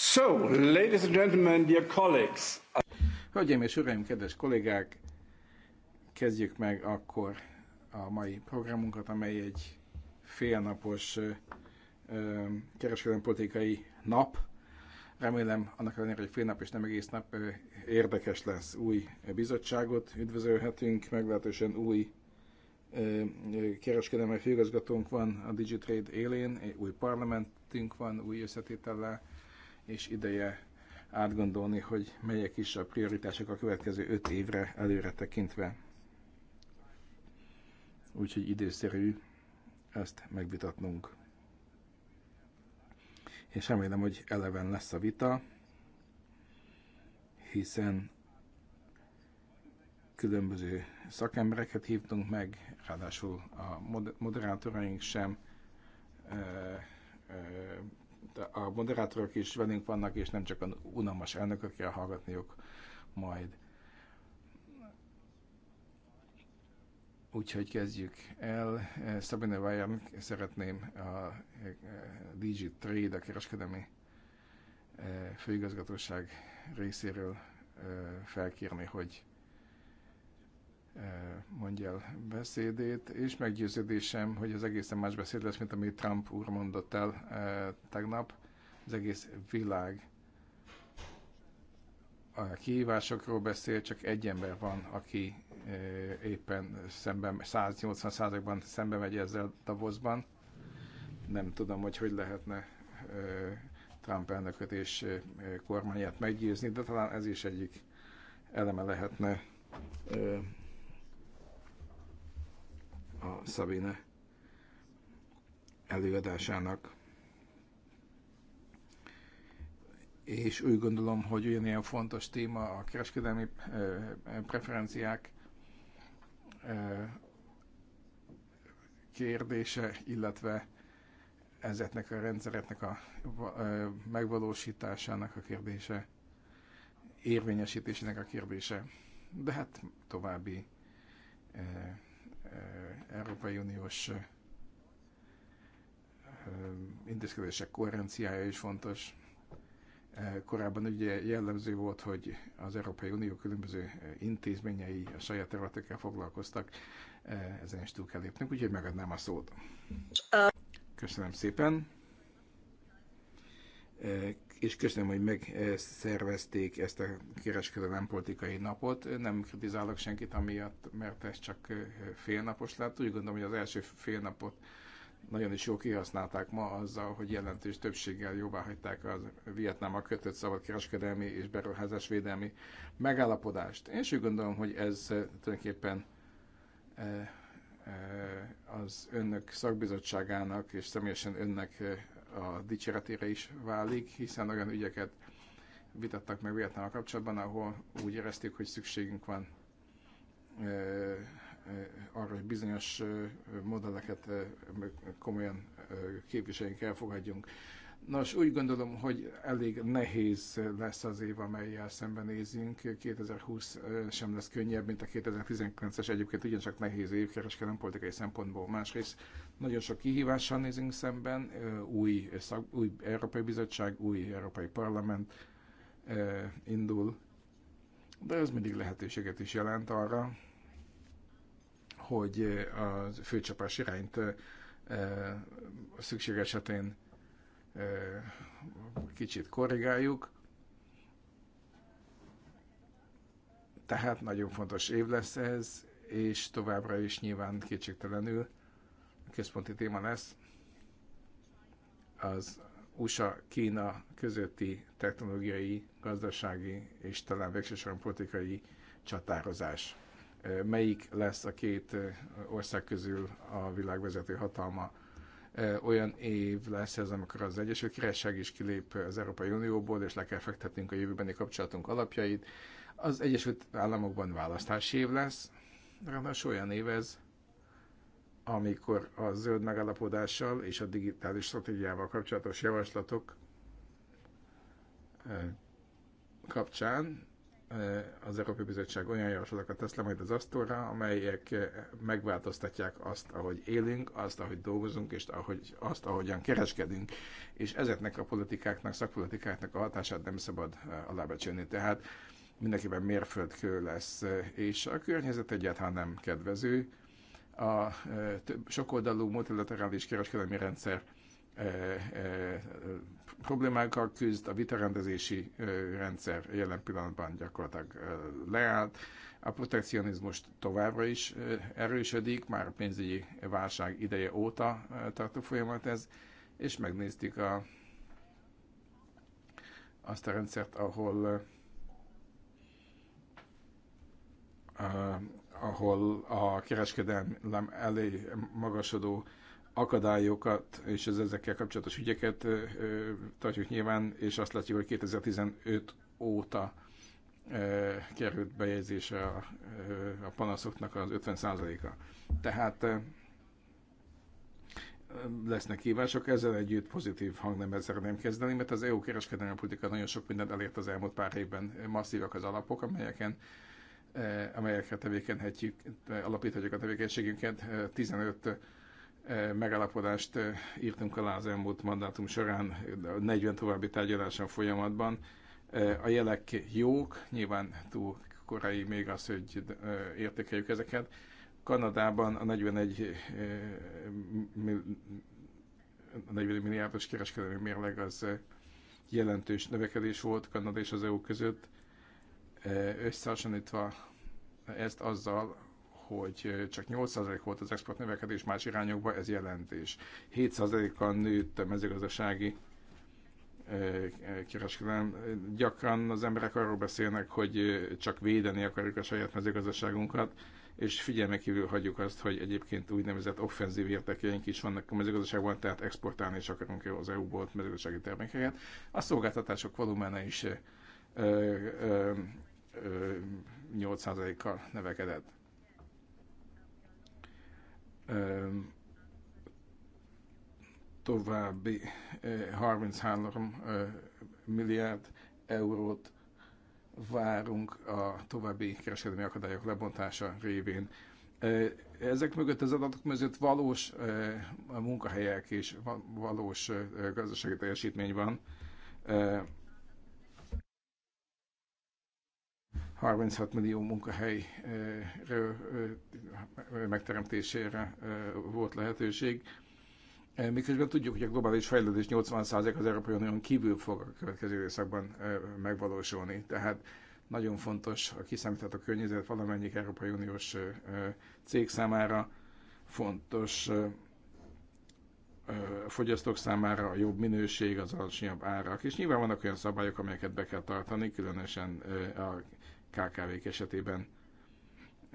So, ladies and gentlemen, dear colleagues. Hölgyeim és uraim, kedves kollégák, kezdjük meg akkor a mai programunkat, amely egy félnapos politikai nap. Remélem, annak ellenére, hogy fél nap és nem egész nap érdekes lesz. Új bizottságot üdvözölhetünk, meglehetősen új kereskedelmi főigazgatónk van a Digitrade élén, új parlamentünk van, új összetétellel és ideje átgondolni, hogy melyek is a prioritások a következő öt évre előre tekintve. Úgyhogy időszerű ezt megvitatnunk. És remélem, hogy eleven lesz a vita, hiszen különböző szakembereket hívtunk meg, ráadásul a moderátoraink sem a moderátorok is velünk vannak, és nem csak a unalmas elnököt kell hallgatniuk majd. Úgyhogy kezdjük el. Sabine Vajan szeretném a DG Trade, a kereskedelmi e, főigazgatóság részéről e, felkérni, hogy mondja el beszédét, és meggyőződésem, hogy az egészen más beszéd lesz, mint amit Trump úr mondott el tegnap. Az egész világ a kihívásokról beszél, csak egy ember van, aki éppen szemben, 180 ban szembe megy ezzel Davosban. Nem tudom, hogy hogy lehetne Trump elnököt és kormányát meggyőzni, de talán ez is egyik eleme lehetne a Szabine előadásának. És úgy gondolom, hogy ugyanilyen fontos téma a kereskedelmi preferenciák kérdése, illetve ezeknek a rendszereknek a megvalósításának a kérdése, érvényesítésének a kérdése, de hát további Eh, Európai Uniós eh, eh, intézkedések koherenciája is fontos. Korábban ugye jellemző volt, hogy az Európai Unió különböző intézményei a saját területekkel foglalkoztak, ezen is túl kell lépnünk, úgyhogy megadnám a szót. Köszönöm szépen és köszönöm, hogy megszervezték ezt a kereskedelem politikai napot. Nem kritizálok senkit amiatt, mert ez csak félnapos lett. Úgy gondolom, hogy az első félnapot nagyon is jól kihasználták ma azzal, hogy jelentős többséggel jóvá hagyták a Vietnámmal kötött kereskedelmi és beruházásvédelmi megállapodást. Én is úgy gondolom, hogy ez tulajdonképpen az önök szakbizottságának és személyesen önnek a dicséretére is válik, hiszen olyan ügyeket vitattak meg a kapcsolatban, ahol úgy éreztük, hogy szükségünk van arra, hogy bizonyos modelleket komolyan képviseljünk, elfogadjunk. Nos, úgy gondolom, hogy elég nehéz lesz az év, amelyel szembenézünk. 2020 sem lesz könnyebb, mint a 2019-es, egyébként ugyancsak nehéz év kereskedelmi politikai szempontból. Másrészt nagyon sok kihívással nézünk szemben, új, szak, új Európai Bizottság, új Európai Parlament indul, de ez mindig lehetőséget is jelent arra, hogy a főcsapás irányt szükség esetén kicsit korrigáljuk. Tehát nagyon fontos év lesz ez, és továbbra is nyilván kétségtelenül központi téma lesz az USA-Kína közötti technológiai, gazdasági és talán végsősorban politikai csatározás. Melyik lesz a két ország közül a világvezető hatalma? Olyan év lesz ez, amikor az Egyesült Királyság is kilép az Európai Unióból, és le kell fektetnünk a jövőbeni kapcsolatunk alapjait. Az Egyesült Államokban választási év lesz, ráadásul olyan év ez, amikor a zöld megállapodással és a digitális stratégiával kapcsolatos javaslatok eh, kapcsán eh, az Európai Bizottság olyan javaslatokat tesz le majd az asztalra, amelyek eh, megváltoztatják azt, ahogy élünk, azt, ahogy dolgozunk, és ahogy, azt, ahogyan kereskedünk. És ezeknek a politikáknak, szakpolitikáknak a hatását nem szabad alábecsülni. Tehát mindenképpen mérföldkő lesz, és a környezet egyáltalán nem kedvező a e, sokoldalú multilaterális kereskedelmi rendszer e, e, problémákkal küzd, a vitarendezési rendszer jelen pillanatban gyakorlatilag leállt, a protekcionizmus továbbra is erősödik, már a pénzügyi válság ideje óta tartó folyamat ez, és megnéztük a, azt a rendszert, ahol a ahol a kereskedelem elé magasodó akadályokat és az ezekkel kapcsolatos ügyeket tartjuk nyilván, és azt látjuk, hogy 2015 óta került bejegyzése a, a panaszoknak az 50%-a. Tehát lesznek kívások, ezzel együtt pozitív hang ezzel nem kezdeni, mert az EU kereskedelmi politika nagyon sok mindent elért az elmúlt pár évben. Masszívak az alapok, amelyeken Eh, amelyekre tevékenhetjük, eh, alapíthatjuk a tevékenységünket. 15 eh, megállapodást írtunk alá az elmúlt mandátum során, 40 további tárgyaláson folyamatban. A jelek jók, nyilván túl korai még az, hogy értékeljük ezeket. Kanadában a 41 a 40 milliárdos kereskedelmi mérleg az jelentős növekedés volt Kanada és az EU között összehasonlítva ezt azzal, hogy csak 8% volt az export növekedés más irányokba, ez jelentés. 7%-kal nőtt a mezőgazdasági kereskedelem. Gyakran az emberek arról beszélnek, hogy csak védeni akarjuk a saját mezőgazdaságunkat, és figyelme kívül hagyjuk azt, hogy egyébként úgynevezett offenzív értekeink is vannak a mezőgazdaságban, tehát exportálni is akarunk az EU-ból mezőgazdasági termékeket. A szolgáltatások volumene is 8%-kal növekedett. További 33 milliárd eurót várunk a további kereskedelmi akadályok lebontása révén. Ezek mögött, az adatok mögött valós munkahelyek és valós gazdasági teljesítmény van. 36 millió munkahelyről megteremtésére volt lehetőség. Miközben tudjuk, hogy a globális fejlődés 80% az Európai Unión kívül fog a következő időszakban megvalósulni. Tehát nagyon fontos a kiszámítható környezet valamennyi Európai Uniós cég számára, fontos a fogyasztók számára a jobb minőség, az alacsonyabb árak, és nyilván vannak olyan szabályok, amelyeket be kell tartani, különösen a KKV-k esetében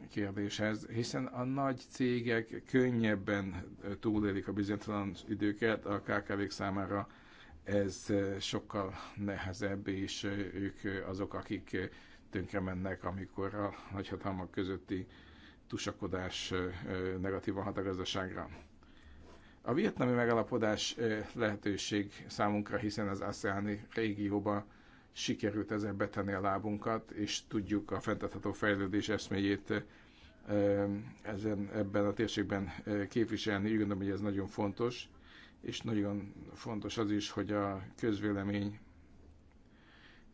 kérdéshez, hiszen a nagy cégek könnyebben túlélik a bizonytalan időket, a KKV-k számára ez sokkal nehezebb, és ők azok, akik tönkre mennek, amikor a nagyhatalmak közötti tusakodás negatívan hat a gazdaságra. A vietnami megalapodás lehetőség számunkra, hiszen az ASEAN régióban sikerült ezzel betenni a lábunkat, és tudjuk a fenntartható fejlődés eszméjét ezen, ebben a térségben képviselni. Úgy gondolom, hogy ez nagyon fontos, és nagyon fontos az is, hogy a közvélemény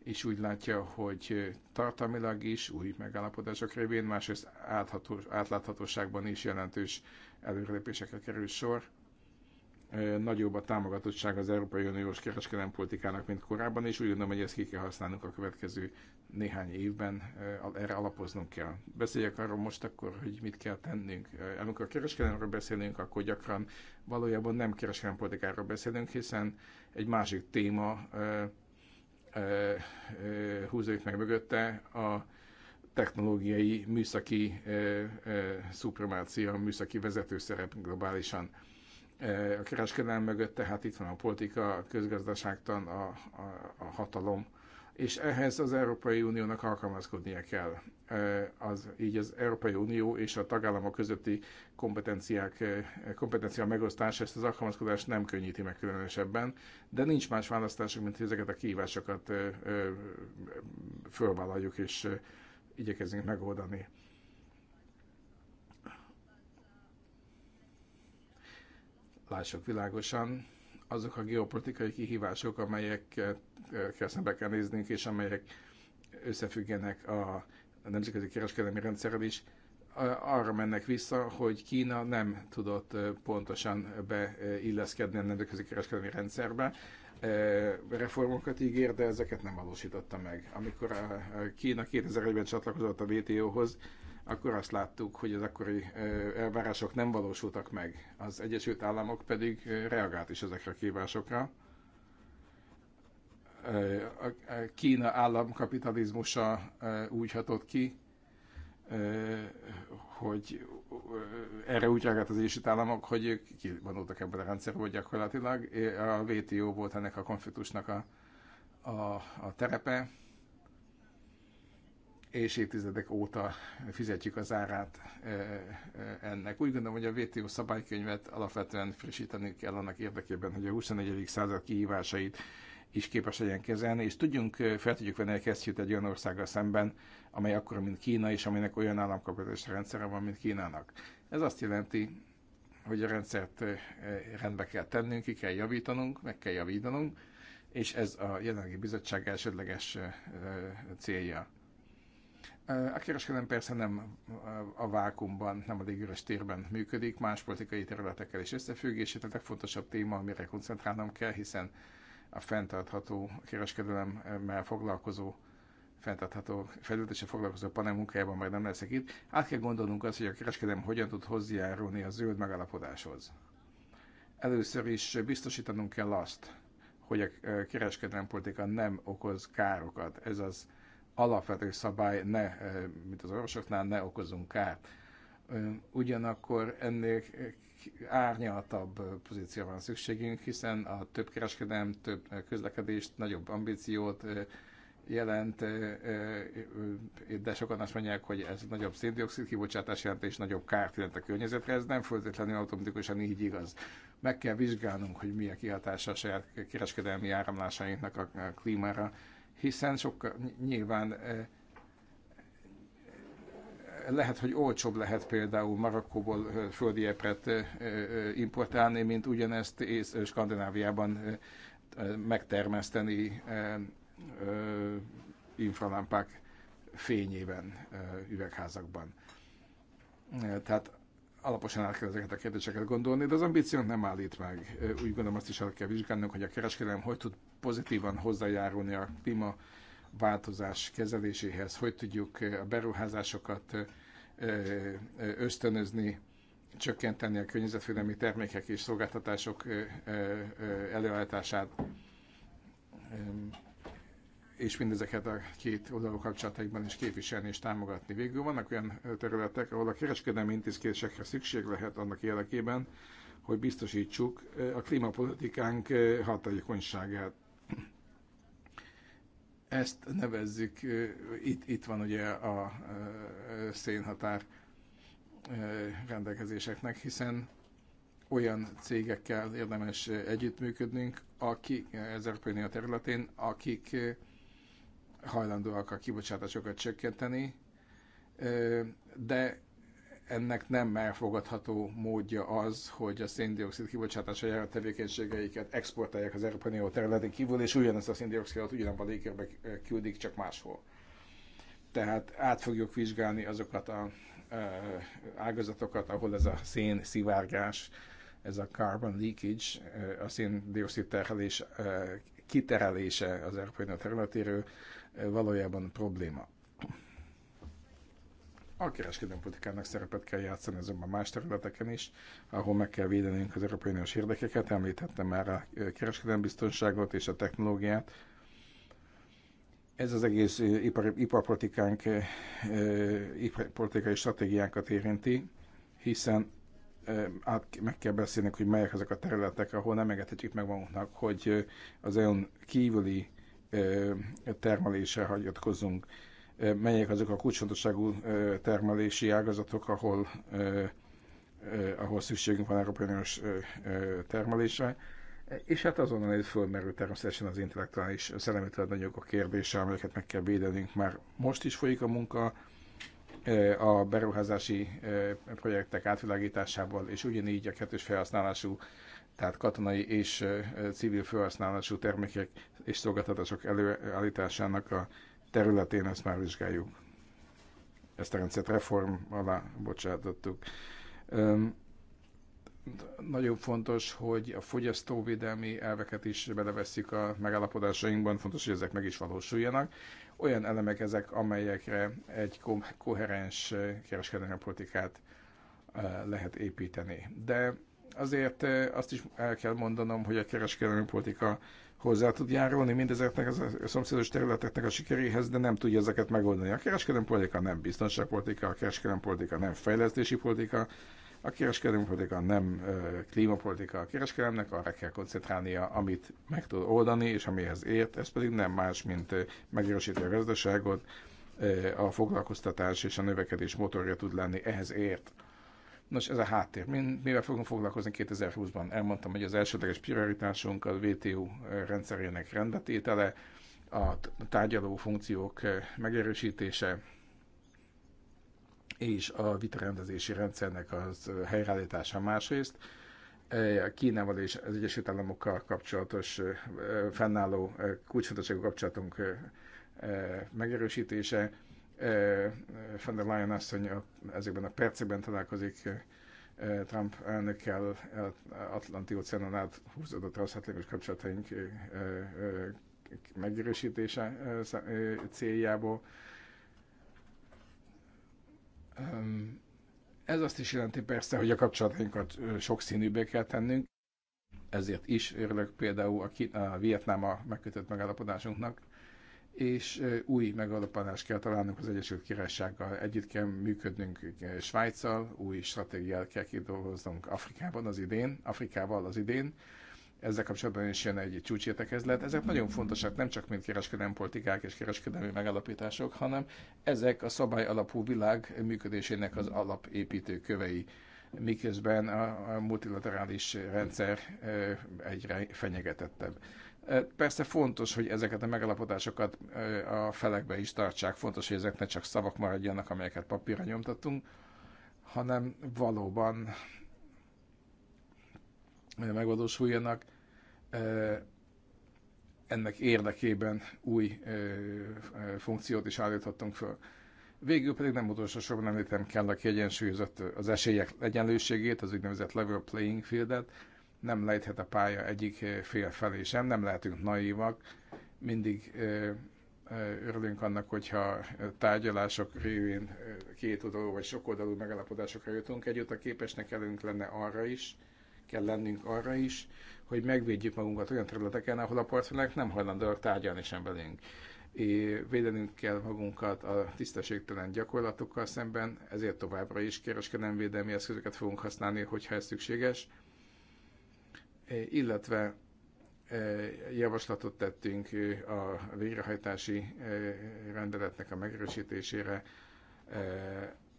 és úgy látja, hogy tartalmilag is új megállapodások révén, másrészt átláthatóságban is jelentős előrelépésekre kerül sor nagyobb a támogatottság az Európai Uniós kereskedelmi politikának, mint korábban, és úgy gondolom, hogy ezt ki kell használnunk a következő néhány évben, erre alapoznunk kell. Beszéljek arról most akkor, hogy mit kell tennünk. Amikor kereskedelemről beszélünk, akkor gyakran valójában nem kereskedelmi politikáról beszélünk, hiszen egy másik téma húzódik meg mögötte a technológiai, műszaki szupremácia, műszaki vezetőszerep globálisan Eh, a kereskedelem mögött, tehát itt van a politika, a közgazdaságtan, a, a, a hatalom, és ehhez az Európai Uniónak alkalmazkodnia kell. Eh, az, így az Európai Unió és a tagállamok közötti kompetenciák, eh, kompetencia megosztás ezt az alkalmazkodást nem könnyíti meg különösebben, de nincs más választásunk, mint hogy ezeket a kihívásokat fölvállaljuk és igyekezzünk megoldani. Lássuk világosan, azok a geopolitikai kihívások, amelyekkel szembe kell néznünk, és amelyek összefüggenek a nemzetközi kereskedelmi rendszerrel is, arra mennek vissza, hogy Kína nem tudott pontosan beilleszkedni a nemzetközi kereskedelmi rendszerbe. Reformokat ígér, de ezeket nem valósította meg. Amikor a Kína 2001-ben csatlakozott a WTO-hoz, akkor azt láttuk, hogy az akkori elvárások nem valósultak meg. Az Egyesült Államok pedig reagált is ezekre a kívásokra. A Kína államkapitalizmusa úgy hatott ki, hogy erre úgy reagált az Egyesült Államok, hogy ők kivonultak ebből a rendszerből gyakorlatilag. A WTO volt ennek a konfliktusnak a, a, a terepe, és évtizedek óta fizetjük az árát ennek. Úgy gondolom, hogy a WTO szabálykönyvet alapvetően frissíteni kell annak érdekében, hogy a 21. század kihívásait is képes legyen kezelni, és tudjunk, fel tudjuk venni a kesztyűt egy olyan országgal szemben, amely akkor, mint Kína, és aminek olyan államkapatási rendszere van, mint Kínának. Ez azt jelenti, hogy a rendszert rendbe kell tennünk, ki kell javítanunk, meg kell javítanunk, és ez a jelenlegi bizottság elsődleges célja. A kereskedelem persze nem a vákumban, nem a légüres térben működik, más politikai területekkel is összefüggés, a legfontosabb téma, amire koncentrálnom kell, hiszen a fenntartható kereskedelemmel foglalkozó fenntartható fejlődése foglalkozó panel munkájában már nem leszek itt. Át kell gondolnunk azt, hogy a kereskedelem hogyan tud hozzájárulni a zöld megalapodáshoz. Először is biztosítanunk kell azt, hogy a kereskedelem politika nem okoz károkat. Ez az alapvető szabály ne, mint az orvosoknál, ne okozunk kárt. Ugyanakkor ennél árnyaltabb pozícióra van szükségünk, hiszen a több kereskedelem, több közlekedést, nagyobb ambíciót jelent, de sokan azt mondják, hogy ez nagyobb széndiokszid kibocsátás jelent, és nagyobb kárt jelent a környezetre. Ez nem feltétlenül automatikusan így igaz. Meg kell vizsgálnunk, hogy milyen kihatása a saját kereskedelmi áramlásainknak a klímára, hiszen sokkal nyilván lehet, hogy olcsóbb lehet például Marokkóból földi epret importálni, mint ugyanezt Skandináviában megtermeszteni infralámpák fényében üvegházakban. Tehát alaposan el kell ezeket a kérdéseket gondolni, de az ambíciónk nem állít meg. Úgy gondolom azt is el kell vizsgálnunk, hogy a kereskedelem hogy tud pozitívan hozzájárulni a klímaváltozás kezeléséhez, hogy tudjuk a beruházásokat ösztönözni, csökkenteni a környezetvédelmi termékek és szolgáltatások előállítását és mindezeket a két oldalú kapcsolataikban is képviselni és támogatni. Végül vannak olyan területek, ahol a kereskedelmi intézkedésekre szükség lehet annak érdekében, hogy biztosítsuk a klímapolitikánk hatalékonyságát. Ezt nevezzük, itt, itt van ugye a szénhatár rendelkezéseknek, hiszen olyan cégekkel érdemes együttműködnünk, akik ez a területén, akik hajlandóak a kibocsátásokat csökkenteni, de ennek nem elfogadható módja az, hogy a széndiokszid kibocsátása a tevékenységeiket exportálják az Európai Unió területén kívül, és ugyanezt a széndiokszidot ugyanabban a légkörbe küldik, csak máshol. Tehát át fogjuk vizsgálni azokat a ágazatokat, ahol ez a szén szivárgás, ez a carbon leakage, a széndiokszid terhelés kiterelése az Európai Unió területéről, Eh, valójában probléma. A kereskedelmi politikának szerepet kell játszani azonban más területeken is, ahol meg kell védenünk az Európai Uniós érdekeket. Említettem már a eh, kereskedelmi biztonságot és a technológiát. Ez az egész eh, ipar, iparpolitikánk, iparpolitikai stratégiánkat érinti, hiszen át meg kell beszélnünk, hogy melyek ezek a területek, ahol nem engedhetjük meg magunknak, hogy az EU-n kívüli termelésre hagyatkozunk. Melyek azok a kulcsfontosságú termelési ágazatok, ahol, ahol szükségünk van Európai termelésre. És hát azonnal itt fölmerül természetesen az intellektuális szellemi tulajdonjogok kérdése, amelyeket meg kell védenünk. Már most is folyik a munka a beruházási projektek átvilágításával, és ugyanígy a kettős felhasználású tehát katonai és civil felhasználású termékek és szolgáltatások előállításának a területén ezt már vizsgáljuk. Ezt a rendszert reform alá bocsátottuk. Nagyon fontos, hogy a fogyasztóvédelmi elveket is beleveszik a megállapodásainkban, fontos, hogy ezek meg is valósuljanak. Olyan elemek ezek, amelyekre egy koherens kereskedelmi politikát lehet építeni. De azért azt is el kell mondanom, hogy a kereskedelmi politika hozzá tud járulni mindezeknek a szomszédos területeknek a sikeréhez, de nem tudja ezeket megoldani. A kereskedelmi politika nem biztonságpolitika, a kereskedelmi politika nem fejlesztési politika, a kereskedelmi politika nem klímapolitika. A kereskedelemnek arra kell koncentrálnia, amit meg tud oldani, és amihez ért, ez pedig nem más, mint megerősíti a gazdaságot, a foglalkoztatás és a növekedés motorja tud lenni, ehhez ért. Nos, ez a háttér. Mi, mivel fogunk foglalkozni 2020-ban? Elmondtam, hogy az elsődleges prioritásunk a WTO eh, rendszerének rendetétele, a tárgyaló funkciók eh, megerősítése, és a vitarendezési rendszernek az eh, helyreállítása másrészt. a Kínával és az Egyesült Államokkal kapcsolatos fennálló kulcsfontosságú kapcsolatunk megerősítése, van der Leyen asszony ezekben a percekben találkozik Trump elnökkel Atlanti óceánon át húzódott transzatlantikus hát kapcsolataink megerősítése céljából. Ez azt is jelenti persze, hogy a kapcsolatainkat sokszínűbbé kell tennünk, ezért is örülök például a, a Vietnáma megkötött megállapodásunknak, és új megalapanást kell találnunk az Egyesült Királysággal. Együtt kell működnünk Svájccal, új stratégiát kell kidolgoznunk Afrikában az idén, Afrikával az idén. Ezzel kapcsolatban is jön egy csúcsértekezlet. Ezek nagyon fontosak, nem csak mint kereskedelmi politikák és kereskedelmi megalapítások, hanem ezek a szabály alapú világ működésének az alapépítő kövei miközben a multilaterális rendszer egyre fenyegetettebb. Persze fontos, hogy ezeket a megalapodásokat a felekbe is tartsák, fontos, hogy ezek ne csak szavak maradjanak, amelyeket papírra nyomtatunk, hanem valóban megvalósuljanak. Ennek érdekében új funkciót is állíthatunk föl. Végül pedig nem utolsó sorban említem kell a kiegyensúlyozott az esélyek egyenlőségét, az úgynevezett level playing fieldet, nem lejthet a pálya egyik fél felé sem, nem lehetünk naívak, mindig örülünk annak, hogyha tárgyalások révén két oldalú vagy sok oldalú megalapodásokra jutunk együtt, a képesnek kellünk lenne arra is, kell lennünk arra is, hogy megvédjük magunkat olyan területeken, ahol a partnerek nem hajlandóak tárgyalni sem velünk. É, védenünk kell magunkat a tisztességtelen gyakorlatokkal szemben, ezért továbbra is kereskedelmi védelmi eszközöket fogunk használni, hogyha ez szükséges E, illetve e, javaslatot tettünk e, a végrehajtási rendeletnek a megerősítésére,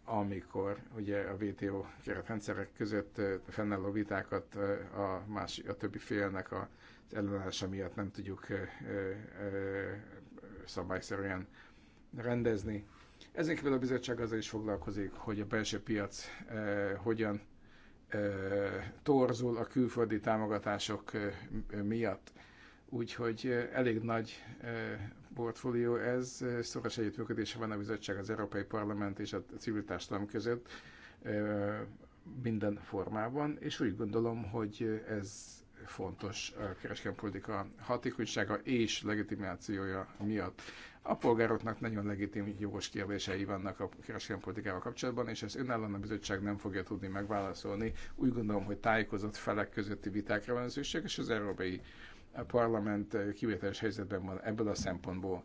amikor ugye a WTO keretrendszerek között fennálló vitákat a, más, a többi félnek az ellenállása miatt nem tudjuk szabályszerűen rendezni. Ezen kívül a bizottság azzal is foglalkozik, hogy a belső piac hogyan torzul a külföldi támogatások miatt. Úgyhogy elég nagy portfólió ez, szoros együttműködése van a bizottság az Európai Parlament és a civil társadalom között minden formában, és úgy gondolom, hogy ez fontos a kereskedelmi politika hatékonysága és legitimációja miatt. A polgároknak nagyon legitim jogos kérdései vannak a kereskedelmi politikával kapcsolatban, és ezt önállóan a bizottság nem fogja tudni megválaszolni. Úgy gondolom, hogy tájékozott felek közötti vitákra van szükség, és az Európai Parlament kivételes helyzetben van ebből a szempontból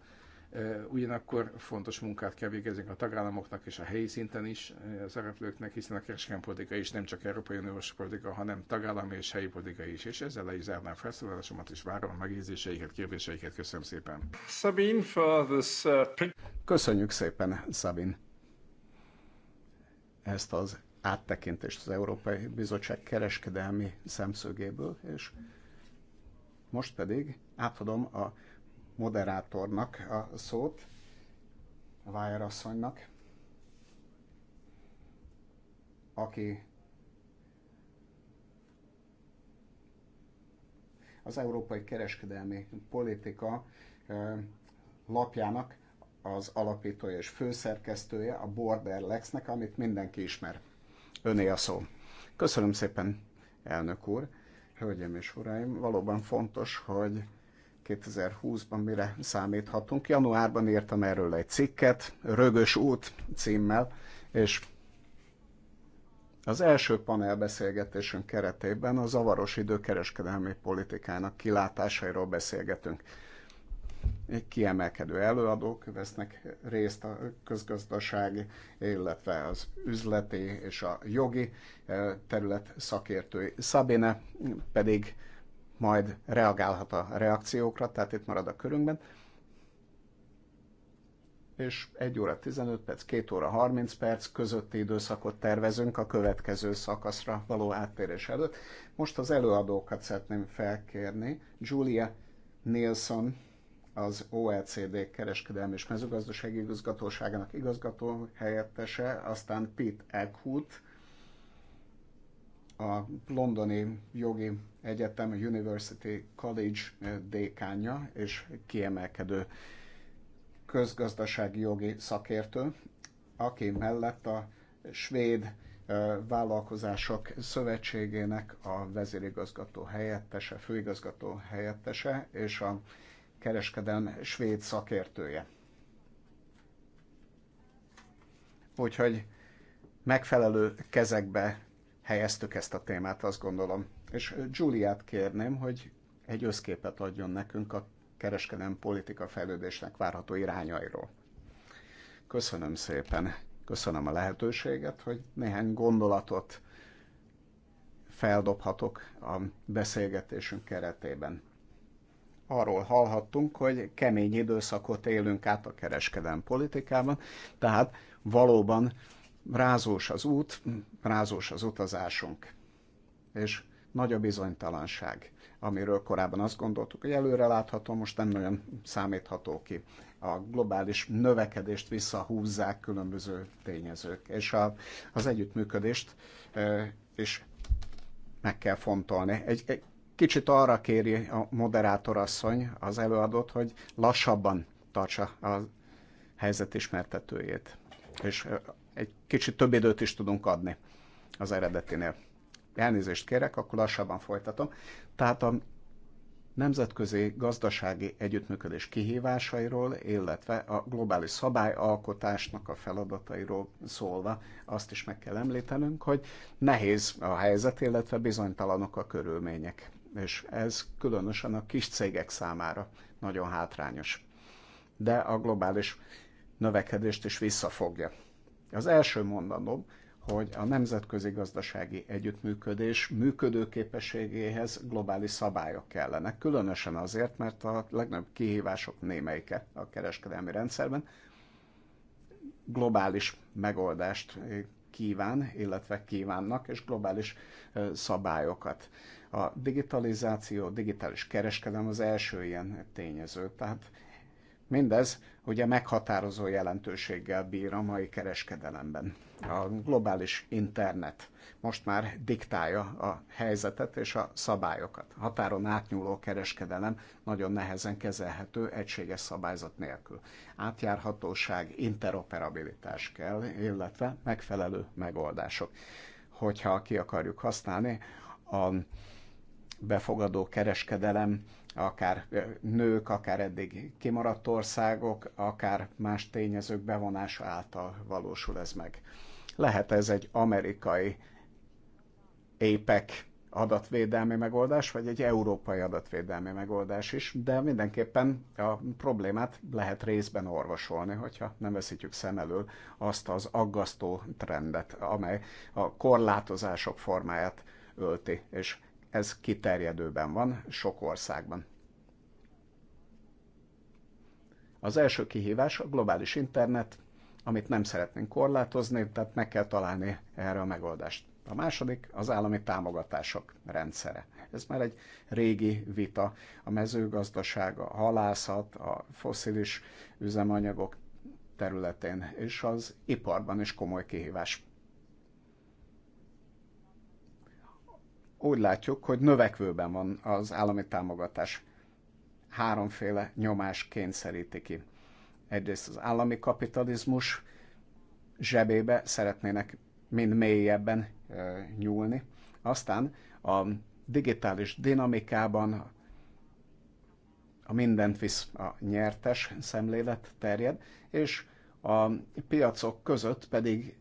Ugyanakkor fontos munkát kell végezni a tagállamoknak és a helyi szinten is az szereplőknek, hiszen a kereskedelmi politika is nem csak Európai Uniós politika, hanem tagállami és helyi politika is. És ezzel le is zárnám felszólalásomat, és várom a megjegyzéseiket, kérdéseiket. Köszönöm szépen. Sabine for this, uh... Köszönjük szépen, Sabine. Ezt az áttekintést az Európai Bizottság kereskedelmi szemszögéből, és most pedig átadom a moderátornak a szót, a Vájer asszonynak, aki az európai kereskedelmi politika lapjának az alapítója és főszerkesztője, a Border Lexnek, amit mindenki ismer. Öné a szó. Köszönöm szépen, elnök úr, hölgyeim és uraim. Valóban fontos, hogy 2020-ban mire számíthatunk. Januárban írtam erről egy cikket, Rögös út címmel, és az első panelbeszélgetésünk keretében a zavaros időkereskedelmi politikának kilátásairól beszélgetünk. Egy kiemelkedő előadók vesznek részt a közgazdasági, illetve az üzleti és a jogi eh, terület szakértői. Szabine pedig majd reagálhat a reakciókra, tehát itt marad a körünkben. És 1 óra 15 perc, 2 óra 30 perc közötti időszakot tervezünk a következő szakaszra való áttérés előtt. Most az előadókat szeretném felkérni. Julia Nielsen az OECD kereskedelmi és mezőgazdasági igazgatóságának igazgató helyettese, aztán Pete Eckhout, a londoni jogi Egyetem, University College eh, dékánja és kiemelkedő közgazdasági jogi szakértő, aki mellett a svéd eh, vállalkozások szövetségének a vezérigazgató helyettese, főigazgató helyettese és a kereskedelm svéd szakértője. Úgyhogy megfelelő kezekbe helyeztük ezt a témát, azt gondolom. És Juliát kérném, hogy egy összképet adjon nekünk a kereskedelmi politika fejlődésnek várható irányairól. Köszönöm szépen, köszönöm a lehetőséget, hogy néhány gondolatot feldobhatok a beszélgetésünk keretében. Arról hallhattunk, hogy kemény időszakot élünk át a kereskedelmi politikában, tehát valóban rázós az út, rázós az utazásunk. És nagy a bizonytalanság, amiről korábban azt gondoltuk, hogy előre látható, most nem nagyon számítható ki. A globális növekedést visszahúzzák különböző tényezők, és a, az együttműködést e, is meg kell fontolni. Egy, egy kicsit arra kéri a moderátorasszony az előadót, hogy lassabban tartsa a helyzet ismertetőjét, és egy kicsit több időt is tudunk adni az eredetinél elnézést kérek, akkor lassabban folytatom. Tehát a nemzetközi gazdasági együttműködés kihívásairól, illetve a globális szabályalkotásnak a feladatairól szólva azt is meg kell említenünk, hogy nehéz a helyzet, illetve bizonytalanok a körülmények. És ez különösen a kis cégek számára nagyon hátrányos. De a globális növekedést is visszafogja. Az első mondanom, hogy a nemzetközi gazdasági együttműködés működőképességéhez globális szabályok kellenek, különösen azért, mert a legnagyobb kihívások némelyike a kereskedelmi rendszerben globális megoldást kíván, illetve kívánnak, és globális szabályokat. A digitalizáció, digitális kereskedelem az első ilyen tényező, tehát Mindez ugye meghatározó jelentőséggel bír a mai kereskedelemben. A globális internet most már diktálja a helyzetet és a szabályokat. Határon átnyúló kereskedelem nagyon nehezen kezelhető egységes szabályzat nélkül. Átjárhatóság, interoperabilitás kell, illetve megfelelő megoldások. Hogyha ki akarjuk használni, a befogadó kereskedelem akár nők, akár eddig kimaradt országok, akár más tényezők bevonása által valósul ez meg. Lehet ez egy amerikai épek adatvédelmi megoldás, vagy egy európai adatvédelmi megoldás is, de mindenképpen a problémát lehet részben orvosolni, hogyha nem veszítjük szem elől azt az aggasztó trendet, amely a korlátozások formáját ölti, és ez kiterjedőben van sok országban. Az első kihívás a globális internet, amit nem szeretnénk korlátozni, tehát meg kell találni erre a megoldást. A második az állami támogatások rendszere. Ez már egy régi vita. A mezőgazdaság, a halászat, a foszilis üzemanyagok területén, és az iparban is komoly kihívás. úgy látjuk, hogy növekvőben van az állami támogatás. Háromféle nyomás kényszeríti ki. Egyrészt az állami kapitalizmus zsebébe szeretnének mind mélyebben nyúlni. Aztán a digitális dinamikában a mindent visz a nyertes szemlélet terjed, és a piacok között pedig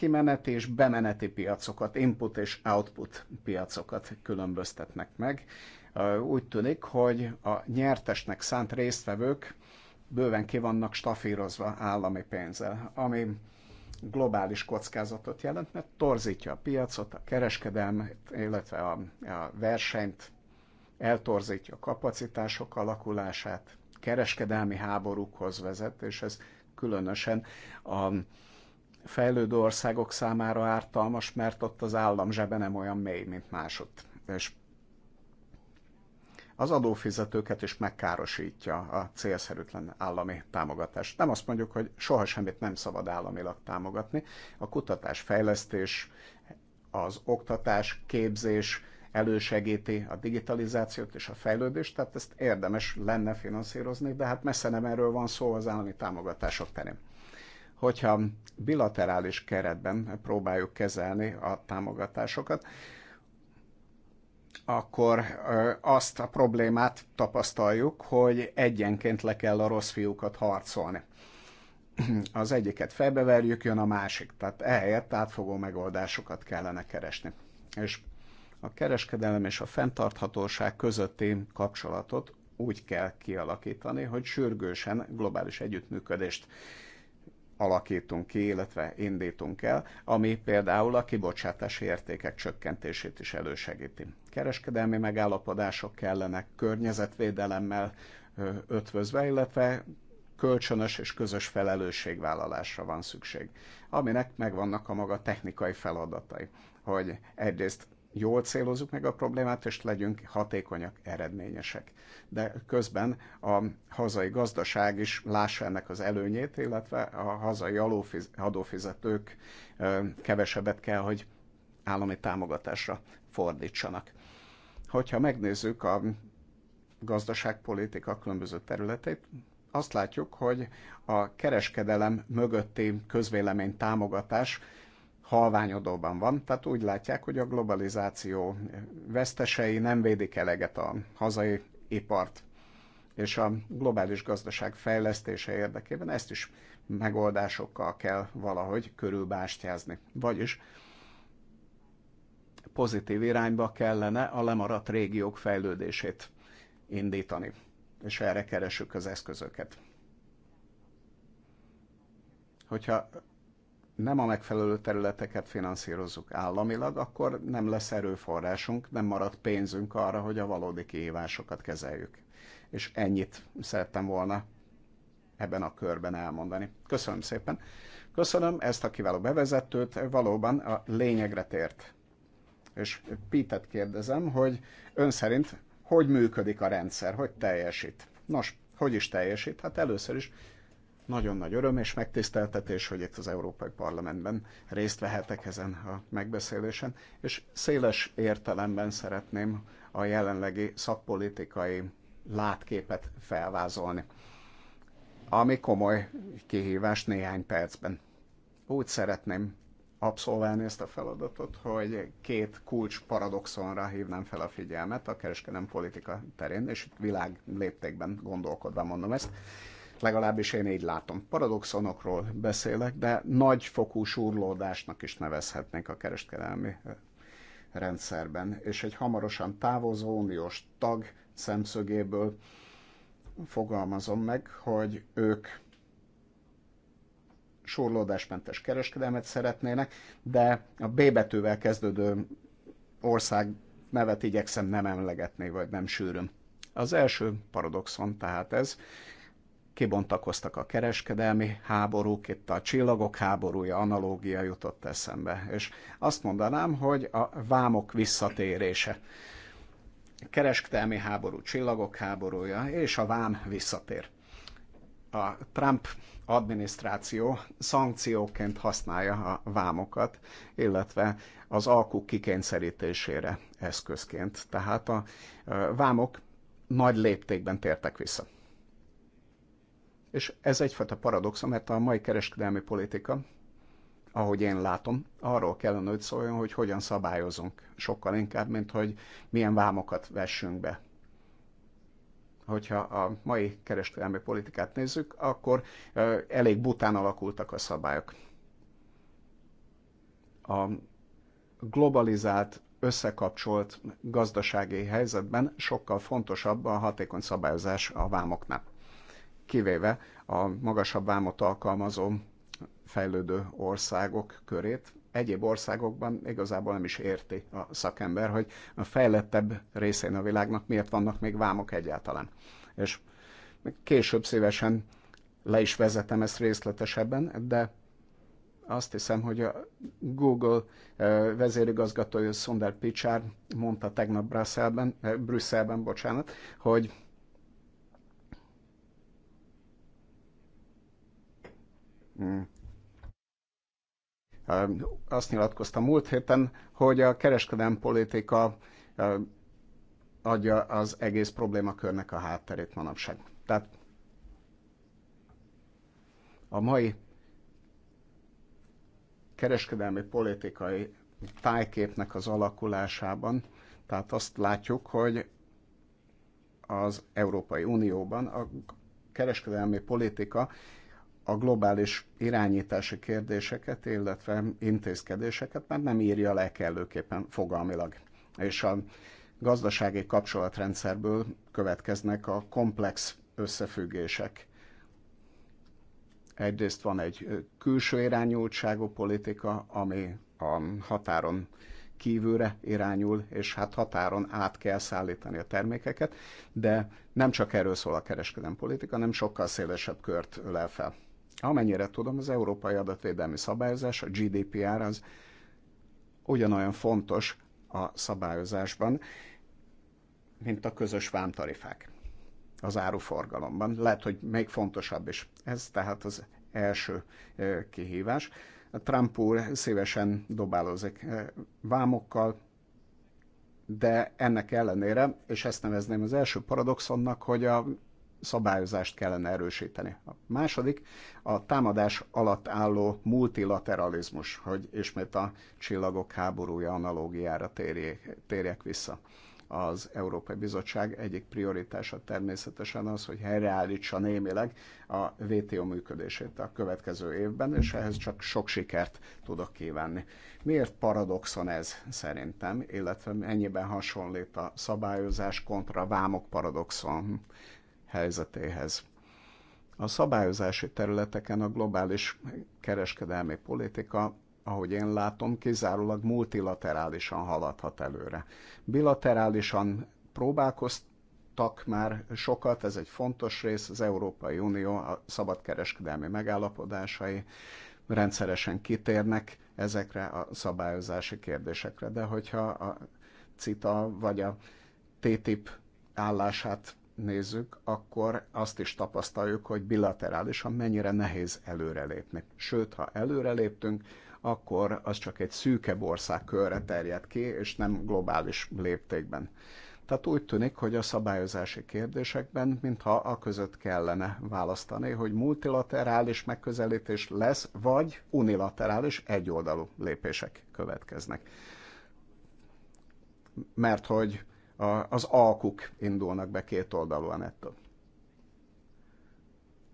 kimenet és bemeneti piacokat, input és output piacokat különböztetnek meg. Úgy tűnik, hogy a nyertesnek szánt résztvevők bőven ki vannak stafírozva állami pénzzel, ami globális kockázatot jelent, mert torzítja a piacot, a kereskedelmet, illetve a, a versenyt, eltorzítja a kapacitások alakulását, kereskedelmi háborúkhoz vezet, és ez különösen a fejlődő országok számára ártalmas, mert ott az állam zsebe nem olyan mély, mint másod. És az adófizetőket is megkárosítja a célszerűtlen állami támogatás. Nem azt mondjuk, hogy soha semmit nem szabad államilag támogatni. A kutatás, fejlesztés, az oktatás, képzés elősegíti a digitalizációt és a fejlődést, tehát ezt érdemes lenne finanszírozni, de hát messze nem erről van szó az állami támogatások terén hogyha bilaterális keretben próbáljuk kezelni a támogatásokat, akkor azt a problémát tapasztaljuk, hogy egyenként le kell a rossz fiúkat harcolni. Az egyiket felbeverjük, jön a másik. Tehát ehelyett átfogó megoldásokat kellene keresni. És a kereskedelem és a fenntarthatóság közötti kapcsolatot úgy kell kialakítani, hogy sürgősen globális együttműködést alakítunk ki, illetve indítunk el, ami például a kibocsátási értékek csökkentését is elősegíti. Kereskedelmi megállapodások kellenek környezetvédelemmel ötvözve, illetve kölcsönös és közös felelősségvállalásra van szükség, aminek megvannak a maga technikai feladatai, hogy egyrészt jól célozzuk meg a problémát, és legyünk hatékonyak, eredményesek. De közben a hazai gazdaság is lássa ennek az előnyét, illetve a hazai adófizetők kevesebbet kell, hogy állami támogatásra fordítsanak. Hogyha megnézzük a gazdaságpolitika különböző területeit, azt látjuk, hogy a kereskedelem mögötti közvélemény támogatás halványodóban van, tehát úgy látják, hogy a globalizáció vesztesei nem védik eleget a hazai ipart, és a globális gazdaság fejlesztése érdekében ezt is megoldásokkal kell valahogy körülbástyázni. Vagyis pozitív irányba kellene a lemaradt régiók fejlődését indítani, és erre keresük az eszközöket. Hogyha nem a megfelelő területeket finanszírozzuk államilag, akkor nem lesz erőforrásunk, nem marad pénzünk arra, hogy a valódi kihívásokat kezeljük. És ennyit szerettem volna ebben a körben elmondani. Köszönöm szépen. Köszönöm ezt a kiváló bevezetőt, valóban a lényegre tért. És Pitet kérdezem, hogy ön szerint hogy működik a rendszer, hogy teljesít? Nos, hogy is teljesít? Hát először is nagyon nagy öröm és megtiszteltetés, hogy itt az Európai Parlamentben részt vehetek ezen a megbeszélésen, és széles értelemben szeretném a jelenlegi szakpolitikai látképet felvázolni, ami komoly kihívás néhány percben. Úgy szeretném abszolválni ezt a feladatot, hogy két kulcs paradoxonra hívnám fel a figyelmet a kereskedelem politika terén, és itt világ léptékben gondolkodva mondom ezt. Legalábbis én így látom. Paradoxonokról beszélek, de nagyfokú surlódásnak is nevezhetnénk a kereskedelmi rendszerben. És egy hamarosan távozó uniós tag szemszögéből fogalmazom meg, hogy ők surlódásmentes kereskedelmet szeretnének, de a B betűvel kezdődő ország nevet igyekszem nem emlegetni, vagy nem sűrűn. Az első paradoxon tehát ez, kibontakoztak a kereskedelmi háborúk, itt a csillagok háborúja analógia jutott eszembe, és azt mondanám, hogy a vámok visszatérése kereskedelmi háború, csillagok háborúja, és a vám visszatér. A Trump adminisztráció szankcióként használja a vámokat, illetve az alkuk kikényszerítésére eszközként. Tehát a vámok nagy léptékben tértek vissza. És ez egyfajta paradox, mert a mai kereskedelmi politika, ahogy én látom, arról kellene, hogy szóljon, hogy hogyan szabályozunk. Sokkal inkább, mint hogy milyen vámokat vessünk be. Hogyha a mai kereskedelmi politikát nézzük, akkor elég bután alakultak a szabályok. A globalizált összekapcsolt gazdasági helyzetben sokkal fontosabb a hatékony szabályozás a vámoknál kivéve a magasabb vámot alkalmazó fejlődő országok körét. Egyéb országokban igazából nem is érti a szakember, hogy a fejlettebb részén a világnak miért vannak még vámok egyáltalán. És később szívesen le is vezetem ezt részletesebben, de azt hiszem, hogy a Google vezérigazgatója Sundar Pichar mondta tegnap Brüsszelben, Brüsszelben bocsánat, hogy Hm. Hm. azt nyilatkoztam múlt héten, hogy a kereskedelmi politika adja az egész problémakörnek a hátterét manapság. Tehát a mai kereskedelmi politikai tájképnek az alakulásában, tehát azt látjuk, hogy az Európai Unióban a kereskedelmi politika a globális irányítási kérdéseket, illetve intézkedéseket mert nem írja le kellőképpen fogalmilag. És a gazdasági kapcsolatrendszerből következnek a komplex összefüggések. Egyrészt van egy külső irányultságú politika, ami a határon kívülre irányul, és hát határon át kell szállítani a termékeket, de nem csak erről szól a kereskedelmi politika, hanem sokkal szélesebb kört ölel fel. Amennyire tudom, az európai adatvédelmi szabályozás, a GDPR az ugyanolyan fontos a szabályozásban, mint a közös vámtarifák az áruforgalomban. Lehet, hogy még fontosabb is. Ez tehát az első kihívás. Trump úr szívesen dobálozik vámokkal, de ennek ellenére, és ezt nevezném az első paradoxonnak, hogy a szabályozást kellene erősíteni. A második a támadás alatt álló multilateralizmus, hogy ismét a csillagok háborúja analógiára térjék, térjek vissza. Az Európai Bizottság egyik prioritása természetesen az, hogy helyreállítsa némileg a WTO működését a következő évben, és ehhez csak sok sikert tudok kívánni. Miért paradoxon ez szerintem, illetve ennyiben hasonlít a szabályozás kontra vámok paradoxon helyzetéhez. A szabályozási területeken a globális kereskedelmi politika, ahogy én látom, kizárólag multilaterálisan haladhat előre. Bilaterálisan próbálkoztak már sokat, ez egy fontos rész, az Európai Unió a szabadkereskedelmi megállapodásai rendszeresen kitérnek ezekre a szabályozási kérdésekre, de hogyha a CITA vagy a TTIP állását nézzük, akkor azt is tapasztaljuk, hogy bilaterálisan mennyire nehéz előrelépni. Sőt, ha előreléptünk, akkor az csak egy szűkebb ország körre terjed ki, és nem globális léptékben. Tehát úgy tűnik, hogy a szabályozási kérdésekben, mintha a között kellene választani, hogy multilaterális megközelítés lesz, vagy unilaterális egyoldalú lépések következnek. Mert hogy az alkuk indulnak be két oldalúan ettől.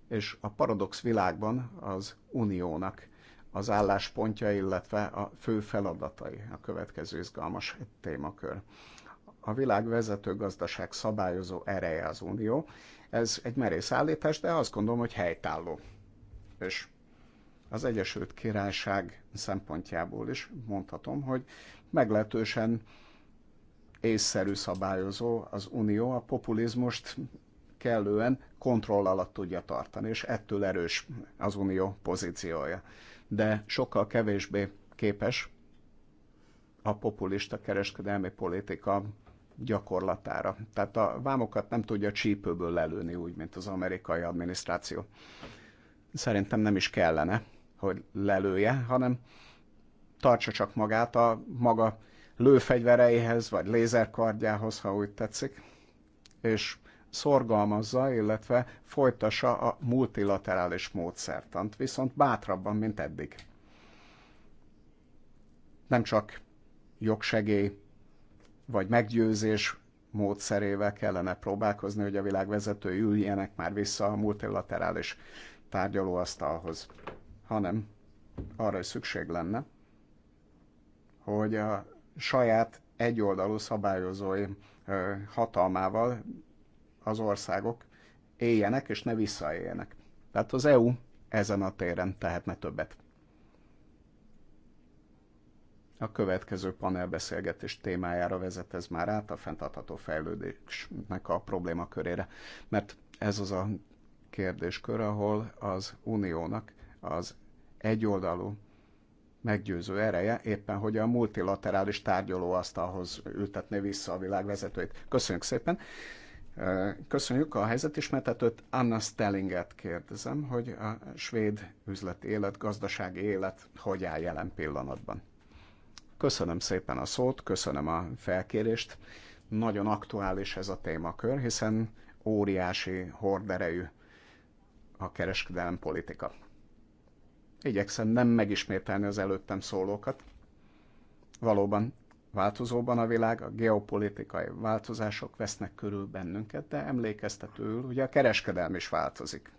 És a paradox világban az uniónak az álláspontja, illetve a fő feladatai a következő izgalmas témakör. A világ vezető gazdaság szabályozó ereje az unió. Ez egy merész állítás, de azt gondolom, hogy helytálló. És az Egyesült Királyság szempontjából is mondhatom, hogy meglehetősen észszerű szabályozó, az Unió a populizmust kellően kontroll alatt tudja tartani, és ettől erős az Unió pozíciója. De sokkal kevésbé képes a populista kereskedelmi politika gyakorlatára. Tehát a vámokat nem tudja csípőből lelőni, úgy, mint az amerikai adminisztráció. Szerintem nem is kellene, hogy lelője, hanem tartsa csak magát a maga lőfegyvereihez, vagy lézerkardjához, ha úgy tetszik, és szorgalmazza, illetve folytassa a multilaterális módszertant, viszont bátrabban, mint eddig. Nem csak jogsegély vagy meggyőzés módszerével kellene próbálkozni, hogy a világvezető üljenek már vissza a multilaterális tárgyalóasztalhoz, hanem arra is szükség lenne, hogy a saját egyoldalú szabályozói hatalmával az országok éljenek és ne visszaéljenek. Tehát az EU ezen a téren tehetne többet. A következő panelbeszélgetés témájára vezet ez már át a fenntartható fejlődésnek a problémakörére, mert ez az a kérdéskör, ahol az uniónak az egyoldalú meggyőző ereje éppen, hogy a multilaterális tárgyalóasztalhoz ültetné vissza a világ vezetőit. Köszönjük szépen! Köszönjük a helyzetismertetőt. Anna Stellinget kérdezem, hogy a svéd üzleti élet, gazdasági élet hogy áll jelen pillanatban. Köszönöm szépen a szót, köszönöm a felkérést. Nagyon aktuális ez a témakör, hiszen óriási horderejű a kereskedelem politika. Igyekszem nem megismételni az előttem szólókat. Valóban változóban a világ, a geopolitikai változások vesznek körül bennünket, de emlékeztetőül ugye a kereskedelm is változik.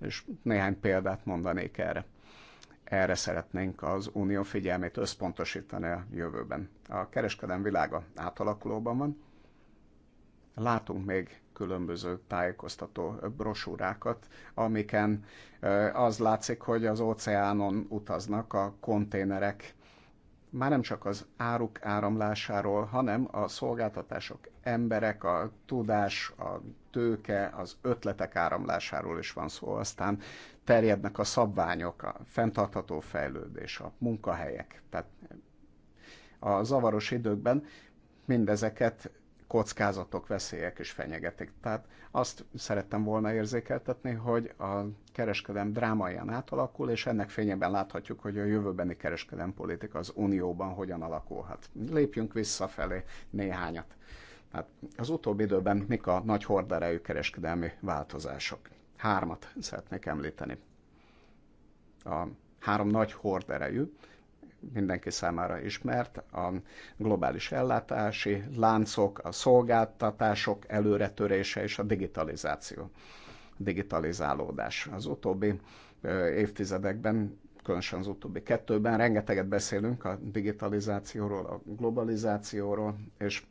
És néhány példát mondanék erre. Erre szeretnénk az unió figyelmét összpontosítani a jövőben. A kereskedelm világa átalakulóban van. Látunk még különböző tájékoztató brosúrákat, amiken az látszik, hogy az óceánon utaznak a konténerek, már nem csak az áruk áramlásáról, hanem a szolgáltatások, emberek, a tudás, a tőke, az ötletek áramlásáról is van szó. Aztán terjednek a szabványok, a fenntartható fejlődés, a munkahelyek. Tehát a zavaros időkben mindezeket kockázatok, veszélyek is fenyegetik. Tehát azt szerettem volna érzékeltetni, hogy a kereskedelem drámaian átalakul, és ennek fényében láthatjuk, hogy a jövőbeni kereskedelem politika az Unióban hogyan alakulhat. Lépjünk visszafelé néhányat. Hát az utóbbi időben mik a nagy horderejű kereskedelmi változások? Hármat szeretnék említeni. A három nagy horderejű, mindenki számára ismert, a globális ellátási láncok, a szolgáltatások előretörése és a digitalizáció, digitalizálódás. Az utóbbi évtizedekben, különösen az utóbbi kettőben rengeteget beszélünk a digitalizációról, a globalizációról, és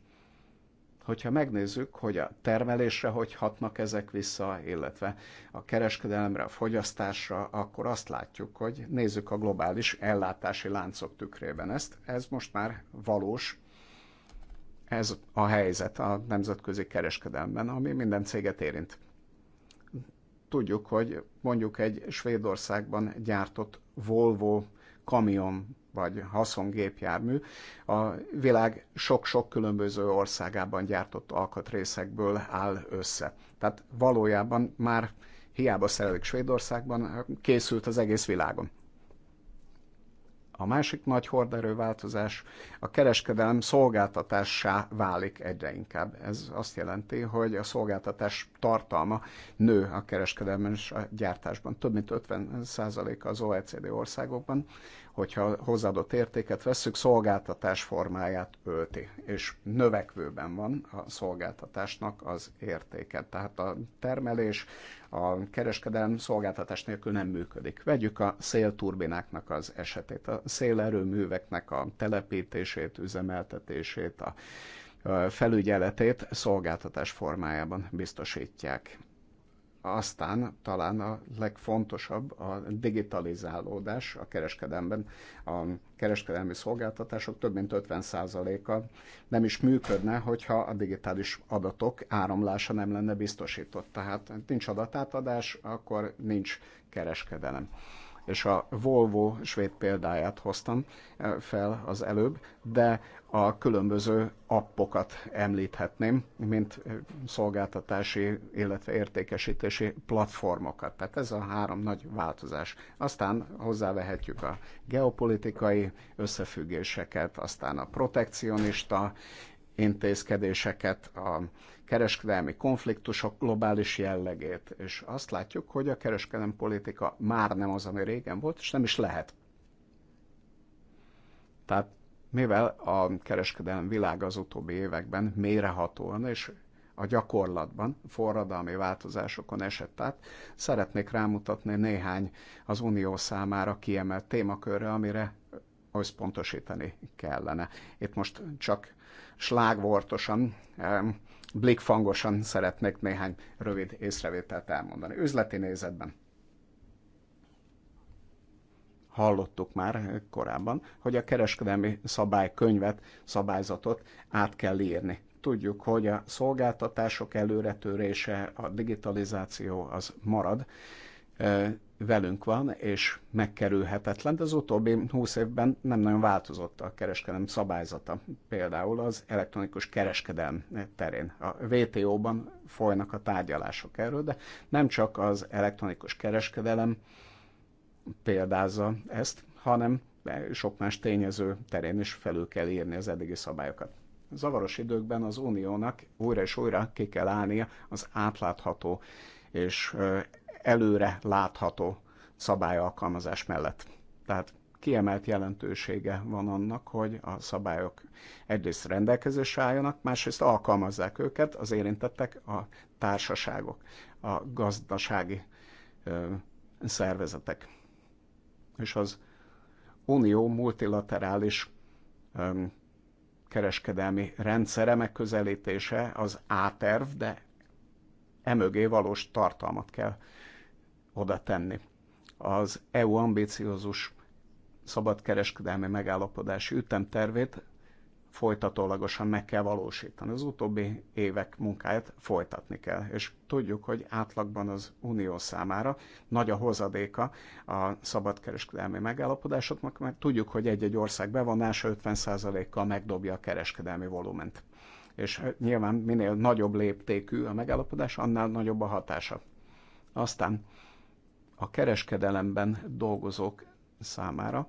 hogyha megnézzük, hogy a termelésre hogy hatnak ezek vissza, illetve a kereskedelemre, a fogyasztásra, akkor azt látjuk, hogy nézzük a globális ellátási láncok tükrében ezt. Ez most már valós, ez a helyzet a nemzetközi kereskedelemben, ami minden céget érint. Tudjuk, hogy mondjuk egy Svédországban gyártott Volvo kamion vagy haszongépjármű a világ sok-sok különböző országában gyártott alkatrészekből áll össze. Tehát valójában már hiába szerelik Svédországban, készült az egész világon. A másik nagy horderő változás a kereskedelem szolgáltatássá válik egyre inkább. Ez azt jelenti, hogy a szolgáltatás tartalma nő a kereskedelmen és a gyártásban. Több mint 50% az OECD országokban hogyha hozzáadott értéket veszük, szolgáltatás formáját ölti, és növekvőben van a szolgáltatásnak az értéke. Tehát a termelés, a kereskedelem szolgáltatás nélkül nem működik. Vegyük a szélturbináknak az esetét, a szélerőműveknek a telepítését, üzemeltetését, a felügyeletét szolgáltatás formájában biztosítják. Aztán talán a legfontosabb a digitalizálódás a kereskedelemben. A kereskedelmi szolgáltatások több mint 50%-a nem is működne, hogyha a digitális adatok áramlása nem lenne biztosított. Tehát nincs adatátadás, akkor nincs kereskedelem és a Volvo svéd példáját hoztam eh, fel az előbb, de a különböző appokat említhetném, mint eh, szolgáltatási, illetve értékesítési platformokat. Tehát ez a három nagy változás. Aztán hozzávehetjük a geopolitikai összefüggéseket, aztán a protekcionista intézkedéseket, a kereskedelmi konfliktusok globális jellegét, és azt látjuk, hogy a kereskedelmi politika már nem az, ami régen volt, és nem is lehet. Tehát mivel a kereskedelmi világ az utóbbi években mélyrehatóan és a gyakorlatban forradalmi változásokon esett át, szeretnék rámutatni néhány az Unió számára kiemelt témakörre, amire összpontosítani kellene. Itt most csak slágvortosan blikfangosan szeretnék néhány rövid észrevételt elmondani. Üzleti nézetben hallottuk már korábban, hogy a kereskedelmi szabálykönyvet, szabályzatot át kell írni. Tudjuk, hogy a szolgáltatások előretörése, a digitalizáció az marad, velünk van, és megkerülhetetlen, de az utóbbi 20 évben nem nagyon változott a kereskedelem szabályzata. Például az elektronikus kereskedelem terén. A WTO-ban folynak a tárgyalások erről, de nem csak az elektronikus kereskedelem példázza ezt, hanem sok más tényező terén is felül kell írni az eddigi szabályokat. Zavaros időkben az uniónak újra és újra ki kell állnia az átlátható és előre látható szabályalkalmazás mellett. Tehát kiemelt jelentősége van annak, hogy a szabályok egyrészt rendelkezésre álljanak, másrészt alkalmazzák őket az érintettek, a társaságok, a gazdasági ö, szervezetek. És az unió multilaterális ö, kereskedelmi rendszere megközelítése az áterv, de emögé valós tartalmat kell oda tenni. Az EU ambíciózus szabadkereskedelmi megállapodási ütemtervét folytatólagosan meg kell valósítani. Az utóbbi évek munkáját folytatni kell, és tudjuk, hogy átlagban az Unió számára nagy a hozadéka a szabadkereskedelmi megállapodásoknak, mert tudjuk, hogy egy-egy ország bevonása 50%-kal megdobja a kereskedelmi volument. És nyilván minél nagyobb léptékű a megállapodás, annál nagyobb a hatása. Aztán a kereskedelemben dolgozók számára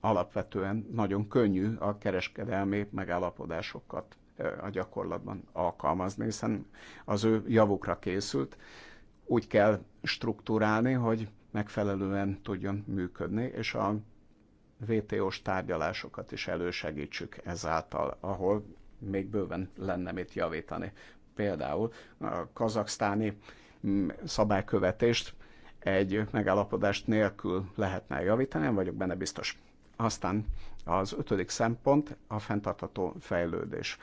alapvetően nagyon könnyű a kereskedelmi megállapodásokat a gyakorlatban alkalmazni, hiszen az ő javukra készült. Úgy kell struktúrálni, hogy megfelelően tudjon működni, és a VTO-s tárgyalásokat is elősegítsük ezáltal, ahol még bőven lenne mit javítani. Például a kazaksztáni mm, szabálykövetést egy megállapodást nélkül lehetne javítani, nem vagyok benne biztos. Aztán az ötödik szempont a fenntartható fejlődés.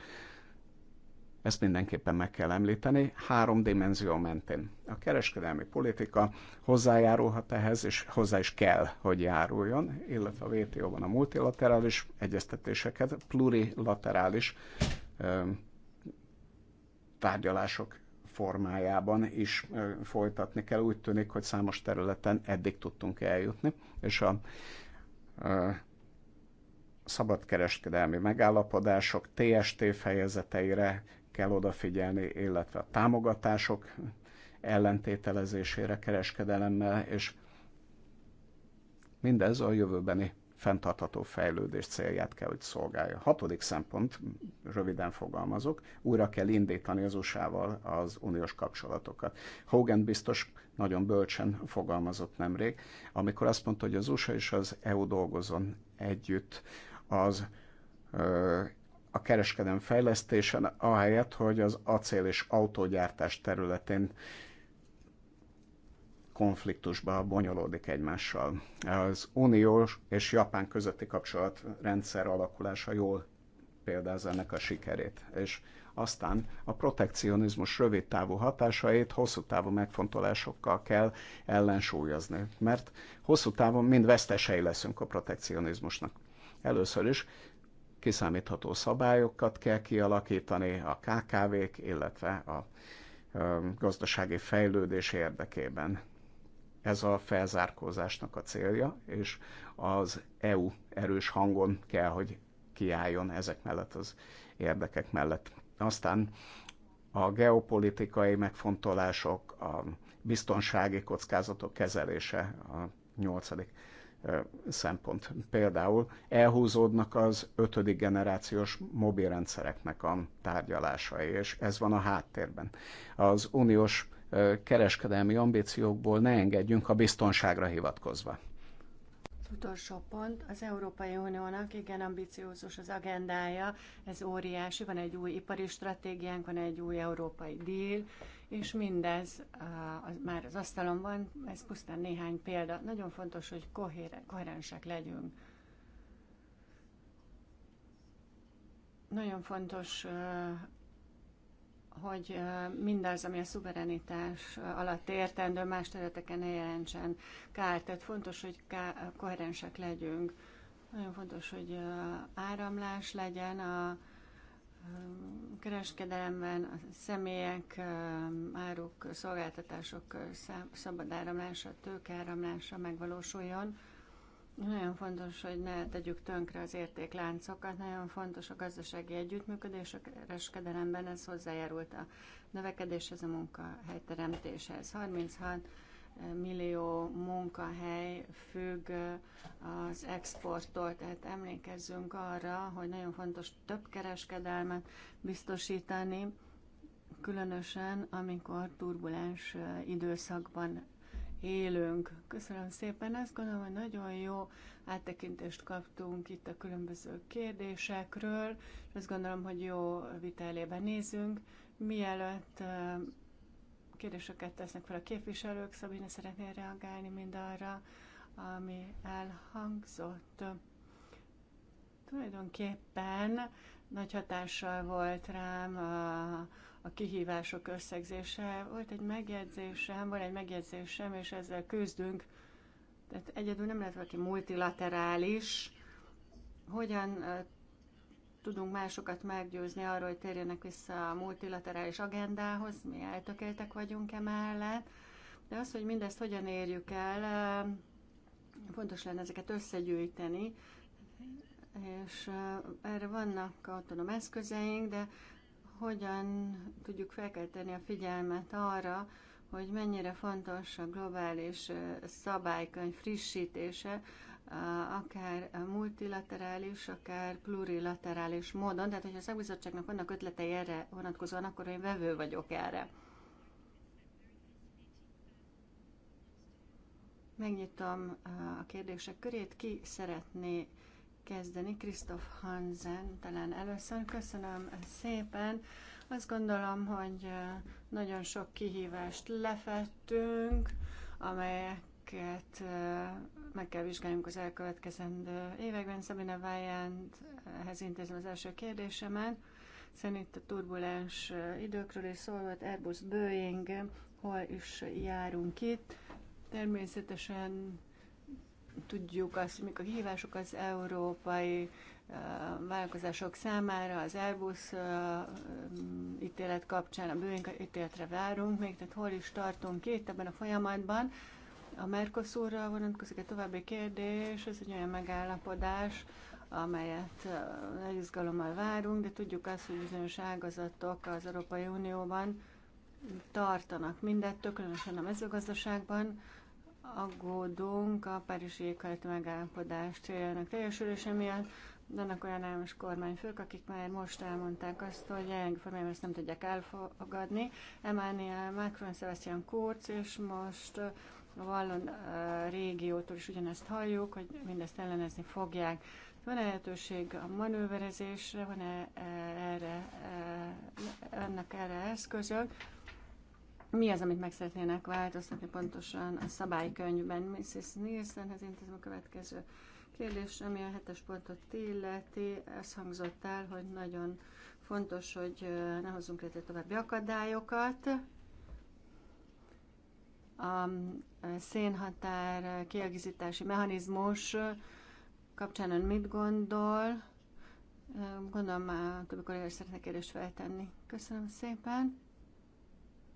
Ezt mindenképpen meg kell említeni, három dimenzió mentén. A kereskedelmi politika hozzájárulhat ehhez, és hozzá is kell, hogy járuljon, illetve a WTO-ban a multilaterális egyeztetéseket, plurilaterális ö, tárgyalások formájában is folytatni kell. Úgy tűnik, hogy számos területen eddig tudtunk eljutni, és a szabadkereskedelmi megállapodások TST fejezeteire kell odafigyelni, illetve a támogatások ellentételezésére kereskedelemmel, és mindez a jövőbeni fenntartható fejlődés célját kell, hogy szolgálja. Hatodik szempont, röviden fogalmazok, újra kell indítani az USA-val az uniós kapcsolatokat. Hogan biztos nagyon bölcsen fogalmazott nemrég, amikor azt mondta, hogy az USA és az EU dolgozon együtt az ö, a kereskedelem fejlesztésen, ahelyett, hogy az acél és autógyártás területén konfliktusba bonyolódik egymással. Az Unió és Japán közötti kapcsolatrendszer alakulása jól példázza ennek a sikerét. És aztán a protekcionizmus rövid távú hatásait hosszú távú megfontolásokkal kell ellensúlyozni, mert hosszú távon mind vesztesei leszünk a protekcionizmusnak. Először is kiszámítható szabályokat kell kialakítani a KKV-k, illetve a gazdasági fejlődés érdekében ez a felzárkózásnak a célja, és az EU erős hangon kell, hogy kiálljon ezek mellett az érdekek mellett. Aztán a geopolitikai megfontolások, a biztonsági kockázatok kezelése a nyolcadik szempont. Például elhúzódnak az ötödik generációs mobilrendszereknek a tárgyalásai, és ez van a háttérben. Az uniós kereskedelmi ambíciókból ne engedjünk a biztonságra hivatkozva. utolsó pont, az Európai Uniónak igen ambiciózus az agendája, ez óriási, van egy új ipari stratégiánk, van egy új európai díl, és mindez az, már az asztalon van, ez pusztán néhány példa. Nagyon fontos, hogy koherensek legyünk. Nagyon fontos hogy mindaz, ami a szuverenitás alatt értendő, más területeken ne jelentsen kárt. Tehát fontos, hogy ká- koherensek legyünk. Nagyon fontos, hogy áramlás legyen a kereskedelemben, a személyek, áruk, szolgáltatások szabad áramlása, tőkeáramlása megvalósuljon. Nagyon fontos, hogy ne tegyük tönkre az értékláncokat, nagyon fontos a gazdasági együttműködés, a kereskedelemben ez hozzájárult a növekedéshez, a munkahelyteremtéshez. 36 millió munkahely függ az exporttól, tehát emlékezzünk arra, hogy nagyon fontos több kereskedelmet biztosítani, különösen amikor turbulens időszakban élünk. Köszönöm szépen, azt gondolom, hogy nagyon jó áttekintést kaptunk itt a különböző kérdésekről, és azt gondolom, hogy jó vitálében nézünk. Mielőtt kérdéseket tesznek fel a képviselők, Szabina szeretné reagálni mindarra, ami elhangzott. Tulajdonképpen nagy hatással volt rám a a kihívások összegzése. Volt egy megjegyzésem, van egy megjegyzésem, és ezzel küzdünk. Tehát egyedül nem lehet valaki multilaterális. Hogyan tudunk másokat meggyőzni arról, hogy térjenek vissza a multilaterális agendához, mi eltökéltek vagyunk emellett, de az, hogy mindezt hogyan érjük el, fontos lenne ezeket összegyűjteni, és erre vannak tudom, eszközeink, de hogyan tudjuk felkelteni a figyelmet arra, hogy mennyire fontos a globális szabálykönyv frissítése, akár multilaterális, akár plurilaterális módon. Tehát, hogyha a szakbizottságnak vannak ötletei erre vonatkozóan, akkor én vevő vagyok erre. Megnyitom a kérdések körét. Ki szeretné kezdeni. Krisztof Hansen talán először. Köszönöm szépen. Azt gondolom, hogy nagyon sok kihívást lefettünk, amelyeket meg kell vizsgáljunk az elkövetkezendő években. Szabina Vájánthez intézem az első kérdésemet. Szerint a turbulens időkről is szól, volt Airbus Boeing, hol is járunk itt. Természetesen tudjuk azt, mik a hívások az európai vállalkozások számára, az Airbus ítélet kapcsán, a Boeing ítéletre várunk még, tehát hol is tartunk itt ebben a folyamatban. A Mercosurra vonatkozik egy további kérdés, ez egy olyan megállapodás, amelyet nagy izgalommal várunk, de tudjuk azt, hogy bizonyos ágazatok az Európai Unióban tartanak mindettől, különösen a mezőgazdaságban, aggódunk a Párizsi éghajlati megállapodás céljának teljesülése miatt. Vannak olyan államos kormányfők, akik már most elmondták azt, hogy jelenlegi formájában ezt nem tudják elfogadni. Emmanuel Macron, Sebastian Kurz, és most a Wallon régiótól is ugyanezt halljuk, hogy mindezt ellenezni fogják. Van -e lehetőség a manőverezésre, van -e erre, ennek erre eszközök? mi az, amit meg szeretnének változtatni pontosan a szabálykönyvben. Mrs. ez intézem a következő kérdés, ami a hetes pontot illeti. Ez hangzott el, hogy nagyon fontos, hogy ne hozzunk létre további akadályokat. A szénhatár kiegészítési mechanizmus kapcsán ön mit gondol? Gondolom a többi kollégás szeretne kérdést feltenni. Köszönöm szépen.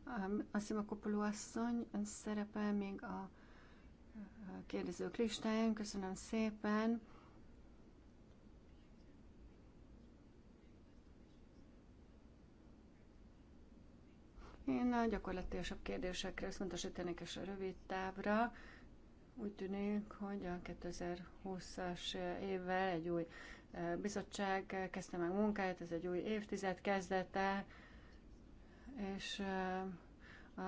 Um, azt hiszem, a Kopoló asszony ön szerepel még a kérdezők listáján. Köszönöm szépen. Én a gyakorlatilasabb kérdésekre összpontosítanék és a rövid távra. Úgy tűnik, hogy a 2020-as évvel egy új eh, bizottság eh, kezdte meg munkáját, ez egy új évtized kezdete, és a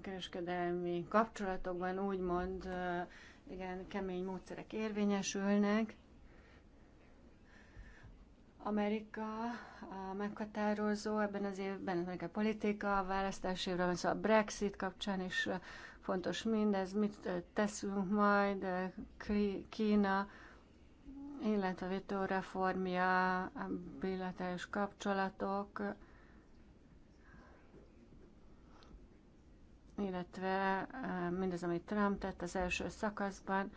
kereskedelmi kapcsolatokban úgymond igen, kemény módszerek érvényesülnek. Amerika a meghatározó ebben az évben, az amerikai politika, a választási évről, szóval a Brexit kapcsán is fontos mindez, mit teszünk majd, Kína, illetve a reformja, a bilaterális kapcsolatok, illetve mindez, amit Trump tett az első szakaszban,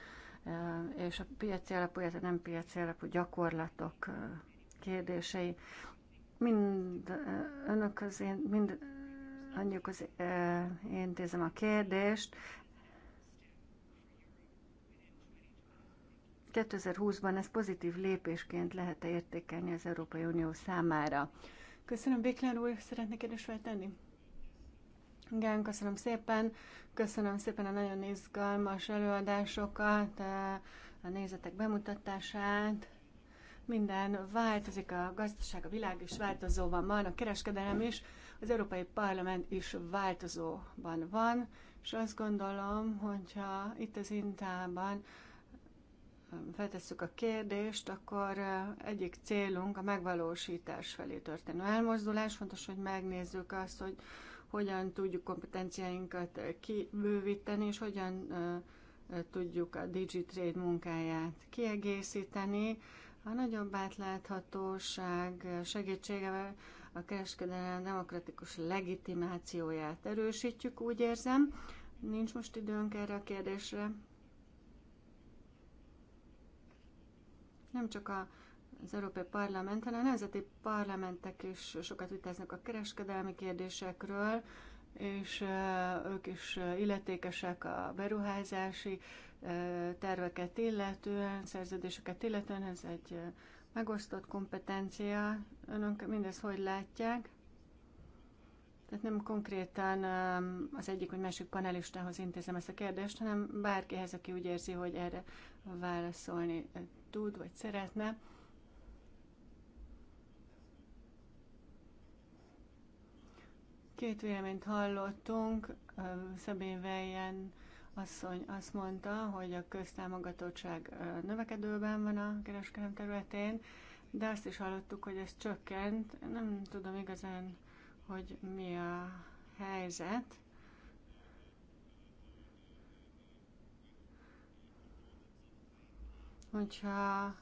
és a piaci alapú, illetve nem piaci alapú gyakorlatok kérdései. Mind önök az én, mind mondjuk az én intézem a kérdést. 2020-ban ez pozitív lépésként lehet-e értékelni az Európai Unió számára? Köszönöm, Béklen úr, szeretnék kérdést feltenni? Igen, köszönöm szépen. Köszönöm szépen a nagyon izgalmas előadásokat, eh, a nézetek bemutatását. Minden változik, a gazdaság, a világ is változóban van, a kereskedelem is, az Európai Parlament is változóban van, és azt gondolom, hogyha itt az Intában eh, feltesszük a kérdést, akkor eh, egyik célunk a megvalósítás felé történő elmozdulás. Fontos, hogy megnézzük azt, hogy hogyan tudjuk kompetenciáinkat kibővíteni, és hogyan tudjuk a DigiTrade munkáját kiegészíteni. A nagyobb átláthatóság segítségevel a kereskedelem demokratikus legitimációját erősítjük, úgy érzem. Nincs most időnk erre a kérdésre. Nem csak a az Európai Parlamenten, a nemzeti parlamentek is sokat vitáznak a kereskedelmi kérdésekről, és ők is illetékesek a beruházási terveket illetően, szerződéseket illetően, ez egy megosztott kompetencia. Önök mindezt hogy látják? Tehát nem konkrétan az egyik vagy másik panelistához intézem ezt a kérdést, hanem bárkihez, aki úgy érzi, hogy erre válaszolni tud, vagy szeretne. Két véleményt hallottunk. Szabén Veljen asszony azt mondta, hogy a köztámogatottság növekedőben van a kereskedelem területén, de azt is hallottuk, hogy ez csökkent. Nem tudom igazán, hogy mi a helyzet. Hogyha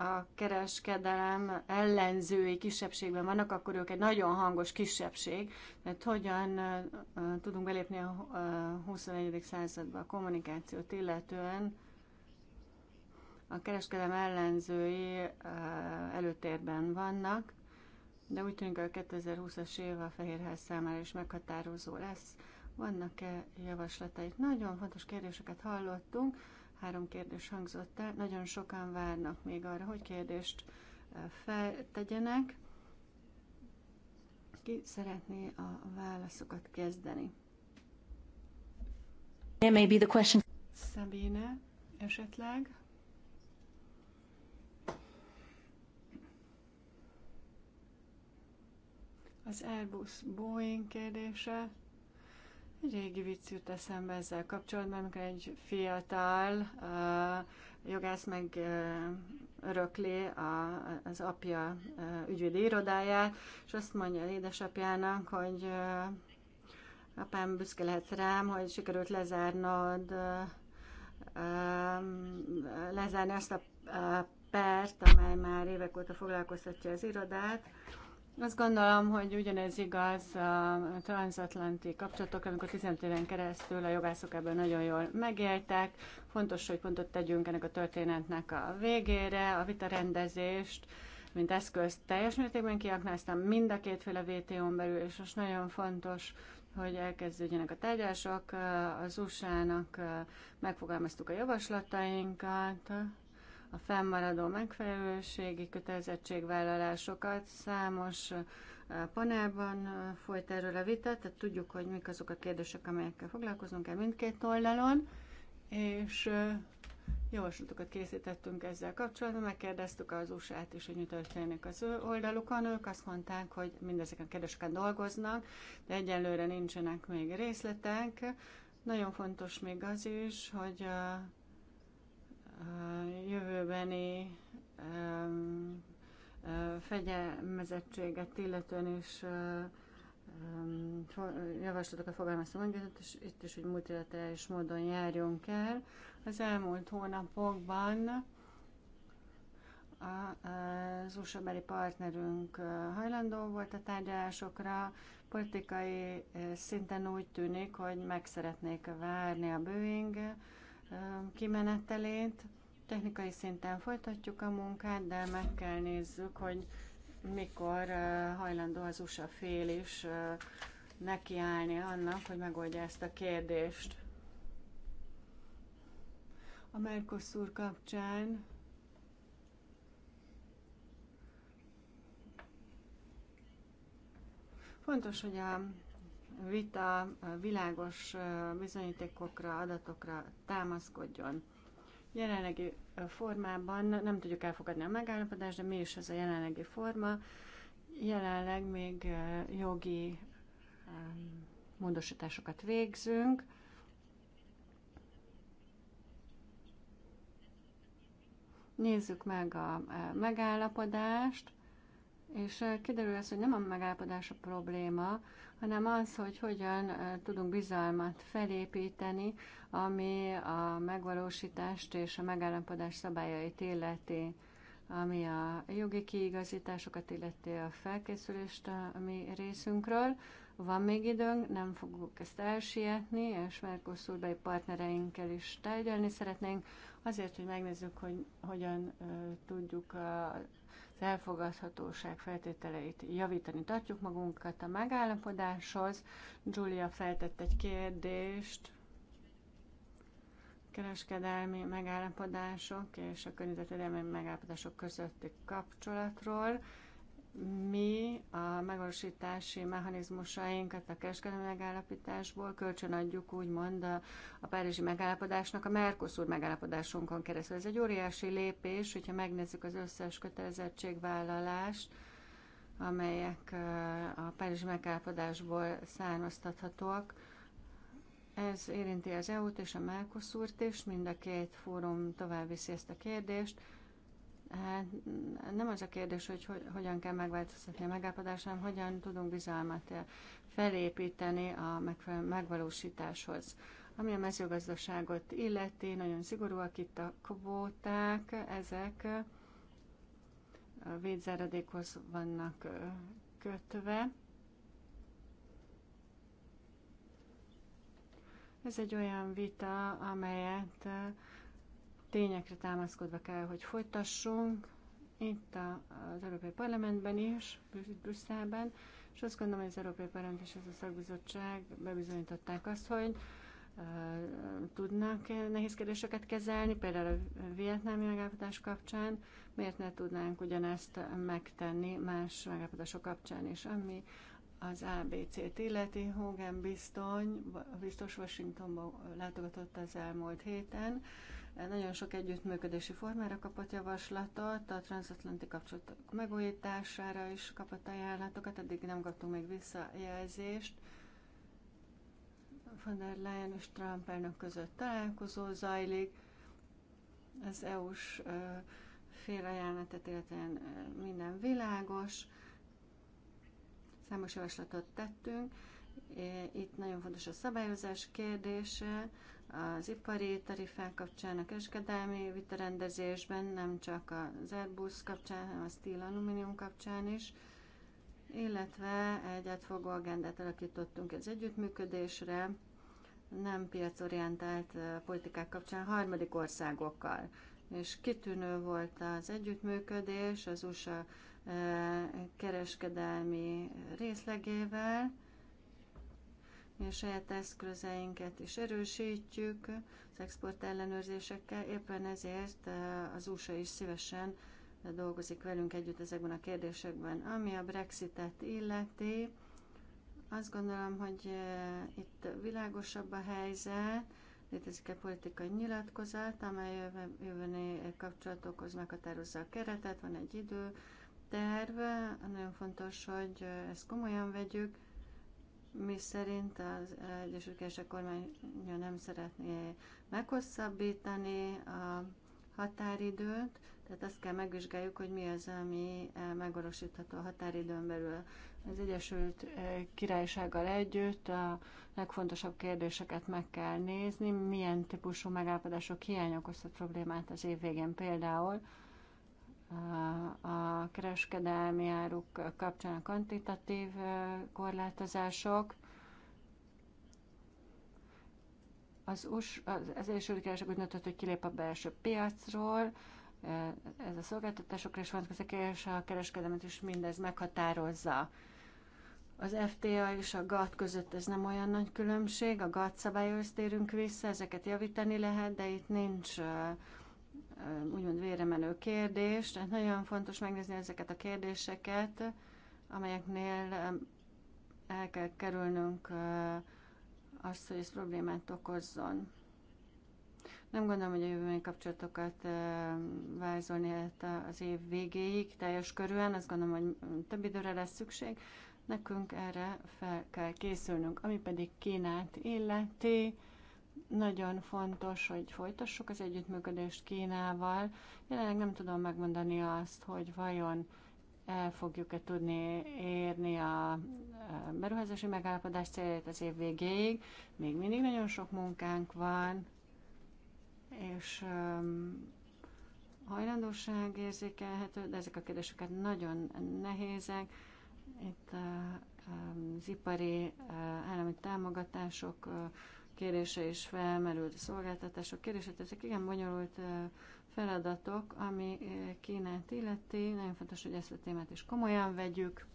a kereskedelem ellenzői kisebbségben vannak, akkor ők egy nagyon hangos kisebbség, mert hogyan tudunk belépni a 21. századba a kommunikációt illetően, a kereskedelem ellenzői előtérben vannak, de úgy tűnik a 2020-as év a Fehérház számára is meghatározó lesz. Vannak-e javaslatait? Nagyon fontos kérdéseket hallottunk Három kérdés hangzott el. Nagyon sokan várnak még arra, hogy kérdést feltegyenek. Ki szeretné a válaszokat kezdeni? Yeah, maybe the question. Szabine, esetleg. Az Airbus Boeing kérdése Régi vicc jut eszembe ezzel kapcsolatban, amikor egy fiatal uh, jogász meg uh, örökli a, az apja uh, ügyvédi irodáját, és azt mondja az édesapjának, hogy uh, apám büszke lehet rám, hogy sikerült lezárnod, uh, uh, lezárni azt a uh, pert, amely már évek óta foglalkoztatja az irodát, azt gondolom, hogy ugyanez igaz a transatlanti kapcsolatok, amikor 15 éven keresztül a jogászok ebből nagyon jól megéltek. Fontos, hogy pontot tegyünk ennek a történetnek a végére, a vitarendezést, mint eszközt teljes mértékben kiaknáztam mind a kétféle VTO-n belül, és most nagyon fontos, hogy elkezdődjenek a tárgyások, Az USA-nak megfogalmaztuk a javaslatainkat, a fennmaradó megfelelőségi kötelezettségvállalásokat. Számos panelban folyt erről a vita, tehát tudjuk, hogy mik azok a kérdések, amelyekkel foglalkozunk el mindkét oldalon, és javaslatokat készítettünk ezzel kapcsolatban, megkérdeztük az USA-t is, hogy mi történik az ő oldalukon. Ők azt mondták, hogy mindezeken a kérdéseken dolgoznak, de egyelőre nincsenek még részletek. Nagyon fontos még az is, hogy a jövőbeni fegyelmezettséget illetően is javaslatokat fogalmaztam hogy és itt is, hogy multilaterális módon járjunk el. Az elmúlt hónapokban az usa partnerünk hajlandó volt a tárgyalásokra, politikai szinten úgy tűnik, hogy meg szeretnék várni a Boeing kimenetelét. Technikai szinten folytatjuk a munkát, de meg kell nézzük, hogy mikor hajlandó az USA fél is nekiállni annak, hogy megoldja ezt a kérdést. A Mercosur kapcsán fontos, hogy a vita világos bizonyítékokra, adatokra támaszkodjon. Jelenlegi formában nem tudjuk elfogadni a megállapodást, de mi is ez a jelenlegi forma. Jelenleg még jogi módosításokat végzünk. Nézzük meg a megállapodást, és kiderül az, hogy nem a megállapodás a probléma, hanem az, hogy hogyan tudunk bizalmat felépíteni, ami a megvalósítást és a megállapodás szabályait illeti, ami a jogi kiigazításokat illeti a felkészülést a mi részünkről. Van még időnk, nem fogok ezt elsietni, és Mercosurbeli partnereinkkel is tárgyalni szeretnénk, azért, hogy megnézzük, hogy hogyan tudjuk a az elfogadhatóság feltételeit javítani. Tartjuk magunkat a megállapodáshoz. Julia feltett egy kérdést. Kereskedelmi megállapodások és a környezetvédelmi megállapodások közötti kapcsolatról mi a megvalósítási mechanizmusainkat a kereskedelmi megállapításból kölcsönadjuk úgymond a, a Párizsi megállapodásnak, a Mercosur megállapodásunkon keresztül. Ez egy óriási lépés, hogyha megnézzük az összes kötelezettségvállalást, amelyek a Párizsi megállapodásból származtathatóak. Ez érinti az EU-t és a Mercosur-t is, mind a két fórum tovább viszi ezt a kérdést Hát nem az a kérdés, hogy hogyan kell megváltoztatni a megállapodást, hanem hogyan tudunk bizalmat eh, felépíteni a megvalósításhoz. Ami a mezőgazdaságot illeti, nagyon szigorúak itt a kvóták, ezek eh, a védzáradékhoz vannak eh, kötve. Ez egy olyan vita, amelyet tényekre támaszkodva kell, hogy folytassunk, itt a, az Európai Parlamentben is, Brüsszelben, és azt gondolom, hogy az Európai Parlament és az a szakbizottság bebizonyították azt, hogy uh, tudnak -e nehéz kérdéseket kezelni, például a vietnámi megállapodás kapcsán, miért ne tudnánk ugyanezt megtenni más megállapodások kapcsán is, ami az ABC-t illeti. Hogan biztony, biztos Washingtonba látogatott az elmúlt héten, uh, nagyon sok együttműködési formára kapott javaslatot, a transatlanti kapcsolatok megújítására is kapott ajánlatokat, eddig nem kaptunk még visszajelzést. Von der Leyen és Trump elnök között találkozó zajlik, az EU-s félrejelmetet, illetően minden világos, számos javaslatot tettünk, itt nagyon fontos a szabályozás kérdése, az ipari tarifák kapcsán a kereskedelmi vitarendezésben, nem csak az Airbus kapcsán, hanem a Steel Aluminium kapcsán is, illetve egy átfogó agendát alakítottunk az együttműködésre, nem piacorientált politikák kapcsán harmadik országokkal. És kitűnő volt az együttműködés az USA kereskedelmi részlegével, mi a saját eszközeinket is erősítjük az export ellenőrzésekkel, éppen ezért eh, az USA is szívesen eh, dolgozik velünk együtt ezekben a kérdésekben. Ami a Brexitet illeti, azt gondolom, hogy eh, itt világosabb a helyzet, létezik egy politikai nyilatkozat, amely jövőni kapcsolatokhoz meghatározza a keretet, van egy idő, terv, nagyon fontos, hogy ezt komolyan vegyük, mi szerint az Egyesült Királyság kormánya nem szeretné meghosszabbítani a határidőt, tehát azt kell megvizsgáljuk, hogy mi az, ami megvalósítható a határidőn belül. Az Egyesült eh, Királysággal együtt a legfontosabb kérdéseket meg kell nézni, milyen típusú megállapodások hiány a problémát az év végén például, a kereskedelmi áruk kapcsán a kvantitatív korlátozások. Az, US, az Egyesült Királyság úgy döntött, hogy kilép a belső piacról, ez a szolgáltatásokra is vonatkozik, és a kereskedelmet is mindez meghatározza. Az FTA és a GATT között ez nem olyan nagy különbség, a GATT szabályhoz térünk vissza, ezeket javítani lehet, de itt nincs úgymond véremenő kérdés. Tehát nagyon fontos megnézni ezeket a kérdéseket, amelyeknél el kell kerülnünk azt, hogy ez problémát okozzon. Nem gondolom, hogy a jövőbeni kapcsolatokat vázolni lehet az év végéig teljes körülön, azt gondolom, hogy több időre lesz szükség. Nekünk erre fel kell készülnünk, ami pedig Kínát illeti nagyon fontos, hogy folytassuk az együttműködést Kínával. Jelenleg nem tudom megmondani azt, hogy vajon el fogjuk-e tudni érni a e, beruházási megállapodás célját az év végéig. Még mindig nagyon sok munkánk van, és e, hajlandóság érzékelhető, de ezek a kérdéseket nagyon nehézek. Itt e, az ipari állami támogatások kérése is felmerült, a szolgáltatások kérése, ezek igen bonyolult feladatok, ami Kínát illeti. Nagyon fontos, hogy ezt a témát is komolyan vegyük.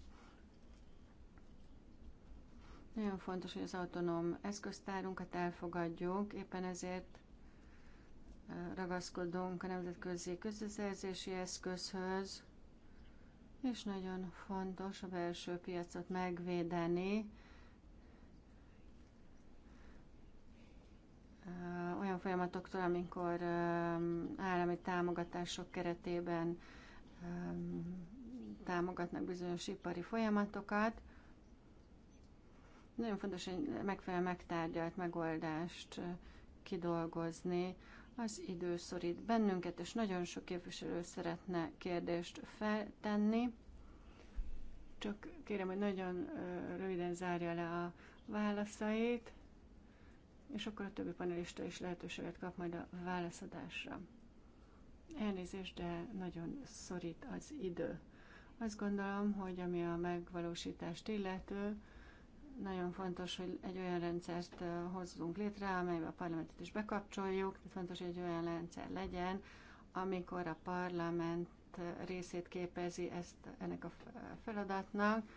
Nagyon fontos, hogy az autonóm eszköztárunkat elfogadjuk, éppen ezért ragaszkodunk a nemzetközi közbeszerzési eszközhöz, és nagyon fontos a belső piacot megvédeni olyan folyamatoktól, amikor állami támogatások keretében támogatnak bizonyos ipari folyamatokat. Nagyon fontos egy megfelelő megtárgyalt megoldást kidolgozni. Az idő szorít bennünket, és nagyon sok képviselő szeretne kérdést feltenni. Csak kérem, hogy nagyon röviden zárja le a válaszait és akkor a többi panelista is lehetőséget kap majd a válaszadásra. Elnézést, de nagyon szorít az idő. Azt gondolom, hogy ami a megvalósítást illető, nagyon fontos, hogy egy olyan rendszert hozzunk létre, amelybe a parlamentet is bekapcsoljuk. Tehát fontos, hogy egy olyan rendszer legyen, amikor a parlament részét képezi ezt ennek a feladatnak,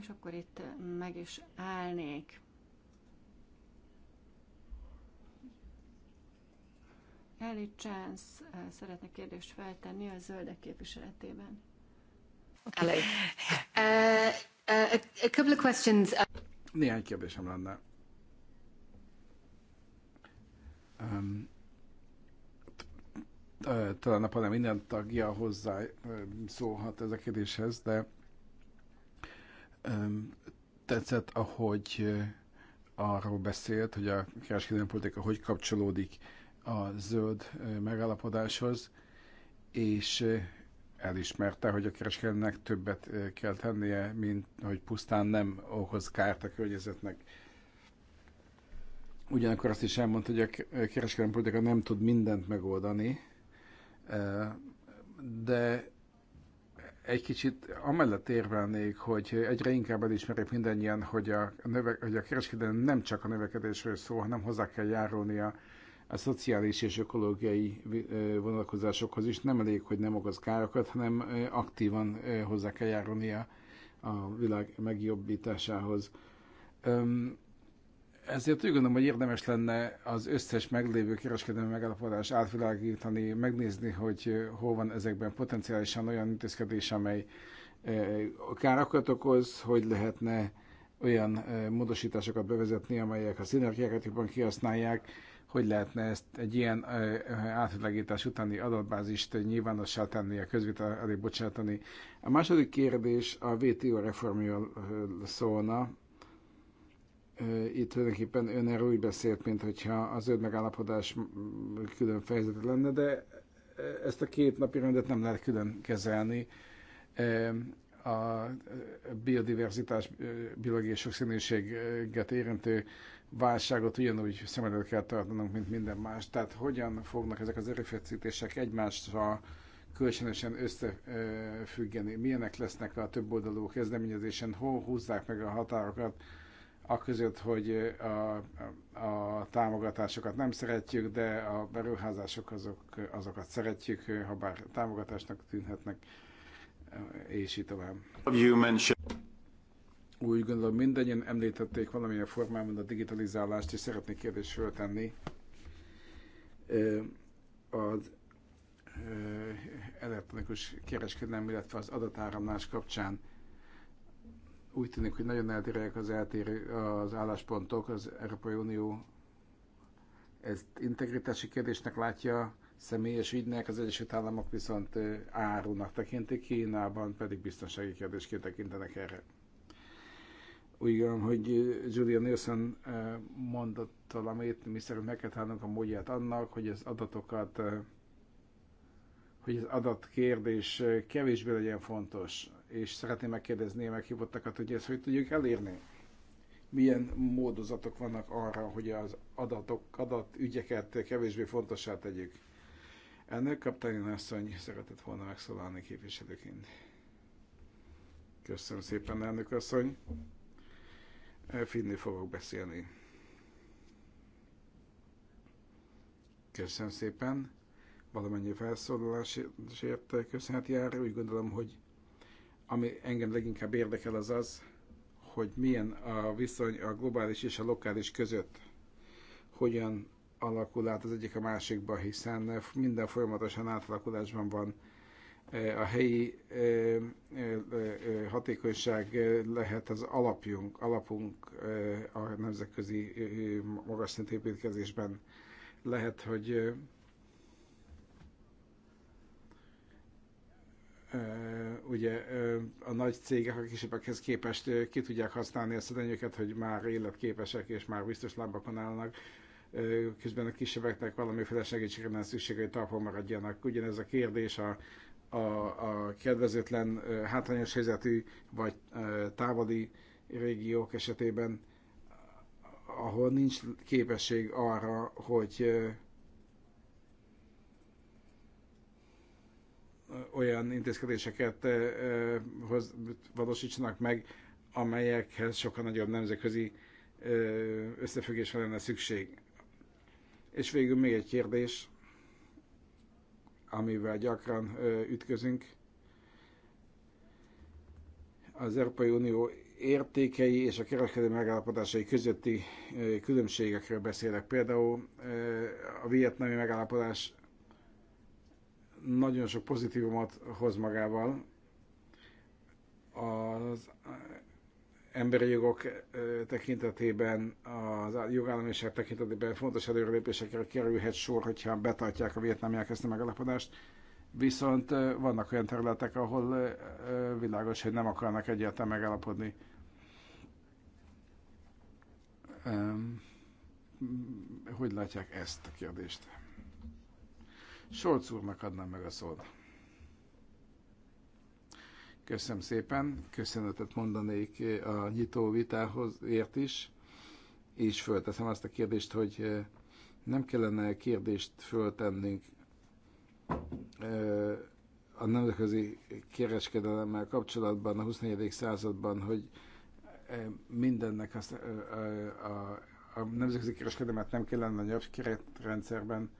És akkor itt meg is állnék. Ellie Chance eh, szeretne kérdést feltenni a zöldek képviseletében. Okay. Hello. Uh, uh, a couple of questions. Néhány kérdésem lenne. Um, talán a panel minden tagja hozzá eh, szólhat ez a kérdéshez, de Tetszett, ahogy arról beszélt, hogy a kereskedelmi politika hogy kapcsolódik a zöld megállapodáshoz, és elismerte, hogy a kereskedelmnek többet kell tennie, mint hogy pusztán nem okoz kárt a környezetnek. Ugyanakkor azt is elmondta, hogy a kereskedelmi politika nem tud mindent megoldani, de egy kicsit amellett érvelnék, hogy egyre inkább elismerik mindannyian, hogy a, növe, hogy a kereskedelem nem csak a növekedésről szól, hanem hozzá kell járulnia a szociális és ökológiai vonalkozásokhoz is. Nem elég, hogy nem okoz károkat, hanem aktívan hozzá kell járulnia a világ megjobbításához. Ezért úgy gondolom, hogy érdemes lenne az összes meglévő kereskedelmi megállapodás átvilágítani, megnézni, hogy eh, hol van ezekben potenciálisan olyan intézkedés, amely eh, károkat okoz, hogy lehetne olyan eh, módosításokat bevezetni, amelyek a szinergiákat jobban kihasználják, hogy lehetne ezt egy ilyen átvilágítás utáni adatbázist nyilvánossá tenni, a közvita bocsátani. A második kérdés a VTO reformjól szólna, itt tulajdonképpen ön erről úgy beszélt, mint hogyha az zöld megállapodás külön fejezet lenne, de ezt a két napi rendet nem lehet külön kezelni. A biodiverzitás, biológiai sokszínűséget érintő válságot ugyanúgy szem előtt kell tartanunk, mint minden más. Tehát hogyan fognak ezek az erőfeszítések egymásra kölcsönösen összefüggeni? Milyenek lesznek a oldalú kezdeményezésen? Hol húzzák meg a határokat? a között, hogy a, a támogatásokat nem szeretjük, de a beruházások azok, azokat szeretjük, ha bár támogatásnak tűnhetnek, és így tovább. Úgy gondolom, mindannyian említették valamilyen formában a digitalizálást, és szeretnék kérdést föltenni az elektronikus kereskedelem, illetve az adatáramlás kapcsán úgy tűnik, hogy nagyon eltérőek az, eltér, az álláspontok. Az Európai Unió ezt integritási kérdésnek látja, személyes ügynek, az Egyesült Államok viszont árunak tekintik, Kínában pedig biztonsági kérdésként tekintenek erre. Úgy gondolom, hogy Julia Nielsen mondott valamit, mi szerint meg kell a módját annak, hogy az adatokat, hogy az adatkérdés kevésbé legyen fontos és szeretném megkérdezni a meghívottakat, hogy ezt hogy tudjuk elérni. Milyen módozatok vannak arra, hogy az adatok, adat ügyeket, kevésbé fontossá tegyük? Ennek kaptányi asszony szeretett volna megszólalni képviselőként. Köszönöm szépen, elnök asszony. Eh, finni fogok beszélni. Köszönöm szépen. Valamennyi felszólalásért köszönhet jár. Úgy gondolom, hogy ami engem leginkább érdekel az az, hogy milyen a viszony a globális és a lokális között, hogyan alakul át az egyik a másikba, hiszen minden folyamatosan átalakulásban van. E, a helyi e, e, hatékonyság lehet az alapjunk, alapunk a nemzetközi magas szintű építkezésben. Lehet, hogy ugye a nagy cégek a kisebbekhez képest ki tudják használni a szedenyőket, hogy már életképesek és már biztos lábakon állnak, közben a kisebbeknek valamiféle segítségre nem szüksége, hogy talpon maradjanak. Ugyanez a kérdés a, a, a kedvezőtlen, hátrányos helyzetű vagy távoli régiók esetében, ahol nincs képesség arra, hogy olyan intézkedéseket hoz, valósítsanak meg, amelyekhez sokkal nagyobb nemzetközi összefüggésre lenne szükség. És végül még egy kérdés, amivel gyakran ütközünk. Az Európai Unió értékei és a kereskedelmi megállapodásai közötti különbségekről beszélek. Például a vietnami megállapodás nagyon sok pozitívumot hoz magával. Az emberi jogok tekintetében, az jogállamiság tekintetében fontos előrelépésekre kerülhet sor, hogyha betartják a vietnámiak ezt a megalapodást. Viszont vannak olyan területek, ahol világos, hogy nem akarnak egyáltalán megállapodni. Hogy látják ezt a kérdést? Solc úrnak adnám meg a szót. Köszönöm szépen, köszönetet mondanék eh, a nyitó vitához ért is, és fölteszem azt a kérdést, hogy eh, nem kellene kérdést föltennünk eh, a nemzetközi kereskedelemmel kapcsolatban a 24. században, hogy mindennek azt, a, a, a nemzetközi kereskedelmet nem kellene a nyelvkeretrendszerben rendszerben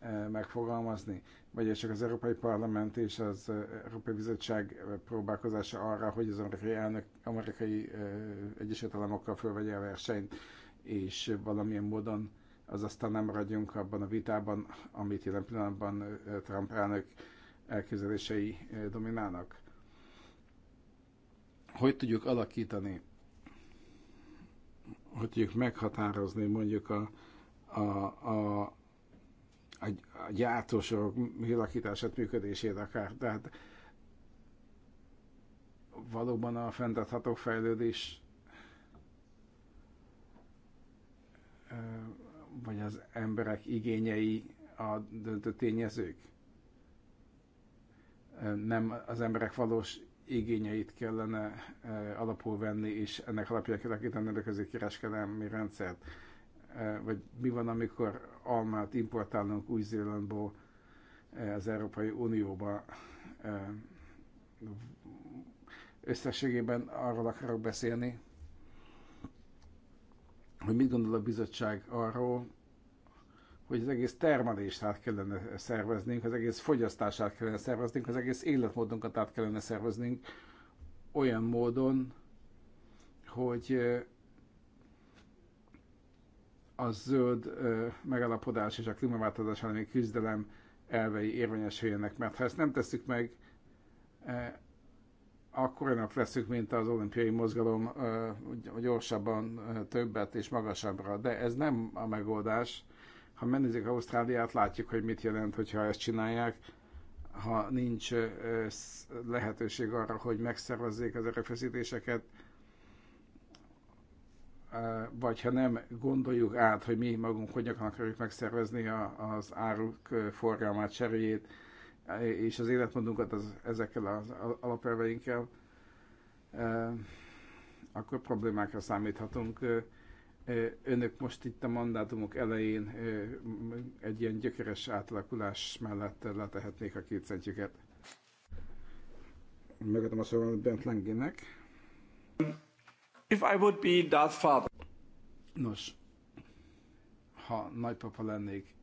E, megfogalmazni, vagy csak az Európai Parlament és az e, Európai Bizottság próbálkozása arra, hogy az amerikai, elnök, amerikai e, Egyesült Államokkal fölvegye a versenyt, és valamilyen módon az aztán nem maradjunk abban a vitában, amit jelen pillanatban Trump elnök elképzelései dominálnak. Hogy tudjuk alakítani, hogy tudjuk meghatározni mondjuk a, a, a, a, a gyártósok műlakítását, működését akár. Tehát valóban a fenntartható fejlődés vagy az emberek igényei a döntő tényezők? Nem az emberek valós igényeit kellene alapul venni, és ennek alapján kialakítani a kereskedelmi rendszert Eh, vagy mi van, amikor almát importálunk Új-Zélandból eh, az Európai Unióba. Eh, összességében arról akarok beszélni, hogy mit gondol a bizottság arról, hogy az egész termelést át kellene szerveznünk, az egész át kellene szerveznünk, az egész életmódunkat át kellene szerveznünk olyan módon, hogy a zöld megállapodás és a klímaváltozás elleni küzdelem elvei érvényesüljenek, mert ha ezt nem tesszük meg, akkor olyanok leszünk, mint az olimpiai mozgalom, gyorsabban többet és magasabbra. De ez nem a megoldás. Ha megnézzük Ausztráliát, látjuk, hogy mit jelent, hogyha ezt csinálják, ha nincs lehetőség arra, hogy megszervezzék az erőfeszítéseket, vagy ha nem gondoljuk át, hogy mi magunk hogyan akarjuk megszervezni a, az áruk forgalmát, cseréjét, és az életmódunkat az, ezekkel az alapelveinkkel, akkor problémákra számíthatunk. Önök most itt a mandátumok elején egy ilyen gyökeres átalakulás mellett letehetnék a két centjüket. Megadom a szóval Bent Lengének. If I would be Darth father. Nos, ha nagypapa lennék,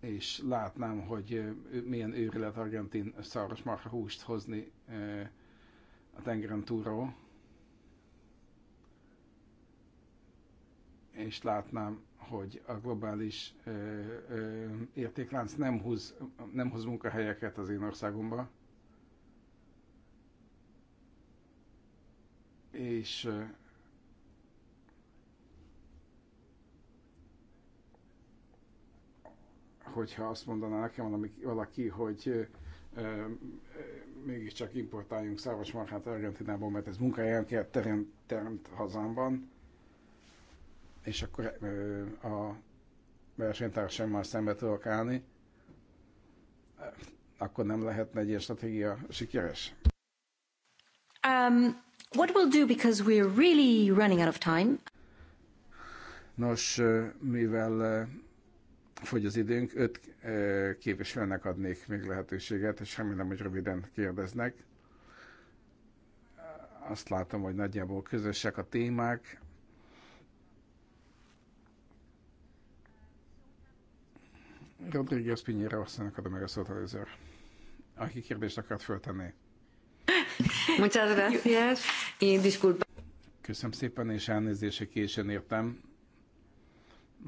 és látnám, hogy milyen őrület argentin szaros marha húst hozni a tengeren túlról, és látnám, hogy a globális ö, ö, értéklánc nem hoz, nem hoz munkahelyeket az én országomban. és hogyha azt mondaná nekem valaki, hogy mégiscsak importáljunk szávas marhát Argentinából, mert ez munkahelyet teremt, teremt hazámban, és akkor a versenytársammal szembe tudok állni, akkor nem lehetne egy ilyen stratégia sikeres? Um, What we'll do because we're really running out of time. Nos, mivel fogy az időnk, öt képviselőnek adnék még lehetőséget, és remélem, hogy röviden kérdeznek. Azt látom, hogy nagyjából közösek a témák. Rodríguez Pinheiro, aztán adom meg a szót először, aki kérdést akart föltenni. Muchas gracias. Y disculpa. Köszönöm szépen, és elnézést, későn értem.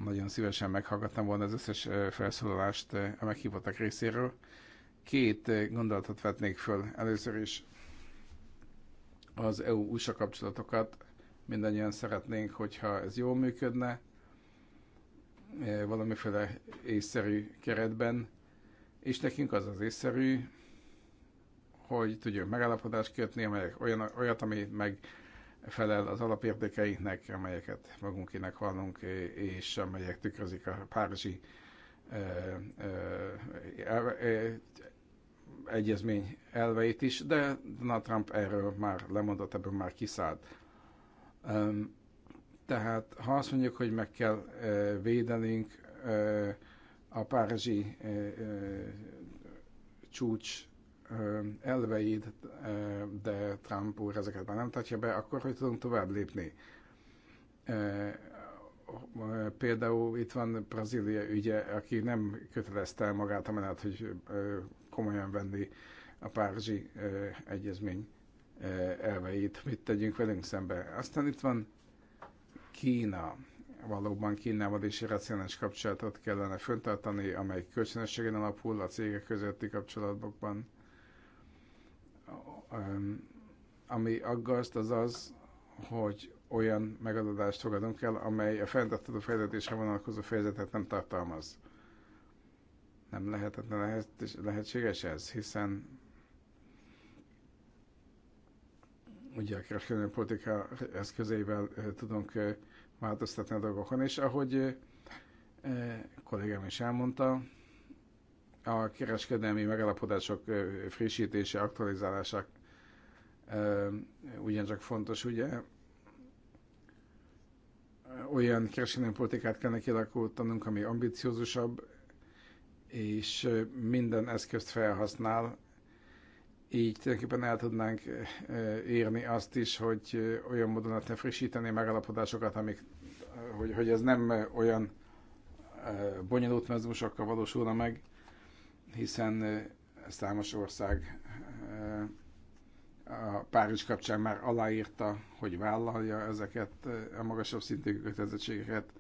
Nagyon szívesen meghallgattam volna az összes felszólalást a meghívottak részéről. Két gondolatot vetnék föl. Először is az EU-USA kapcsolatokat mindannyian szeretnénk, hogyha ez jól működne, valamiféle észszerű keretben, és nekünk az az észszerű, hogy tudjuk megállapodást kötni, amelyek olyan, olyat, ami megfelel az alapértékeinknek, amelyeket magunkinek hallunk, és amelyek tükrözik a párizsi egyezmény elveit is, de Donald Trump erről már lemondott, ebből már kiszállt. Tehát ha azt mondjuk, hogy meg kell védenünk a párizsi csúcs elveid, de Trump úr ezeket már nem tartja be, akkor hogy tudunk tovább lépni? Például itt van Brazília ügye, aki nem kötelezte el magát menet, hogy komolyan venni a Párizsi egyezmény elveit, mit tegyünk velünk szembe. Aztán itt van Kína. Valóban Kínával is racionális kapcsolatot kellene föntartani, amely kölcsönösségen alapul a cégek közötti kapcsolatokban ami aggaszt az az, hogy olyan megadatást fogadunk el, amely a fenntartható fejlődésre vonatkozó fejezetet nem tartalmaz. Nem lehetetlen lehet, lehetséges ez, hiszen ugye a kereskedelmi politika eszközeivel tudunk változtatni a dolgokon, és ahogy kollégám is elmondta, a kereskedelmi megállapodások frissítése, aktualizálása ugyancsak fontos, ugye, olyan kereskedelmi politikát kellene kialakultanunk, ami ambiciózusabb, és minden eszközt felhasznál, így tulajdonképpen el tudnánk érni azt is, hogy olyan módon lehetne frissíteni megállapodásokat, amik, hogy, hogy ez nem olyan bonyolult mezmusokkal valósulna meg, hiszen számos ország a Párizs kapcsán már aláírta, hogy vállalja ezeket a magasabb szintű kötelezettségeket.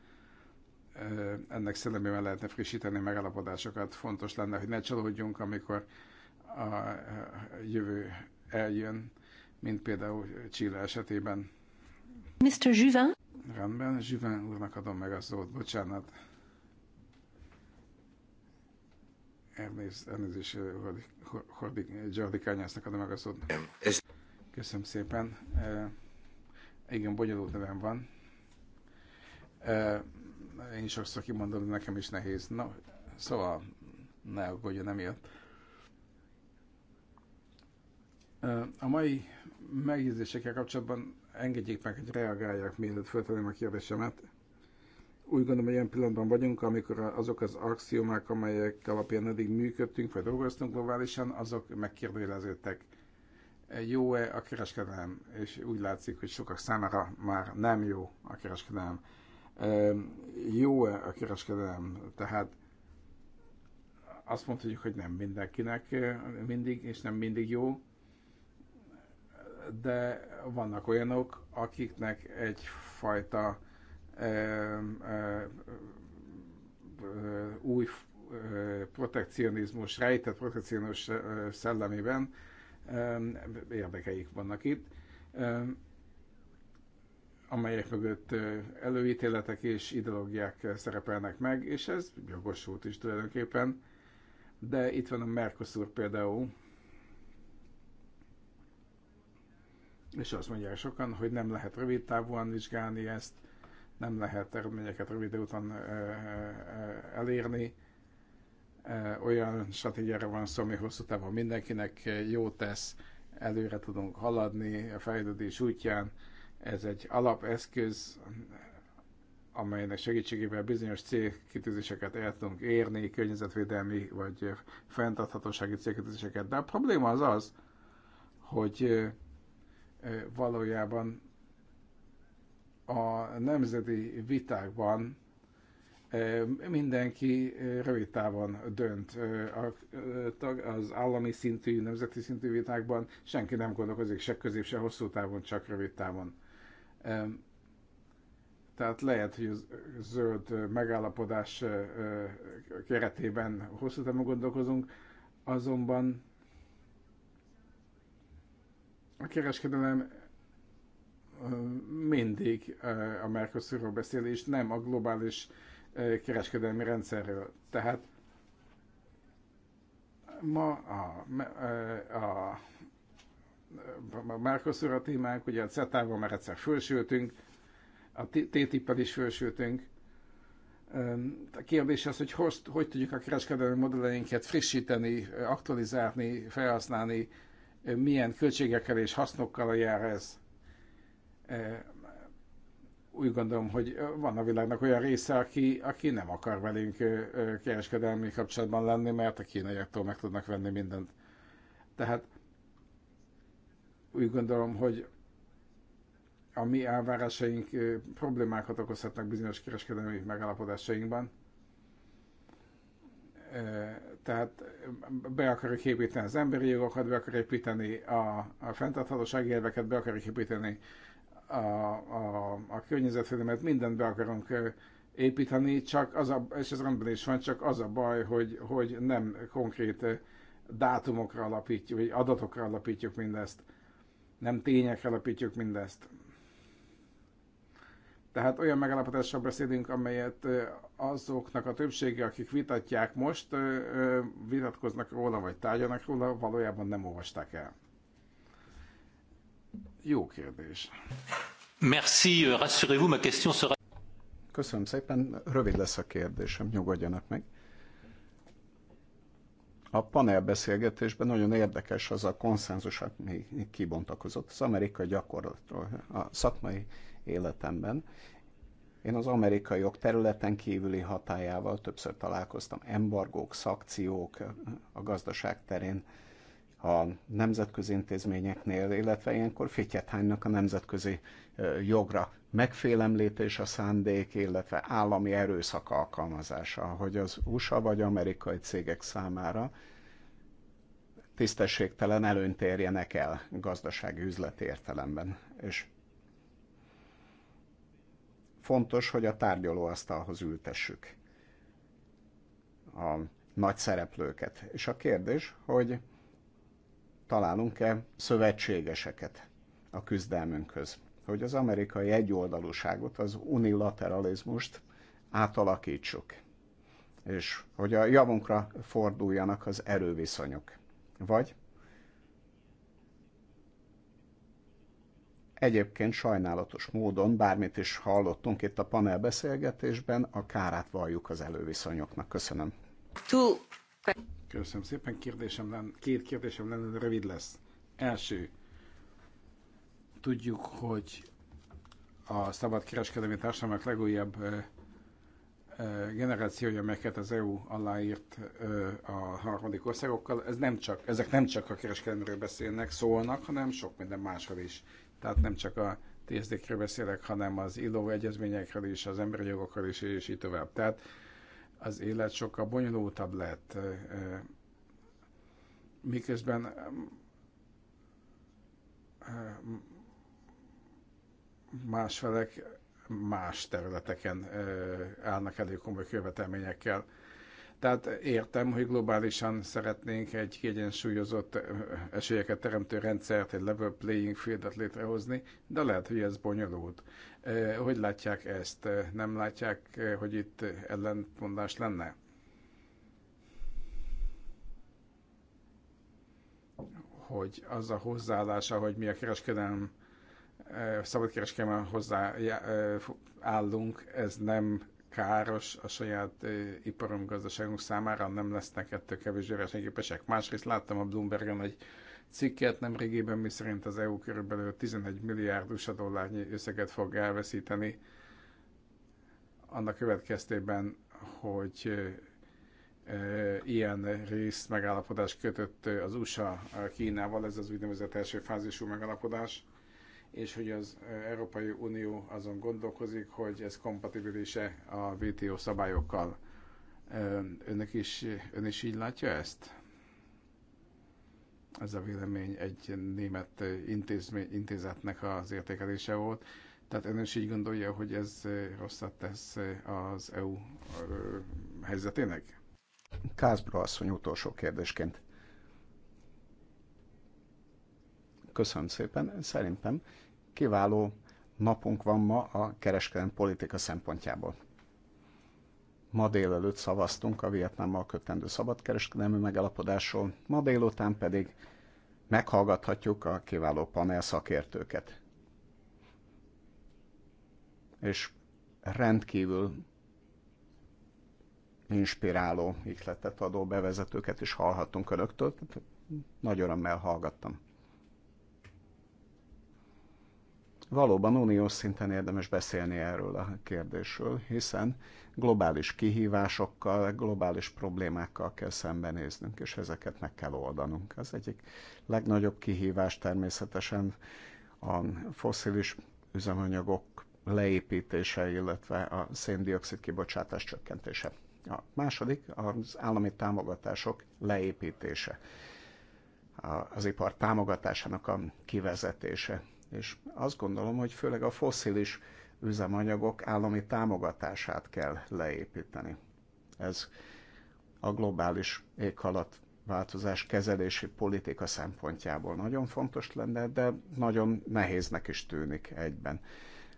Ennek szellemében lehetne frissíteni megállapodásokat. Fontos lenne, hogy ne csalódjunk, amikor a jövő eljön, mint például Csilla esetében. Mr. Juvin. Rendben, Juvin úrnak adom meg a szót, bocsánat. Elnézést, elnézést, Jordi Kányásznak adom meg a szót. Köszönöm szépen. E, igen, bonyolult nevem van. E, én is sokszor kimondom, hogy nekem is nehéz. Na, szóval ne aggódjon emiatt. E, a mai megjegyzésekkel kapcsolatban engedjék meg, hogy reagáljak, mielőtt föltenem a kérdésemet úgy gondolom, hogy ilyen pillanatban vagyunk, amikor azok az axiomák, amelyek alapján eddig működtünk, vagy dolgoztunk globálisan, azok megkérdőjeleződtek. Jó-e a kereskedelem? És úgy látszik, hogy sokak számára már nem jó a kereskedelem. Ehm, jó-e a kereskedelem? Tehát azt mondhatjuk, hogy nem mindenkinek eh, mindig, és nem mindig jó, de vannak olyanok, akiknek egyfajta új protekcionizmus, rejtett protekcionizmus szellemében érdekeik vannak itt, amelyek mögött előítéletek és ideológiák szerepelnek meg, és ez jogosult is tulajdonképpen. De itt van a Mercosur például, és azt mondják sokan, hogy nem lehet rövid távúan vizsgálni ezt, nem lehet eredményeket rövid után elérni. Olyan stratégiára van szó, ami hosszú távon mindenkinek jó tesz, előre tudunk haladni a fejlődés útján. Ez egy alapeszköz, amelynek segítségével bizonyos célkitűzéseket el tudunk érni, környezetvédelmi vagy fenntarthatósági célkitűzéseket. De a probléma az az, hogy valójában a nemzeti vitákban mindenki rövid távon dönt. Az állami szintű, nemzeti szintű vitákban senki nem gondolkozik se közép, se hosszú távon, csak rövid távon. Tehát lehet, hogy a zöld megállapodás keretében hosszú távon gondolkozunk, azonban a kereskedelem mindig a Mercosurról beszél, és nem a globális kereskedelmi rendszerről. Tehát ma a, a, a, a Mercosur a témánk, ugye a CETA-val már egyszer fölsültünk, a TTIP-el is fölsültünk. A kérdés az, hogy host, hogy tudjuk a kereskedelmi modelleinket frissíteni, aktualizálni, felhasználni, milyen költségekkel és hasznokkal jár ez úgy gondolom, hogy van a világnak olyan része, aki, aki nem akar velünk kereskedelmi kapcsolatban lenni, mert a kínaiaktól meg tudnak venni mindent. Tehát úgy gondolom, hogy a mi elvárásaink problémákat okozhatnak bizonyos kereskedelmi megállapodásainkban. Tehát be akarjuk építeni az emberi jogokat, be akarjuk építeni a, a fenntarthatósági érveket, be akarjuk építeni a, a, a környezetvédelmet, mindent be akarunk építeni, csak az a, és ez rendben is van, csak az a baj, hogy, hogy nem konkrét dátumokra alapítjuk, vagy adatokra alapítjuk mindezt, nem tényekre alapítjuk mindezt. Tehát olyan megállapodásról beszélünk, amelyet azoknak a többsége, akik vitatják most, vitatkoznak róla, vagy tárgyalnak róla, valójában nem olvasták el. Jó kérdés. Merci, euh, rassurez-vous, ma question sera... Köszönöm szépen, rövid lesz a kérdésem, nyugodjanak meg. A panelbeszélgetésben nagyon érdekes az a konszenzus, ami kibontakozott az amerikai gyakorlatról, a szakmai életemben. Én az amerikai jog területen kívüli hatájával többször találkoztam, embargók, szakciók a gazdaság terén, a nemzetközi intézményeknél, illetve ilyenkor fityet a nemzetközi jogra. Megfélemlítés a szándék, illetve állami erőszak alkalmazása, hogy az USA vagy amerikai cégek számára tisztességtelen előnyt érjenek el gazdasági üzleti értelemben. És fontos, hogy a tárgyalóasztalhoz ültessük a nagy szereplőket. És a kérdés, hogy találunk-e szövetségeseket a küzdelmünkhöz. Hogy az amerikai egyoldalúságot, az unilateralizmust átalakítsuk, és hogy a javunkra forduljanak az erőviszonyok. Vagy Egyébként sajnálatos módon, bármit is hallottunk itt a panelbeszélgetésben, a kárát valljuk az előviszonyoknak. Köszönöm. Two. Köszönöm szépen. Kérdésem lenne, két kérdésem lenne, rövid lesz. Első, tudjuk, hogy a szabad kereskedelmi társadalmak legújabb generációja, amelyeket az EU aláírt a harmadik országokkal, ez nem csak, ezek nem csak a kereskedelmről beszélnek, szólnak, hanem sok minden másról is. Tehát nem csak a tsd beszélek, hanem az ILO egyezményekről is, az emberi jogokról is, és így tovább. Tehát az élet sokkal bonyolultabb lett, miközben más felek más területeken állnak elő komoly követelményekkel. Tehát értem, hogy globálisan szeretnénk egy kiegyensúlyozott esélyeket teremtő rendszert, egy level playing fieldet létrehozni, de lehet, hogy ez bonyolult. Eh, hogy látják ezt? Eh, nem látják, eh, hogy itt ellentmondás lenne? Hogy az a hozzáállása, hogy mi a kereskedelem, szabadkereskedelem hozzáállunk, ez nem káros a saját iparunk, gazdaságunk számára, nem lesznek ettől kevésbé versenyképesek. Másrészt láttam a Bloombergen, hogy cikket nem régében, mi szerint az EU körülbelül 11 milliárd USA dollárnyi összeget fog elveszíteni annak következtében, hogy ilyen részt megállapodás kötött az USA Kínával, ez az úgynevezett első fázisú megállapodás, és hogy az Európai Unió azon gondolkozik, hogy ez kompatibilise a WTO szabályokkal. Önök is, ön is így látja ezt? ez a vélemény egy német intézmény, intézetnek az értékelése volt. Tehát ön is így gondolja, hogy ez rosszat tesz az EU helyzetének? Kázbra asszony utolsó kérdésként. Köszönöm szépen. Szerintem kiváló napunk van ma a kereskedelmi politika szempontjából. Ma délelőtt szavaztunk a Vietnámmal kötendő szabadkereskedelmi megalapodásról, ma délután pedig meghallgathatjuk a kiváló panel szakértőket. És rendkívül inspiráló ihletet adó bevezetőket is hallhattunk önöktől, nagy örömmel hallgattam. Valóban uniós szinten érdemes beszélni erről a kérdésről, hiszen globális kihívásokkal, globális problémákkal kell szembenéznünk, és ezeket meg kell oldanunk. Az egyik legnagyobb kihívás természetesen a foszilis üzemanyagok leépítése, illetve a széndiokszid kibocsátás csökkentése. A második az állami támogatások leépítése, az ipar támogatásának a kivezetése és azt gondolom, hogy főleg a foszilis üzemanyagok állami támogatását kell leépíteni. Ez a globális éghalat változás kezelési politika szempontjából nagyon fontos lenne, de nagyon nehéznek is tűnik egyben.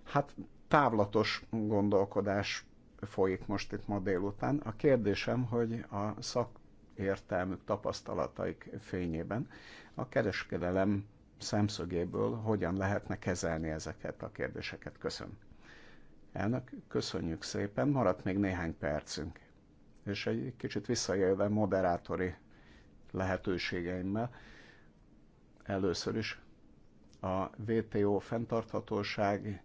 Hát távlatos gondolkodás folyik most itt ma délután. A kérdésem, hogy a szakértelmük tapasztalataik fényében a kereskedelem szemszögéből hogyan lehetne kezelni ezeket a kérdéseket. Köszönöm. Elnök, köszönjük szépen, maradt még néhány percünk. És egy kicsit visszaélve moderátori lehetőségeimmel, először is a WTO fenntarthatóság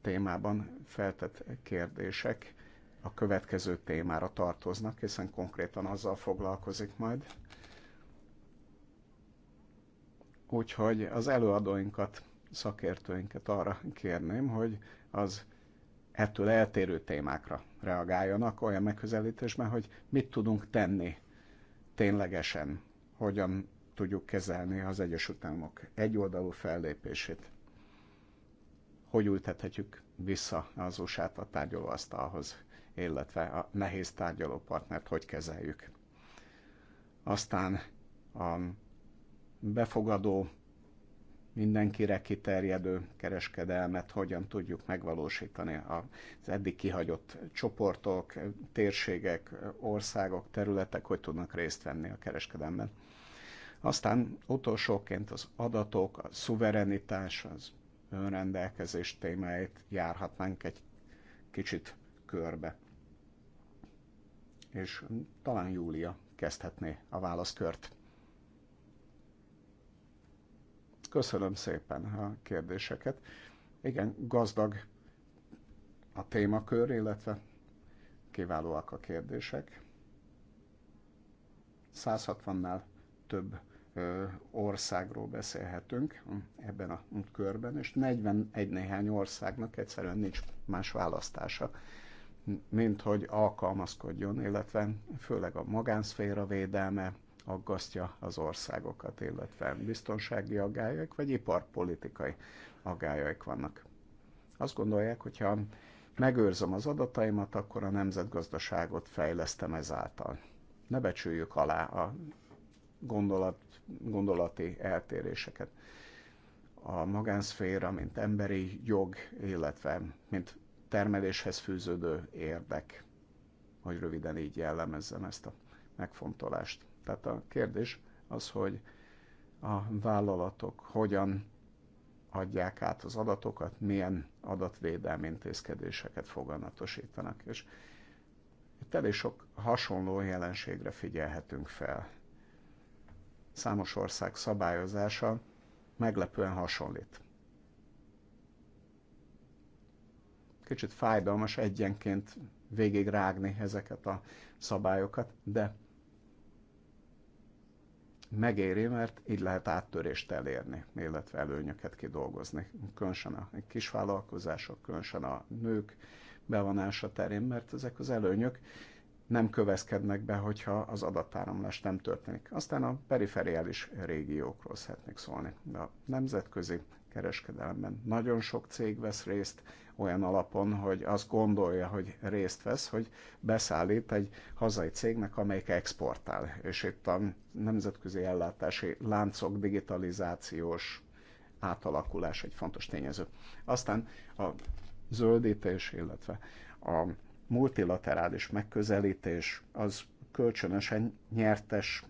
témában feltett kérdések a következő témára tartoznak, hiszen konkrétan azzal foglalkozik majd Úgyhogy az előadóinkat, szakértőinket arra kérném, hogy az ettől eltérő témákra reagáljanak olyan megközelítésben, hogy mit tudunk tenni ténylegesen, hogyan tudjuk kezelni az Egyesült Államok egyoldalú fellépését, hogy ültethetjük vissza az usa a tárgyalóasztalhoz, illetve a nehéz tárgyalópartnert hogy kezeljük. Aztán a befogadó, mindenkire kiterjedő kereskedelmet hogyan tudjuk megvalósítani az eddig kihagyott csoportok, térségek, országok, területek, hogy tudnak részt venni a kereskedelemben. Aztán utolsóként az adatok, a szuverenitás, az önrendelkezés témáit járhatnánk egy kicsit körbe. És talán Júlia kezdhetné a válaszkört. Köszönöm szépen a kérdéseket. Igen, gazdag a témakör, illetve kiválóak a kérdések. 160-nál több országról beszélhetünk ebben a körben, és 41 néhány országnak egyszerűen nincs más választása, mint hogy alkalmazkodjon, illetve főleg a magánszféra védelme, aggasztja az országokat, illetve biztonsági aggályok, vagy iparpolitikai aggályok vannak. Azt gondolják, hogyha megőrzöm az adataimat, akkor a nemzetgazdaságot fejlesztem ezáltal. Ne becsüljük alá a gondolat, gondolati eltéréseket. A magánszféra, mint emberi jog, illetve mint termeléshez fűződő érdek, hogy röviden így jellemezzem ezt a megfontolást. Tehát a kérdés az, hogy a vállalatok hogyan adják át az adatokat, milyen adatvédelmi intézkedéseket foganatosítanak. És itt elég sok hasonló jelenségre figyelhetünk fel. Számos ország szabályozása meglepően hasonlít. Kicsit fájdalmas egyenként végigrágni ezeket a szabályokat, de megéri, mert így lehet áttörést elérni, illetve előnyöket kidolgozni. Különösen a kisvállalkozások, különösen a nők bevonása terén, mert ezek az előnyök nem kövezkednek be, hogyha az adattáramlás nem történik. Aztán a perifériális régiókról szeretnék szólni. A nemzetközi kereskedelemben. Nagyon sok cég vesz részt olyan alapon, hogy azt gondolja, hogy részt vesz, hogy beszállít egy hazai cégnek, amelyik exportál. És itt a nemzetközi ellátási láncok digitalizációs átalakulás egy fontos tényező. Aztán a zöldítés, illetve a multilaterális megközelítés az kölcsönösen nyertes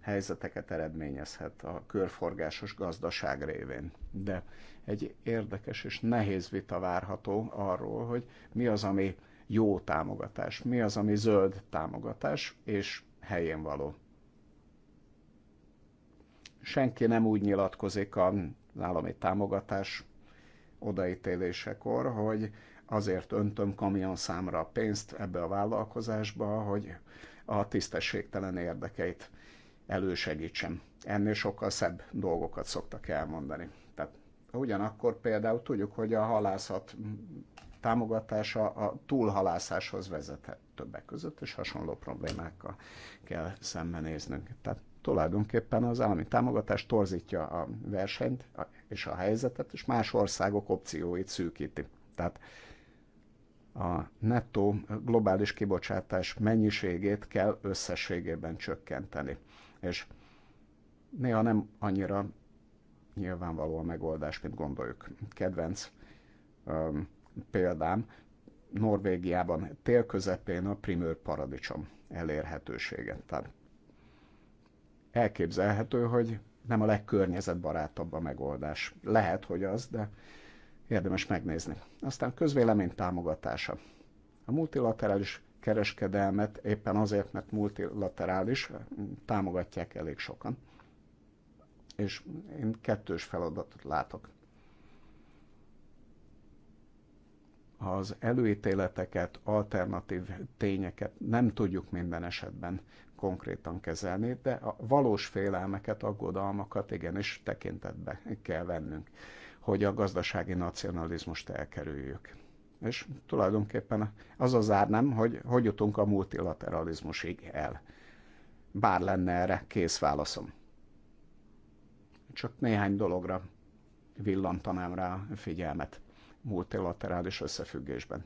helyzeteket eredményezhet a körforgásos gazdaság révén de egy érdekes és nehéz vita várható arról, hogy mi az, ami jó támogatás, mi az, ami zöld támogatás, és helyén való. Senki nem úgy nyilatkozik az állami támogatás odaítélésekor, hogy azért öntöm kamion számra a pénzt ebbe a vállalkozásba, hogy a tisztességtelen érdekeit elősegítsem. Ennél sokkal szebb dolgokat szoktak elmondani. Ugyanakkor például tudjuk, hogy a halászat támogatása a túlhalászáshoz vezethet többek között, és hasonló problémákkal kell szembenéznünk. Tehát tulajdonképpen az állami támogatás torzítja a versenyt és a helyzetet, és más országok opcióit szűkíti. Tehát a nettó globális kibocsátás mennyiségét kell összességében csökkenteni. És néha nem annyira nyilvánvaló a megoldás, mint gondoljuk. Kedvenc um, példám, Norvégiában tél közepén a primőr paradicsom elérhetősége. Tehát elképzelhető, hogy nem a legkörnyezetbarátabb a megoldás. Lehet, hogy az, de érdemes megnézni. Aztán közvélemény támogatása. A multilaterális kereskedelmet éppen azért, mert multilaterális, támogatják elég sokan és én kettős feladatot látok. Az előítéleteket, alternatív tényeket nem tudjuk minden esetben konkrétan kezelni, de a valós félelmeket, aggodalmakat igenis tekintetbe kell vennünk, hogy a gazdasági nacionalizmust elkerüljük. És tulajdonképpen az az nem, hogy hogy jutunk a multilateralizmusig el. Bár lenne erre kész válaszom csak néhány dologra villantanám rá a figyelmet multilaterális összefüggésben.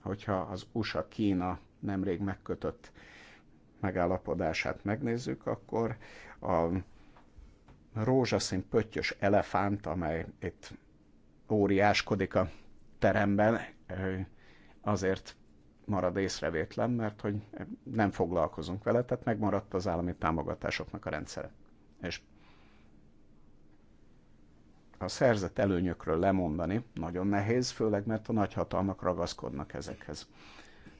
Hogyha az USA-Kína nemrég megkötött megállapodását megnézzük, akkor a rózsaszín pöttyös elefánt, amely itt óriáskodik a teremben, azért marad észrevétlen, mert hogy nem foglalkozunk vele, tehát megmaradt az állami támogatásoknak a rendszere. És a szerzett előnyökről lemondani nagyon nehéz, főleg mert a nagyhatalmak ragaszkodnak ezekhez.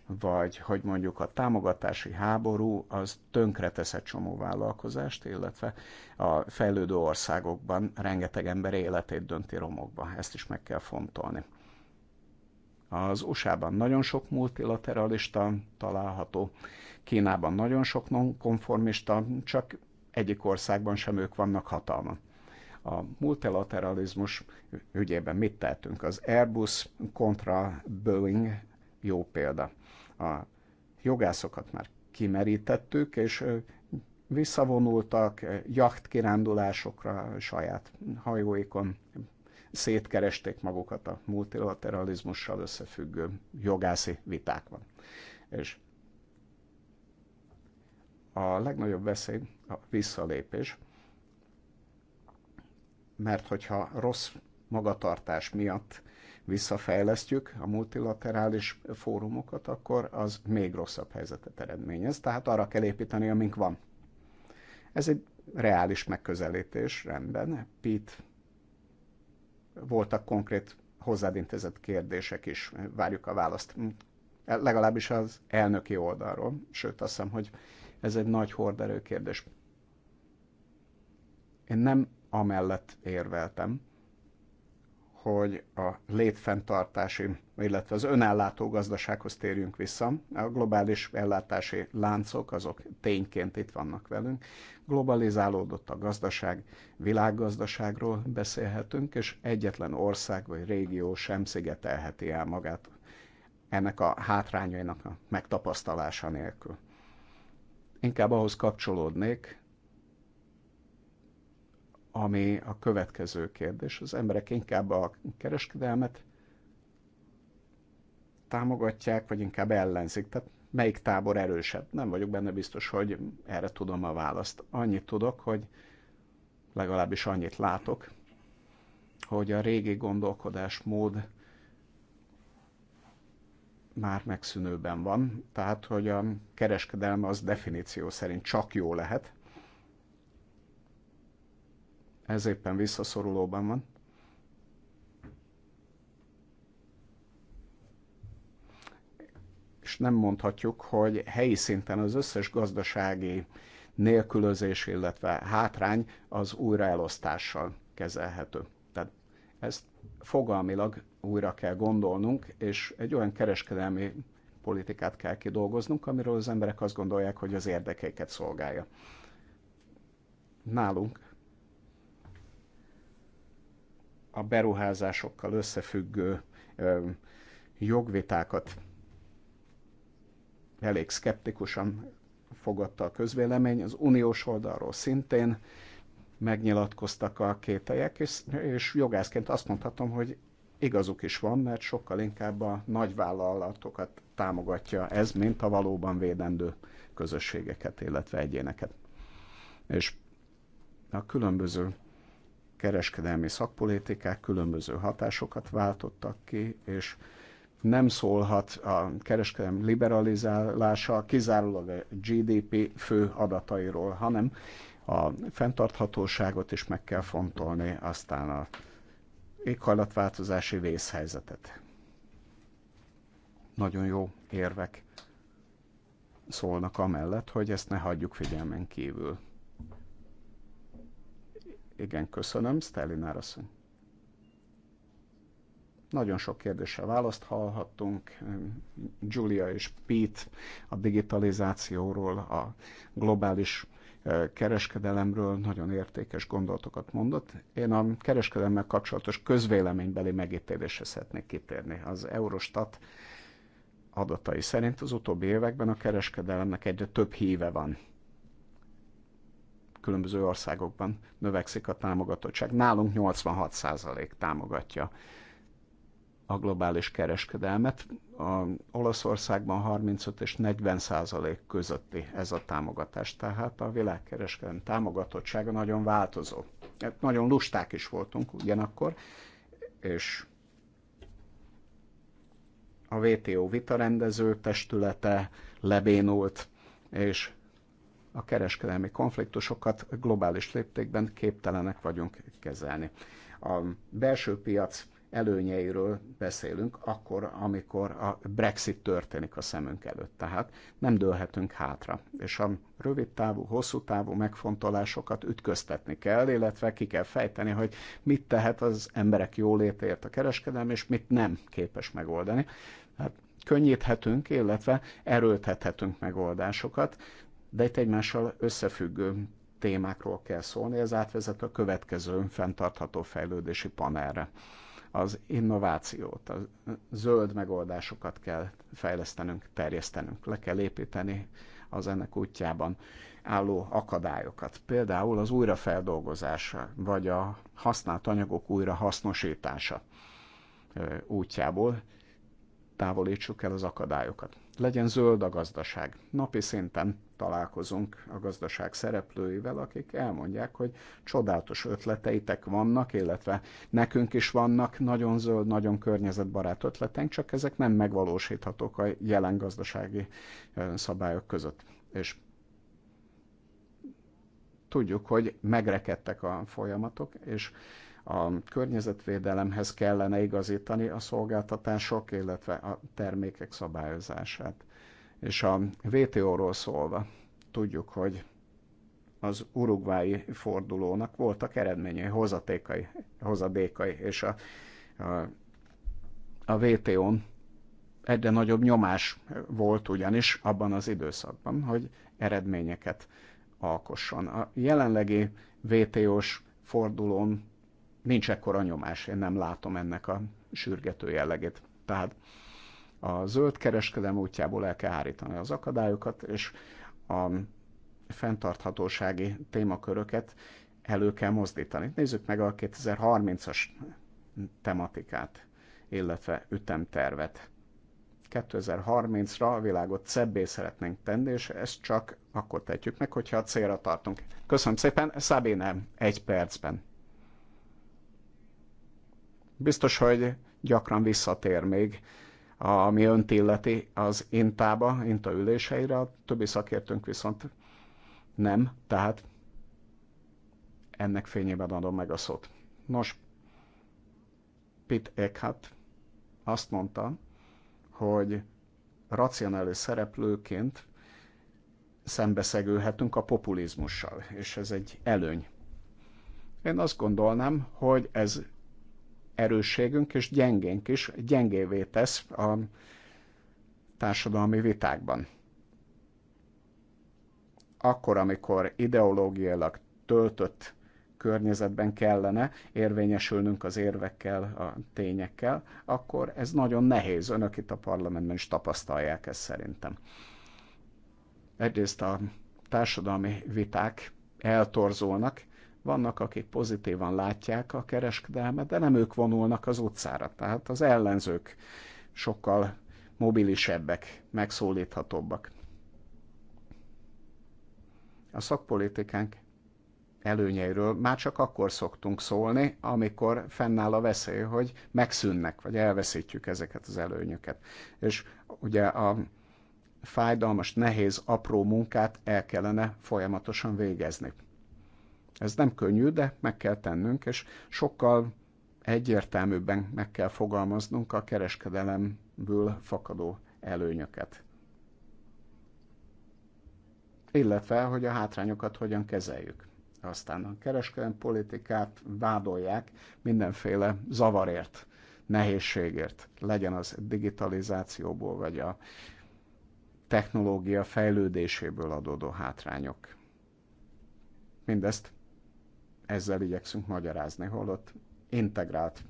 Vagy hogy mondjuk a támogatási háború az tönkretesz egy csomó vállalkozást, illetve a fejlődő országokban rengeteg ember életét dönti romokba. Ezt is meg kell fontolni. Az USA-ban nagyon sok multilateralista található, Kínában nagyon sok nonkonformista, csak egyik országban sem ők vannak hatalma a multilateralizmus ügyében mit tettünk. Az Airbus kontra Boeing jó példa. A jogászokat már kimerítettük, és visszavonultak jachtkirándulásokra saját hajóikon, szétkeresték magukat a multilateralizmussal összefüggő jogászi vitákban. És a legnagyobb veszély a visszalépés, mert hogyha rossz magatartás miatt visszafejlesztjük a multilaterális fórumokat, akkor az még rosszabb helyzetet eredményez. Tehát arra kell építeni, amink van. Ez egy reális megközelítés, rendben. Pete, voltak konkrét hozzád intézett kérdések is, várjuk a választ. Legalábbis az elnöki oldalról, sőt azt hiszem, hogy ez egy nagy horderő kérdés. Én nem amellett érveltem, hogy a létfenntartási, illetve az önellátó gazdasághoz térjünk vissza. A globális ellátási láncok azok tényként itt vannak velünk. Globalizálódott a gazdaság, világgazdaságról beszélhetünk, és egyetlen ország vagy régió sem szigetelheti el magát ennek a hátrányainak a megtapasztalása nélkül. Inkább ahhoz kapcsolódnék, ami a következő kérdés. Az emberek inkább a kereskedelmet támogatják, vagy inkább ellenzik. Tehát melyik tábor erősebb? Nem vagyok benne biztos, hogy erre tudom a választ. Annyit tudok, hogy legalábbis annyit látok, hogy a régi gondolkodásmód már megszűnőben van, tehát hogy a kereskedelme az definíció szerint csak jó lehet, ez éppen visszaszorulóban van. És nem mondhatjuk, hogy helyi szinten az összes gazdasági nélkülözés, illetve hátrány az újraelosztással kezelhető. Tehát ezt fogalmilag újra kell gondolnunk, és egy olyan kereskedelmi politikát kell kidolgoznunk, amiről az emberek azt gondolják, hogy az érdekeiket szolgálja. Nálunk a beruházásokkal összefüggő jogvitákat elég szkeptikusan fogadta a közvélemény, az uniós oldalról szintén megnyilatkoztak a kételyek, és, és jogászként azt mondhatom, hogy igazuk is van, mert sokkal inkább a nagyvállalatokat támogatja ez, mint a valóban védendő közösségeket, illetve egyéneket. És a különböző kereskedelmi szakpolitikák különböző hatásokat váltottak ki, és nem szólhat a kereskedelem liberalizálása kizárólag a GDP fő adatairól, hanem a fenntarthatóságot is meg kell fontolni, aztán a éghajlatváltozási vészhelyzetet. Nagyon jó érvek szólnak amellett, hogy ezt ne hagyjuk figyelmen kívül. Igen, köszönöm, Stalin Árasszony. Nagyon sok kérdésre választ hallhattunk. Julia és Pete a digitalizációról, a globális kereskedelemről nagyon értékes gondolatokat mondott. Én a kereskedelemmel kapcsolatos közvéleménybeli megítélésre szeretnék kitérni. Az Eurostat adatai szerint az utóbbi években a kereskedelemnek egyre több híve van különböző országokban növekszik a támogatottság. Nálunk 86% támogatja a globális kereskedelmet. A Olaszországban 35 és 40 százalék közötti ez a támogatás, tehát a világkereskedelem támogatottsága nagyon változó. Hát nagyon lusták is voltunk ugyanakkor, és a WTO vitarendező testülete lebénult, és a kereskedelmi konfliktusokat globális léptékben képtelenek vagyunk kezelni. A belső piac előnyeiről beszélünk akkor, amikor a Brexit történik a szemünk előtt. Tehát nem dőlhetünk hátra. És a rövid távú, hosszú távú megfontolásokat ütköztetni kell, illetve ki kell fejteni, hogy mit tehet az emberek jólétéért a kereskedelem, és mit nem képes megoldani. Hát könnyíthetünk, illetve erőltethetünk megoldásokat, de itt egymással összefüggő témákról kell szólni, ez átvezet a következő fenntartható fejlődési panelre. Az innovációt, a zöld megoldásokat kell fejlesztenünk, terjesztenünk, le kell építeni az ennek útjában álló akadályokat. Például az újrafeldolgozása, vagy a használt anyagok újrahasznosítása útjából távolítsuk el az akadályokat legyen zöld a gazdaság. Napi szinten találkozunk a gazdaság szereplőivel, akik elmondják, hogy csodálatos ötleteitek vannak, illetve nekünk is vannak nagyon zöld, nagyon környezetbarát ötleteink, csak ezek nem megvalósíthatók a jelen gazdasági szabályok között. És tudjuk, hogy megrekedtek a folyamatok, és a környezetvédelemhez kellene igazítani a szolgáltatások, illetve a termékek szabályozását. És a vto ról szólva tudjuk, hogy az urugvái fordulónak voltak eredményei, hozatékai, hozadékai, és a, a, a vto n egyre nagyobb nyomás volt ugyanis abban az időszakban, hogy eredményeket alkosson. A jelenlegi vto s fordulón nincs ekkora nyomás, én nem látom ennek a sürgető jellegét. Tehát a zöld kereskedelem útjából el kell hárítani az akadályokat, és a fenntarthatósági témaköröket elő kell mozdítani. Nézzük meg a 2030-as tematikát, illetve ütemtervet. 2030-ra a világot szebbé szeretnénk tenni, és ezt csak akkor tetjük meg, hogyha a célra tartunk. Köszönöm szépen, Szabine, egy percben. Biztos, hogy gyakran visszatér még, ami önt illeti az intába, inta üléseire, a többi szakértőnk viszont nem, tehát ennek fényében adom meg a szót. Nos, Pitt Eckhart azt mondta, hogy racionális szereplőként szembeszegülhetünk a populizmussal, és ez egy előny. Én azt gondolnám, hogy ez erősségünk és gyengénk is gyengévé tesz a társadalmi vitákban. Akkor, amikor ideológiailag töltött környezetben kellene érvényesülnünk az érvekkel, a tényekkel, akkor ez nagyon nehéz. Önök itt a parlamentben is tapasztalják ezt szerintem. Egyrészt a társadalmi viták eltorzulnak, vannak, akik pozitívan látják a kereskedelmet, de nem ők vonulnak az utcára. Tehát az ellenzők sokkal mobilisebbek, megszólíthatóbbak. A szakpolitikánk előnyeiről már csak akkor szoktunk szólni, amikor fennáll a veszély, hogy megszűnnek, vagy elveszítjük ezeket az előnyöket. És ugye a fájdalmas, nehéz, apró munkát el kellene folyamatosan végezni. Ez nem könnyű, de meg kell tennünk, és sokkal egyértelműbben meg kell fogalmaznunk a kereskedelemből fakadó előnyöket. Illetve, hogy a hátrányokat hogyan kezeljük. Aztán a kereskedelmi politikát vádolják mindenféle zavarért, nehézségért, legyen az digitalizációból, vagy a technológia fejlődéséből adódó hátrányok. Mindezt ezzel igyekszünk magyarázni, holott integrált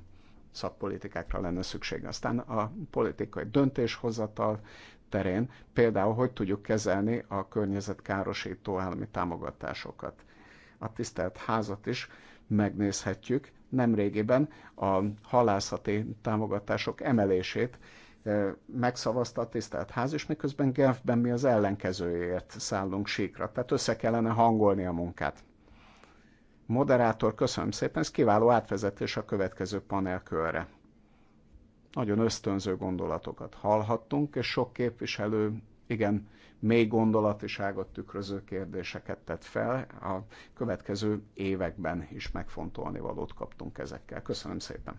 szakpolitikákra lenne szükség. Aztán a politikai döntéshozatal terén például hogy tudjuk kezelni a környezetkárosító állami támogatásokat. A tisztelt házat is megnézhetjük. Nemrégiben a halászati támogatások emelését e, megszavazta a tisztelt ház, és miközben Genfben mi az ellenkezőért szállunk síkra. Tehát össze kellene hangolni a munkát. Moderátor, köszönöm szépen, ez kiváló átvezetés a következő panelkörre. Nagyon ösztönző gondolatokat hallhattunk, és sok képviselő igen, mély gondolatiságot tükröző kérdéseket tett fel. A következő években is megfontolni valót kaptunk ezekkel. Köszönöm szépen!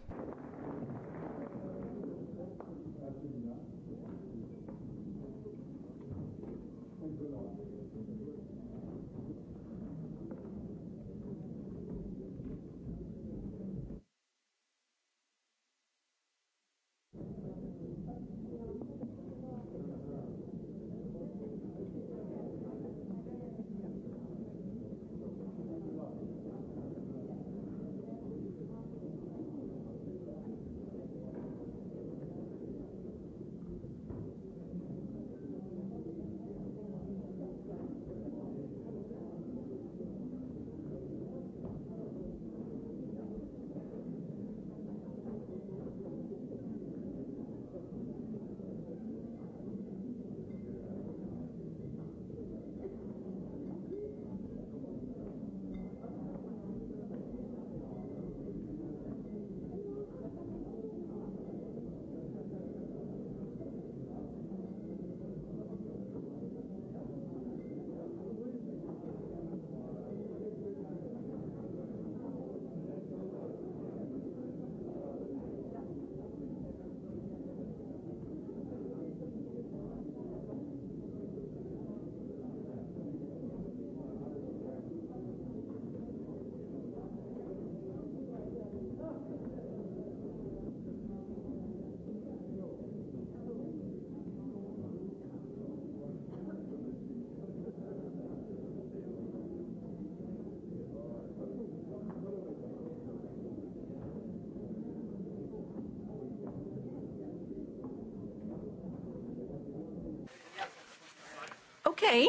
Okay,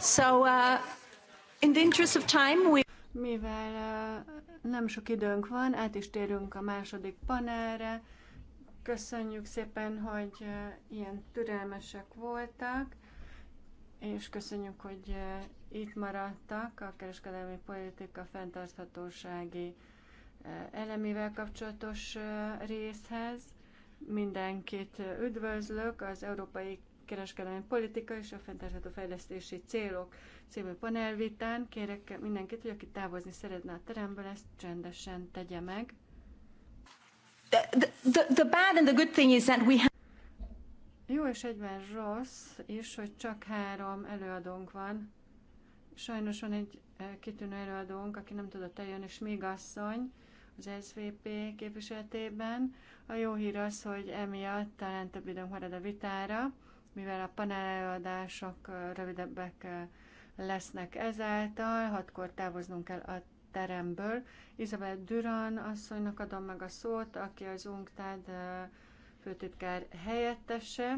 so uh, in the interest of time we... Mivel uh, nem sok időnk van, át is térünk a második panelre. Köszönjük szépen, hogy uh, ilyen türelmesek voltak, és köszönjük, hogy uh, itt maradtak a kereskedelmi politika fenntarthatósági uh, elemével kapcsolatos uh, részhez. Mindenkit uh, üdvözlök az Európai kereskedelmi politika és a fenntartható fejlesztési célok című panelvitán. Kérek mindenkit, hogy aki távozni szeretne a teremből, ezt csendesen tegye meg. The, bad and the good thing is that we have... Jó és egyben rossz is, hogy csak három előadónk van. Sajnos van egy e, kitűnő előadónk, aki nem tudott eljönni, és még asszony az SVP képviseletében. A jó hír az, hogy emiatt talán több időnk marad a vitára mivel a paneleadások rövidebbek lesznek ezáltal, hatkor távoznunk kell a teremből. Isabel Duran asszonynak adom meg a szót, aki az UNCTAD főtitkár helyettese.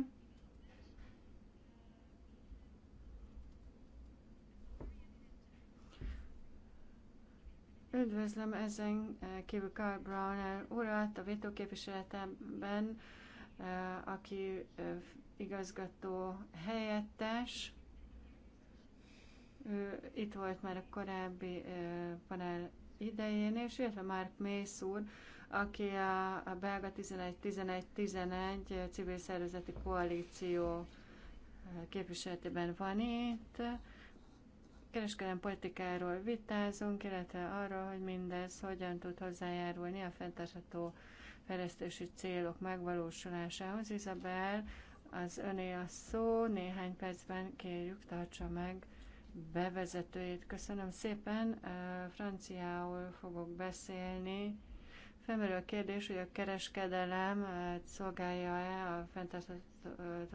Üdvözlöm ezen kívül Carl Browner urat a vétóképviseletemben, aki igazgató helyettes. Ő itt volt már a korábbi panel idején, és illetve Mark Mész úr, aki a, a belga 11-11-11 civil szervezeti koalíció képviseletében van itt. Kereskedelem politikáról vitázunk, illetve arról, hogy mindez hogyan tud hozzájárulni a fenntartható fejlesztési célok megvalósulásához. Izabel az öné a szó, néhány percben kérjük, tartsa meg bevezetőjét. Köszönöm szépen, franciául fogok beszélni. Felmerül a kérdés, hogy a kereskedelem szolgálja-e a fenntartható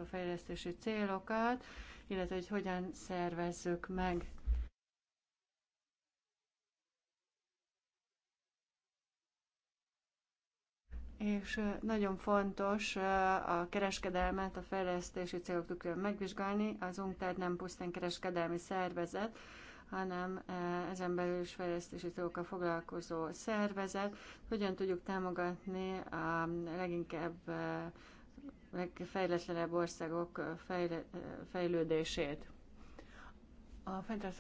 fejlesztési célokat, illetve hogy hogyan szervezzük meg és nagyon fontos a kereskedelmet a fejlesztési célok megvizsgálni. Az UNCTAD nem pusztán kereskedelmi szervezet, hanem ezen belül is fejlesztési célokkal foglalkozó szervezet. Hogyan tudjuk támogatni a leginkább legfejletlenebb országok fejlődését? A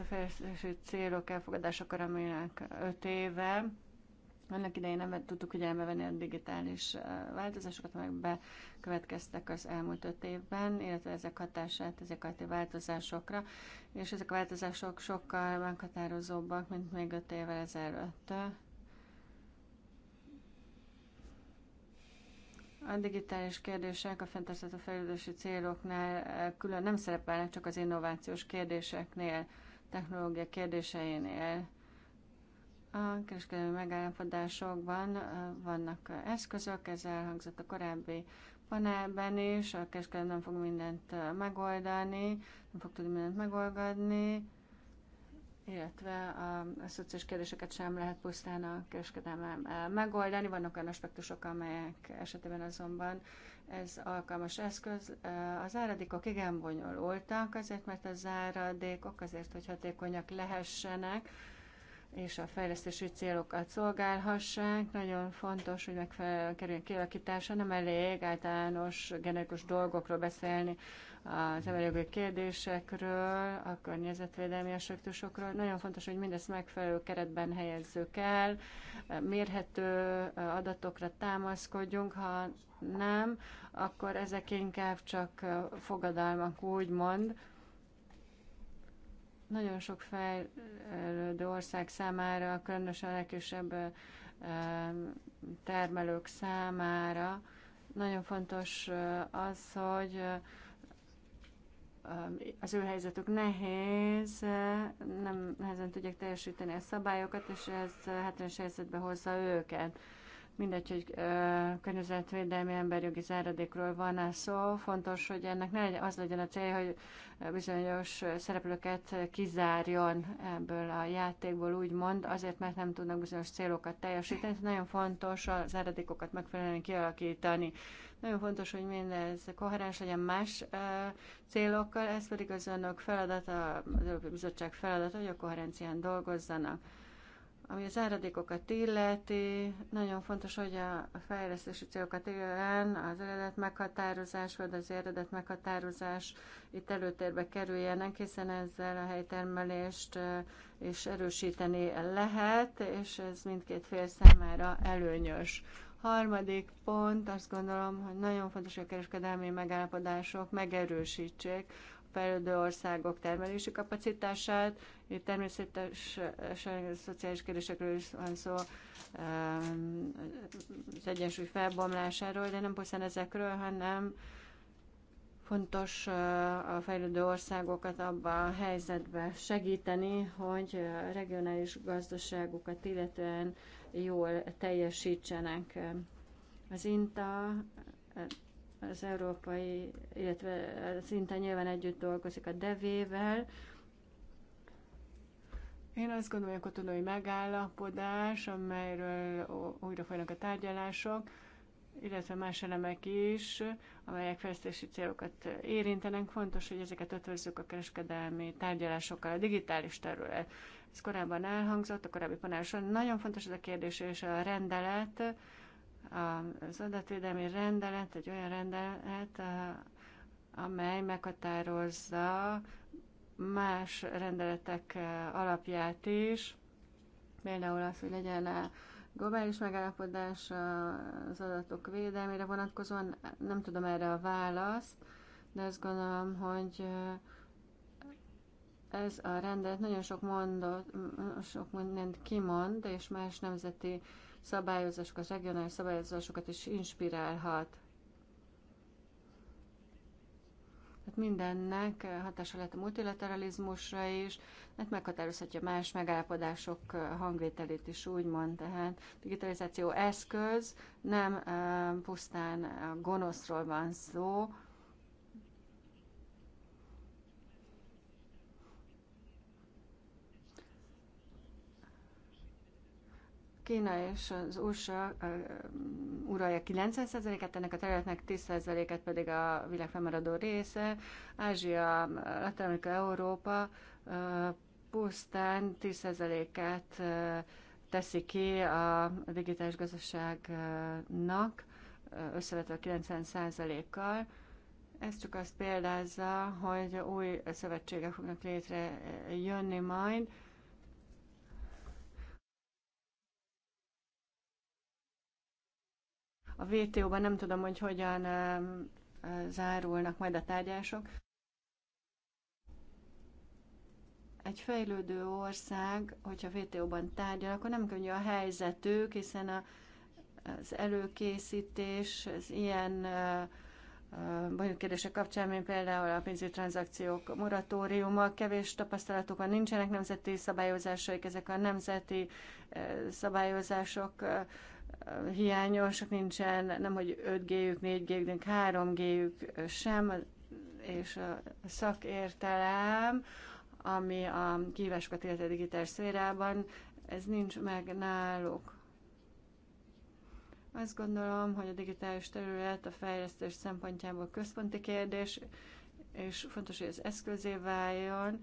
fejlesztési célok elfogadása karamének 5 éve annak idején nem tudtuk hogy elmevenni a digitális változásokat, amelyek bekövetkeztek az elmúlt öt évben, illetve ezek hatását ezek a változásokra, és ezek a változások sokkal meghatározóbbak, mint még öt évvel ezelőtt. A digitális kérdések a fenntartható fejlődési céloknál külön nem szerepelnek, csak az innovációs kérdéseknél, technológia kérdéseinél a kereskedelmi megállapodásokban vannak eszközök, ez elhangzott a korábbi panelben is, a kereskedelem nem fog mindent megoldani, nem fog tudni mindent megoldani, illetve a, a szociális kérdéseket sem lehet pusztán a kereskedelmel megoldani. Vannak olyan aspektusok, amelyek esetében azonban ez alkalmas eszköz. Az áradékok igen bonyolultak, azért mert az áradékok azért, hogy hatékonyak lehessenek, és a fejlesztési célokat szolgálhassák. Nagyon fontos, hogy megfelelően kerüljön kialakítása. Nem elég általános generikus dolgokról beszélni, az emberjogi kérdésekről, a környezetvédelmi aspektusokról. Nagyon fontos, hogy mindezt megfelelő keretben helyezzük el, mérhető adatokra támaszkodjunk, ha nem, akkor ezek inkább csak fogadalmak, úgymond, nagyon sok fejlődő ország számára, különösen a legkisebb termelők számára nagyon fontos az, hogy az ő helyzetük nehéz, nem nehezen tudják teljesíteni a szabályokat, és ez hátrányos helyzetbe hozza őket. Mindegy, hogy környezetvédelmi emberjogi záradékról van -e szó, fontos, hogy ennek ne az legyen a célja, hogy bizonyos szereplőket kizárjon ebből a játékból, úgymond, azért, mert nem tudnak bizonyos célokat teljesíteni. Ez nagyon fontos a záradékokat megfelelően kialakítani. Nagyon fontos, hogy mindez koherens legyen más célokkal, ez pedig az önök feladata, az Európai Bizottság feladata, hogy a koherencián dolgozzanak. Ami az áradékokat illeti, nagyon fontos, hogy a fejlesztési célokat illetően az eredet meghatározás, vagy az eredet meghatározás itt előtérbe kerüljenek, hiszen ezzel a helytermelést is erősíteni lehet, és ez mindkét fél számára előnyös. Harmadik pont, azt gondolom, hogy nagyon fontos, hogy a kereskedelmi megállapodások megerősítsék fejlődő országok termelési kapacitását. Itt természetesen szociális kérdésekről is van szó, az egyensúly felbomlásáról, de nem pusztán ezekről, hanem fontos a fejlődő országokat abban a helyzetben segíteni, hogy a regionális gazdaságukat illetően jól teljesítsenek. Az INTA az európai, illetve szinte nyilván együtt dolgozik a devével. Én azt gondolom, hogy a katonai megállapodás, amelyről újra folynak a tárgyalások, illetve más elemek is, amelyek fejlesztési célokat érintenek. Fontos, hogy ezeket ötvözzük a kereskedelmi tárgyalásokkal, a digitális terület. Ez korábban elhangzott, a korábbi panáson. Nagyon fontos ez a kérdés, és a rendelet az adatvédelmi rendelet egy olyan rendelet, amely meghatározza más rendeletek e, alapját is, például az, hogy legyen globális megállapodás az adatok védelmére vonatkozóan, nem tudom erre a választ, de azt gondolom, hogy e, ez a rendelet nagyon sok, mondott, sok mindent kimond, és más nemzeti uh, szabályozásokat, regionális szabályozásokat is inspirálhat. Hát mindennek hatása lehet a multilateralizmusra is, mert hát meghatározhatja más megállapodások hangvételét is, úgymond. Tehát digitalizáció eszköz, nem eh, pusztán gonoszról van szó, Kína és az USA uralja 90%-et, ennek a területnek 10%-et pedig a világ fennmaradó része. Ázsia, Latin-Amerika, Európa pusztán 10 et teszi ki a digitális gazdaságnak, összevetve a 90%-kal. Ez csak azt példázza, hogy új szövetségek fognak létrejönni majd, A WTO-ban nem tudom, hogy hogyan zárulnak majd a tárgyások. Egy fejlődő ország, hogyha WTO-ban tárgyal, akkor nem könnyű a helyzetük, hiszen a, az előkészítés, az ilyen bonyolult kérdések kapcsán, mint például a pénzügyi tranzakciók moratóriuma, kevés tapasztalatok van, nincsenek nemzeti szabályozásaik, ezek a nemzeti szabályozások hiányosak, nincsen nem hogy 5G-jük, 4G-jük, 3G-jük sem, és a szakértelem, ami a kívásokat illeti a digitális szférában, ez nincs meg náluk. Azt gondolom, hogy a digitális terület a fejlesztés szempontjából központi kérdés, és fontos, hogy az eszközé váljon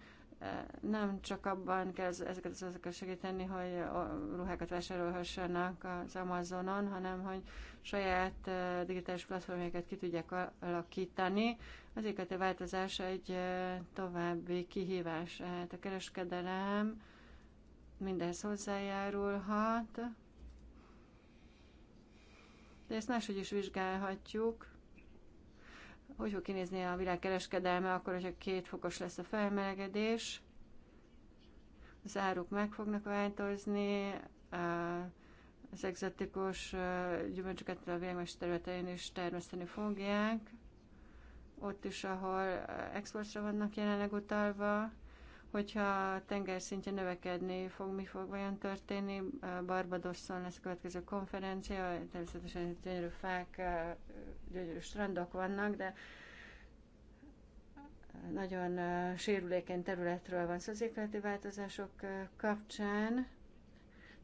nem csak abban kell ezeket az azokat segíteni, hogy a ruhákat vásárolhassanak az Amazonon, hanem hogy saját digitális platformjaikat ki tudják alakítani. Az a változás egy további kihívás. Hát a kereskedelem mindez hozzájárulhat, de ezt máshogy is vizsgálhatjuk hogy fog kinézni a világkereskedelme, akkor, hogyha két fokos lesz a felmelegedés, az áruk meg fognak változni, az egzotikus gyümölcsöket a világos területein is termeszteni fogják, ott is, ahol exportra vannak jelenleg utalva, hogyha a szintje növekedni fog, mi fog olyan történni. Barbadoszon lesz a következő konferencia, természetesen gyönyörű fák, gyönyörű strandok vannak, de nagyon sérülékeny területről van szó változások kapcsán.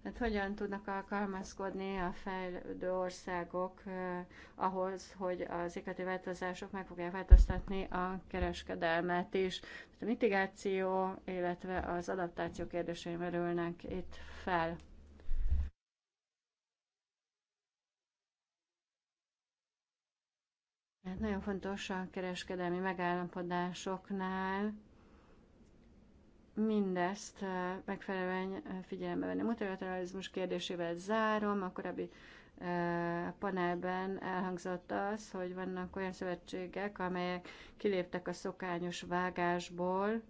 Tehát hogyan tudnak alkalmazkodni a fejlődő országok eh, ahhoz, hogy az éghajlati változások meg fogják változtatni a kereskedelmet is. Tehát a mitigáció, illetve az adaptáció kérdései merülnek itt fel. Hát nagyon fontos a kereskedelmi megállapodásoknál, mindezt megfelelően figyelembe venni. Multilateralizmus kérdésével zárom, a korábbi panelben elhangzott az, hogy vannak olyan szövetségek, amelyek kiléptek a szokányos vágásból,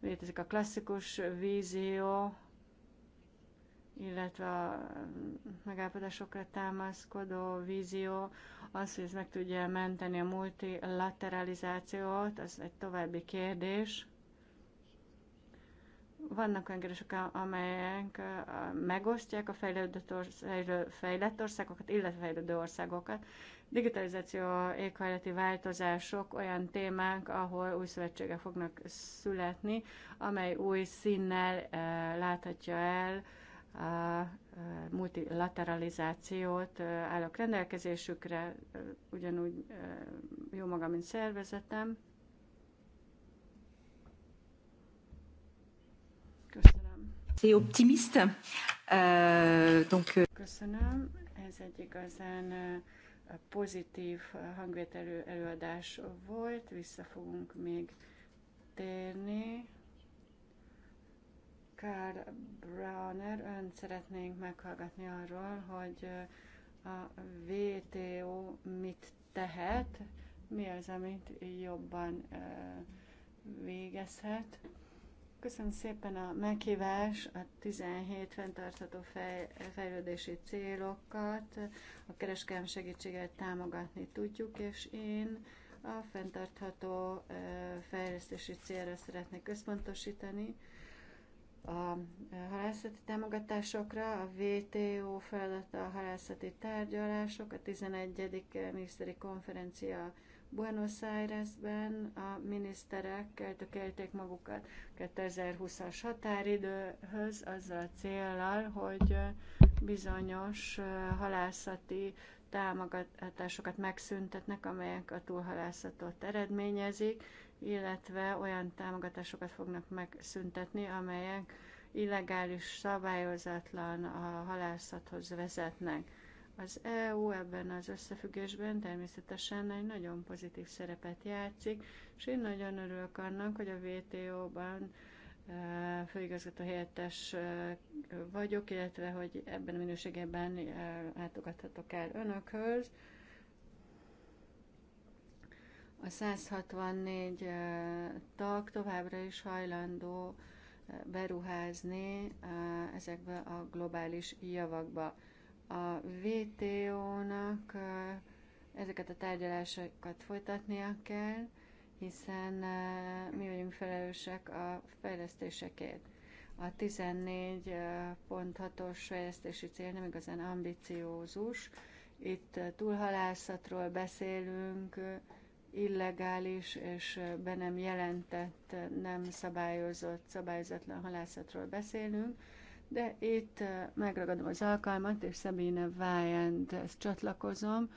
létezik a klasszikus vízió, illetve a mm, megállapodásokra támaszkodó vízió, az, hogy ez meg tudja menteni a multilateralizációt, az egy további kérdés. Vannak olyan kérdések, amelyek megosztják a fejlődött ország, fejlett országokat, illetve fejlődő országokat. Digitalizáció, éghajlati változások olyan témák, ahol új szövetségek fognak születni, amely új színnel láthatja el a multilateralizációt állok rendelkezésükre, ugyanúgy jó magam, mint szervezetem. Uh, donc, uh... Köszönöm. Ez egy igazán pozitív hangvételű előadás volt. Vissza fogunk még térni. Karl Brauner, ön szeretnénk meghallgatni arról, hogy a VTO mit tehet, mi az, amit jobban végezhet. Köszönöm szépen a meghívás, a 17 fenntartható fejlődési célokat, a kereskedelmi segítséget támogatni tudjuk, és én a fenntartható fejlesztési célra szeretnék központosítani a halászati támogatásokra, a WTO feladata a halászati tárgyalások, a 11. miniszteri konferencia Buenos Airesben a miniszterek eltökélték magukat 2020-as határidőhöz azzal a célral, hogy bizonyos halászati támogatásokat megszüntetnek, amelyek a túlhalászatot eredményezik, illetve olyan támogatásokat fognak megszüntetni, amelyek illegális, szabályozatlan a halászathoz vezetnek. Az EU ebben az összefüggésben természetesen egy nagyon pozitív szerepet játszik, és én nagyon örülök annak, hogy a WTO-ban e, főigazgató helyettes e, vagyok, illetve hogy ebben a minőségében e, látogathatok el önökhöz. A 164 tag továbbra is hajlandó beruházni ezekbe a globális javakba a VTO-nak ezeket a tárgyalásokat folytatnia kell, hiszen mi vagyunk felelősek a fejlesztésekért. A 14.6-os fejlesztési cél nem igazán ambiciózus. Itt túlhalászatról beszélünk, illegális és be nem jelentett, nem szabályozott, szabályozatlan halászatról beszélünk de itt eh, megragadom az alkalmat, és Szabine ezt csatlakozom,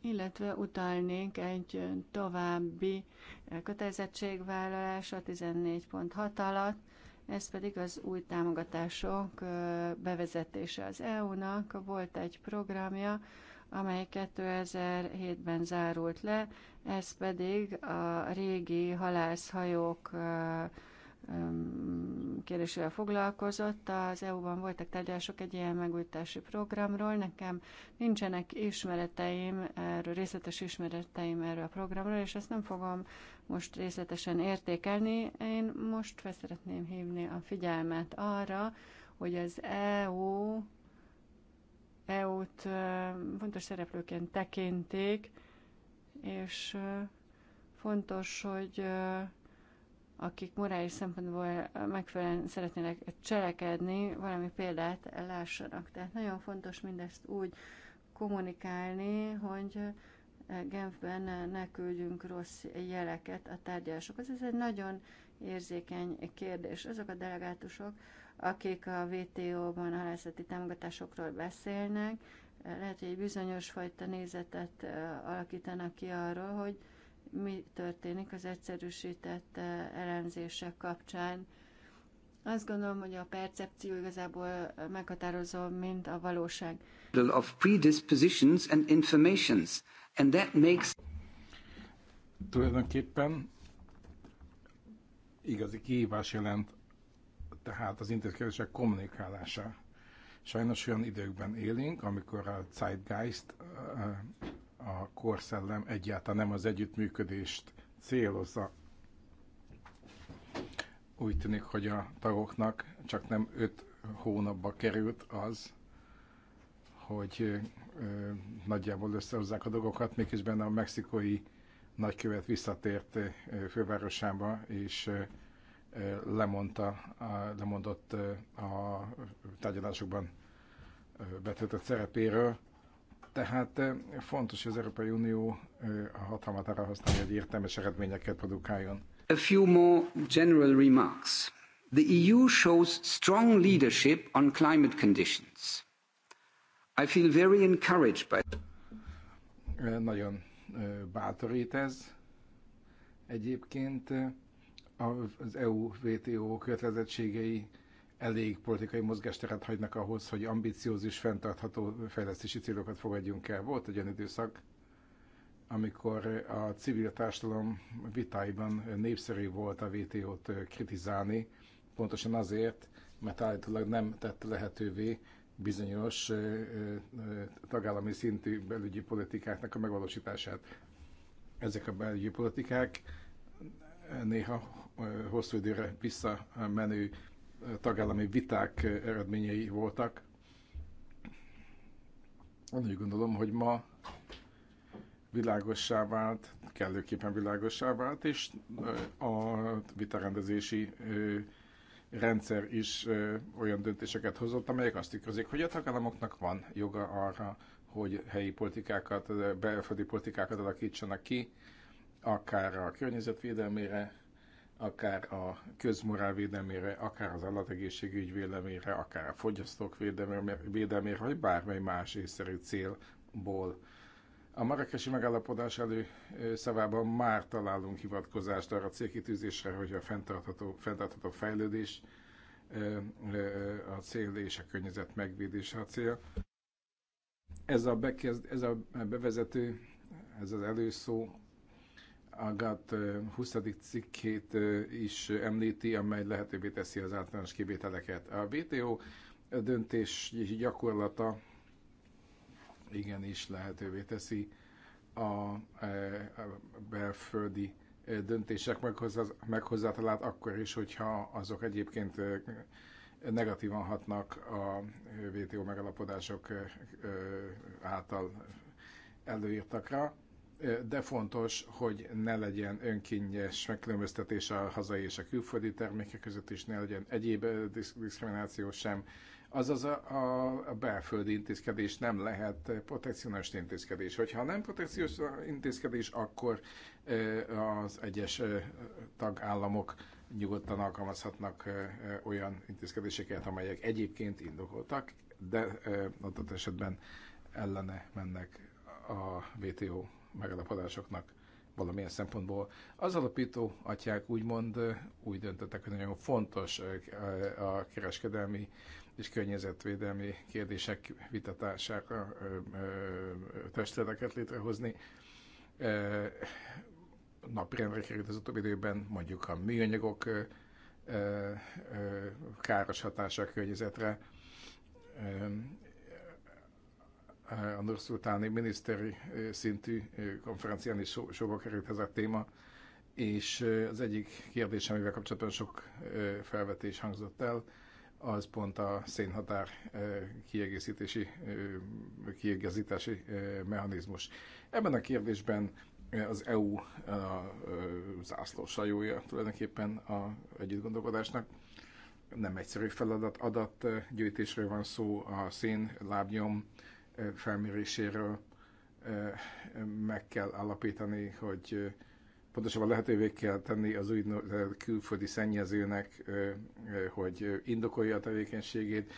illetve utalnénk egy eh, további eh, kötelezettségvállalás a 14.6 alatt, ez pedig az új támogatások bevezetése az EU-nak. Volt egy programja, amely 2007-ben zárult le, ez pedig a régi halászhajók kérdésével foglalkozott. Az EU-ban voltak tárgyalások egy ilyen megújítási programról. Nekem nincsenek ismereteim, erről, részletes ismereteim erről a programról, és ezt nem fogom most részletesen értékelni. Én most fel szeretném hívni a figyelmet arra, hogy az EU EU-t fontos szereplőként tekintik, és fontos, hogy akik morális szempontból megfelelően szeretnének cselekedni, valami példát lássanak. Tehát nagyon fontos mindezt úgy kommunikálni, hogy Genfben ne küldjünk rossz jeleket a tárgyalásokhoz. Ez egy nagyon érzékeny kérdés. Azok a delegátusok, akik a WTO-ban a halászati támogatásokról beszélnek, lehet, hogy egy bizonyos fajta nézetet alakítanak ki arról, hogy mi történik az egyszerűsített eh, elemzések kapcsán. Azt gondolom, hogy a percepció igazából eh, meghatározó, mint a valóság. Of predispositions and informations, and that makes... Tulajdonképpen igazi kihívás jelent tehát az intézkedések kommunikálása. Sajnos olyan időkben élünk, amikor a zeitgeist eh, a korszellem egyáltalán nem az együttműködést célozza. Úgy tűnik, hogy a tagoknak csak nem öt hónapba került az, hogy ö, nagyjából összehozzák a dolgokat, miközben a mexikói nagykövet visszatért fővárosába, és ö, lemondta, a, lemondott a tárgyalásokban betöltött szerepéről. Tehát fontos, hogy az Európai Unió a hatalmat arra használja, hogy értelmes eredményeket produkáljon. A few more general remarks. The EU shows strong leadership on climate conditions. I feel very encouraged by... Nagyon bátorít ez. Egyébként az EU-VTO kötelezettségei elég politikai mozgásteret hagynak ahhoz, hogy ambiciózus, fenntartható fejlesztési célokat fogadjunk el. Volt egy olyan időszak, amikor a civil társadalom vitáiban népszerű volt a VTO-t kritizálni, pontosan azért, mert állítólag nem tette lehetővé bizonyos tagállami szintű belügyi politikáknak a megvalósítását. Ezek a belügyi politikák néha hosszú időre visszamenő tagállami viták eredményei voltak. Úgy gondolom, hogy ma világossá vált, kellőképpen világossá vált, és a vitarendezési rendszer is olyan döntéseket hozott, amelyek azt tükrözik, hogy a tagállamoknak van joga arra, hogy helyi politikákat, belföldi politikákat alakítsanak ki, akár a környezetvédelmére, akár a közmorál védelmére, akár az állategészségügy védelmére, akár a fogyasztók védelmére, vagy bármely más észszerű célból. A marakesi megállapodás elő szavában már találunk hivatkozást arra a célkitűzésre, hogy a fenntartható, fenntartható fejlődés a cél és a környezet megvédése a cél. Ez a, bekezd, ez a bevezető, ez az előszó a 20. cikkét is említi, amely lehetővé teszi az általános kivételeket. A WTO döntés gyakorlata igenis lehetővé teszi a belföldi döntések meghozzátalát akkor is, hogyha azok egyébként negatívan hatnak a WTO megalapodások által előírtakra de fontos, hogy ne legyen önkényes megkülönböztetés a hazai és a külföldi termékek között, és ne legyen egyéb diszkrimináció sem. Azaz a, a, a belföldi intézkedés nem lehet protekcionális intézkedés. Hogyha nem protekciós intézkedés, akkor az egyes tagállamok nyugodtan alkalmazhatnak olyan intézkedéseket, amelyek egyébként indokoltak, de adott esetben ellene mennek a WTO megalapodásoknak valamilyen szempontból. Az alapító atyák úgymond úgy döntöttek, hogy nagyon fontos a kereskedelmi és környezetvédelmi kérdések vitatására testületeket létrehozni. Napirendre került az utóbbi időben mondjuk a műanyagok káros hatása a környezetre, Eh, a nurszultáni miniszteri eh, szintű eh, konferencián is so, került ez a téma, és az egyik kérdés, amivel kapcsolatban sok felvetés hangzott el, az pont a szénhatár kiegészítési, kiegészítési mechanizmus. Ebben a kérdésben az EU a zászlósajója tulajdonképpen a együttgondolkodásnak. Nem egyszerű feladat, adatgyűjtésről van szó, a szén lábnyom felméréséről meg kell alapítani, hogy pontosabban lehetővé kell tenni az új külföldi szennyezőnek, hogy indokolja a tevékenységét,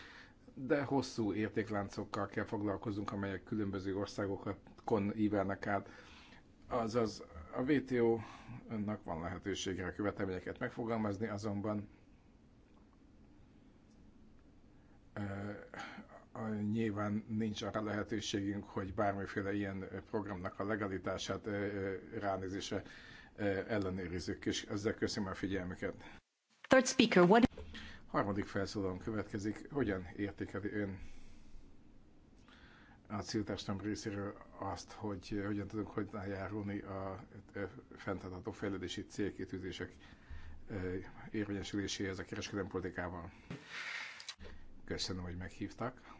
de hosszú értékláncokkal kell foglalkozunk, amelyek különböző országokat ívelnek át. Azaz a WTO-nak van a követelményeket megfogalmazni, azonban nyilván nincs arra lehetőségünk, hogy bármiféle ilyen programnak a legalitását ránézésre ellenőrizzük, és ezzel köszönöm a figyelmüket. Third speaker, what... Harmadik felszólalom következik. Hogyan értékeli ön a céltársadalom részéről azt, hogy hogyan tudunk hozzájárulni a fenntartható fejlődési célkitűzések érvényesüléséhez a kereskedelmi politikával. Köszönöm, hogy meghívtak.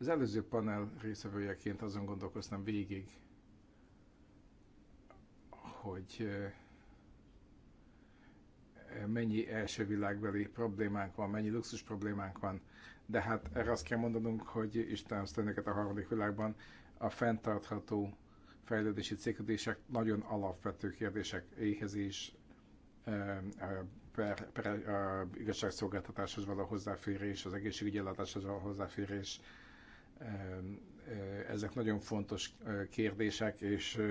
Az előző panel részevőjeként azon gondolkoztam végig, hogy mennyi első világbeli problémánk van, mennyi luxus problémánk van, de hát erre azt kell mondanunk, hogy Isten önöket a harmadik világban a fenntartható fejlődési célkötések nagyon alapvető kérdések, éhezés, per, per, a igazságszolgáltatáshoz való hozzáférés, az egészségügyi ellátáshoz való hozzáférés, ezek nagyon fontos kérdések, és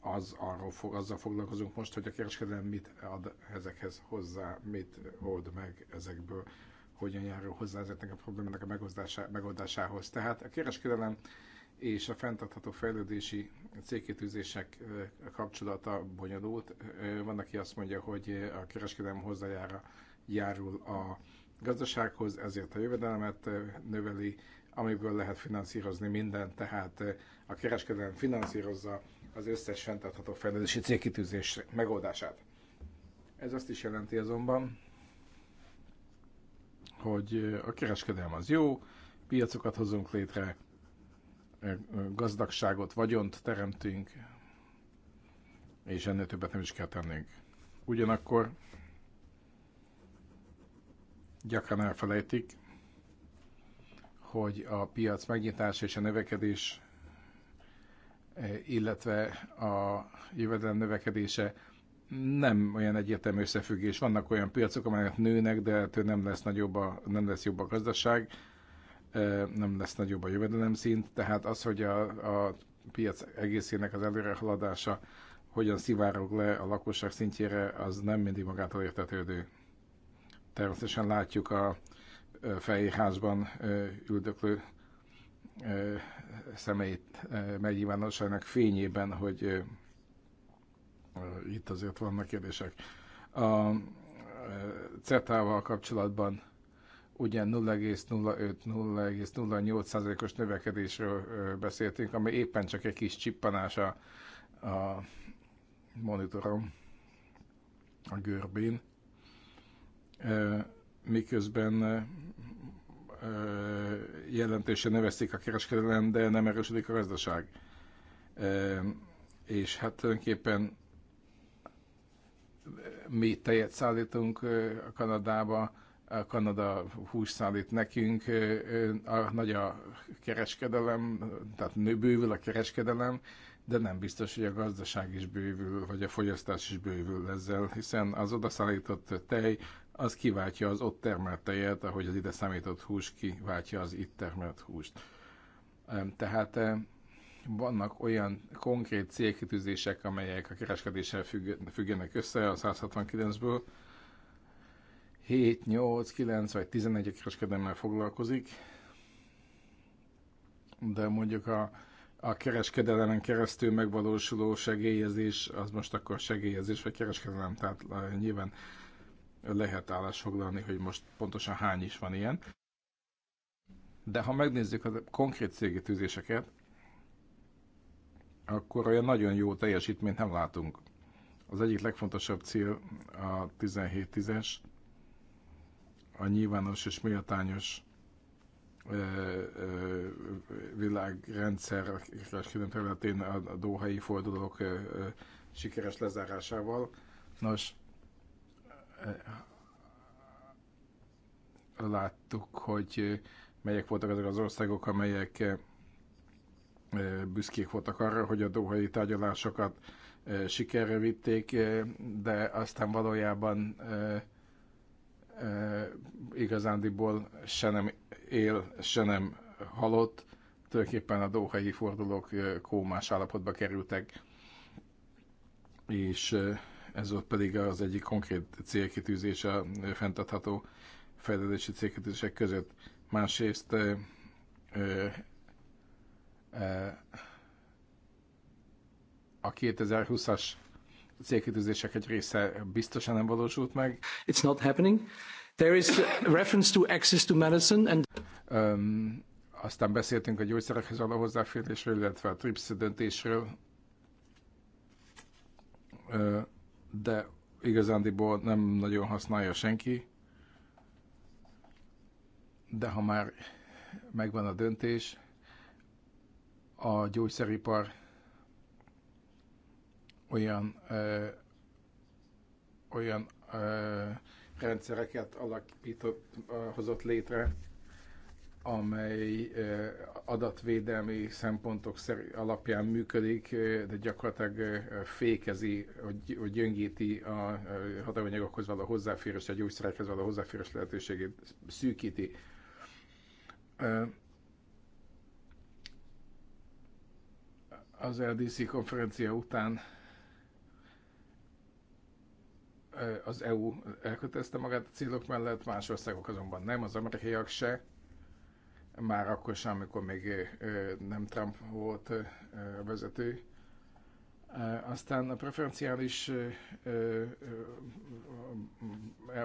az, arról fog, azzal foglalkozunk most, hogy a kereskedelem mit ad ezekhez hozzá, mit old meg ezekből, hogyan járul hozzá ezeknek a problémának a megoldásához. Tehát a kereskedelem és a fenntartható fejlődési cégkétűzések kapcsolata bonyolult. Van, aki azt mondja, hogy a kereskedelem hozzájára járul a gazdasághoz, ezért a jövedelemet növeli, amiből lehet finanszírozni mindent, tehát eh, a kereskedelem finanszírozza az összes fenntartható fejlődési célkitűzés megoldását. Ez azt is jelenti azonban, hogy eh, a kereskedelem az jó, piacokat hozunk létre, eh, gazdagságot, vagyont teremtünk, és ennél többet nem is kell tennünk. Ugyanakkor gyakran elfelejtik, hogy a piac megnyitás és a növekedés, eh, illetve a jövedelem növekedése nem olyan egyértelmű összefüggés. Vannak olyan piacok, amelyek nőnek, de ettől hát nem lesz, nagyobb a, nem lesz jobb a gazdaság, eh, nem lesz nagyobb a szint, tehát az, hogy a, a piac egészének az előrehaladása hogyan szivárog le a lakosság szintjére, az nem mindig magától értetődő. Természetesen látjuk a fejházban üldöklő személyt megnyilvánosságnak fényében, hogy itt azért vannak kérdések. A CETA-val kapcsolatban ugye 0,05-0,08%-os növekedésről beszéltünk, ami éppen csak egy kis csippanás a, a monitorom, a görbén miközben jelentése nevezték a kereskedelem, de nem erősödik a gazdaság. És hát tulajdonképpen mi tejet szállítunk a Kanadába, a Kanada hús szállít nekünk, a, nagy a kereskedelem, tehát nő bővül a kereskedelem, de nem biztos, hogy a gazdaság is bővül, vagy a fogyasztás is bővül ezzel, hiszen az odaszállított tej az kiváltja az ott termelt tejet, ahogy az ide számított hús kiváltja az itt termelt húst. Tehát vannak olyan konkrét célkitűzések, amelyek a kereskedéssel függenek össze a 169-ből. 7, 8, 9 vagy 11 a kereskedelemmel foglalkozik, de mondjuk a, a kereskedelemen keresztül megvalósuló segélyezés, az most akkor segélyezés vagy kereskedelem, tehát nyilván lehet állásfoglalni, hogy most pontosan hány is van ilyen. De ha megnézzük a konkrét cégi tűzéseket, akkor olyan nagyon jó teljesítményt nem látunk. Az egyik legfontosabb cél a 17-10-es, a nyilvános és méltányos világrendszer kereskedelmi területén a, a dohai fordulók sikeres lezárásával. Nos, láttuk, hogy melyek voltak azok az országok, amelyek büszkék voltak arra, hogy a dohai tárgyalásokat sikerre vitték, de aztán valójában igazándiból se nem él, se nem halott, tulajdonképpen a dohai fordulók kómás állapotba kerültek, és ez ott pedig az egyik konkrét célkitűzés a fenntartható fejlődési célkitűzések között. Másrészt ö, ö, a 2020-as célkitűzések egy része biztosan nem valósult meg. It's not happening. There is reference to access to medicine and... Um, aztán beszéltünk a gyógyszerekhez való hozzáférésről, illetve a TRIPS döntésről. Uh, de igazándiból nem nagyon használja senki. De ha már megvan a döntés, a gyógyszeripar olyan, ö, olyan ö, rendszereket alakított, ö, hozott létre, amely adatvédelmi szempontok alapján működik, de gyakorlatilag fékezi, hogy gyöngíti a hatalmanyagokhoz való hozzáférés, a gyógyszerekhez való hozzáférés lehetőségét szűkíti. Az LDC konferencia után az EU elkötelezte magát a célok mellett, más országok azonban nem, az amerikaiak se már akkor sem, amikor még nem Trump volt a vezető. Aztán a preferenciális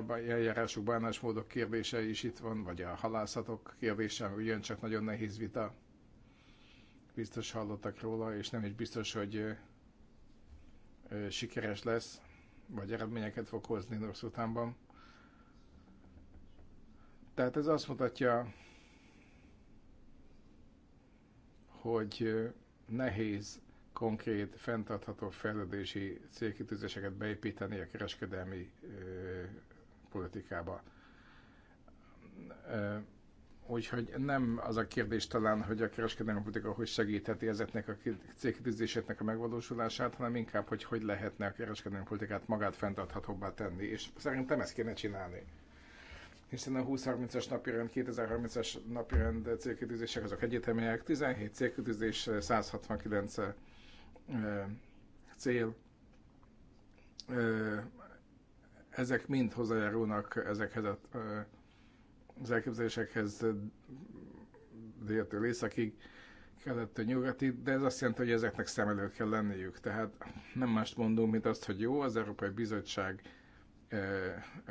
eljárások, bánásmódok kérdése is itt van, vagy a halászatok kérdése, ami ugyancsak nagyon nehéz vita. Biztos hallottak róla, és nem is biztos, hogy sikeres lesz, vagy eredményeket fog hozni Norszutánban. Tehát ez azt mutatja, hogy nehéz konkrét, fenntartható fejlődési célkitűzéseket beépíteni a kereskedelmi ö, politikába. Ö, úgyhogy nem az a kérdés talán, hogy a kereskedelmi politika hogy segítheti ezeknek a célkitűzéseknek a megvalósulását, hanem inkább, hogy hogy lehetne a kereskedelmi politikát magát fenntarthatóbbá tenni, és szerintem ezt kéne csinálni hiszen a 20-30-as napirend, 2030-as napirend célkitűzések azok egyetemiek, 17 célkitűzés, 169 eh, eh, cél, eh, ezek mind hozzájárulnak ezekhez a, az elképzelésekhez déltől északig, a nyugati, de ez azt jelenti, hogy ezeknek szem előtt kell lenniük. Tehát nem mást mondunk, mint azt, hogy jó, az Európai Bizottság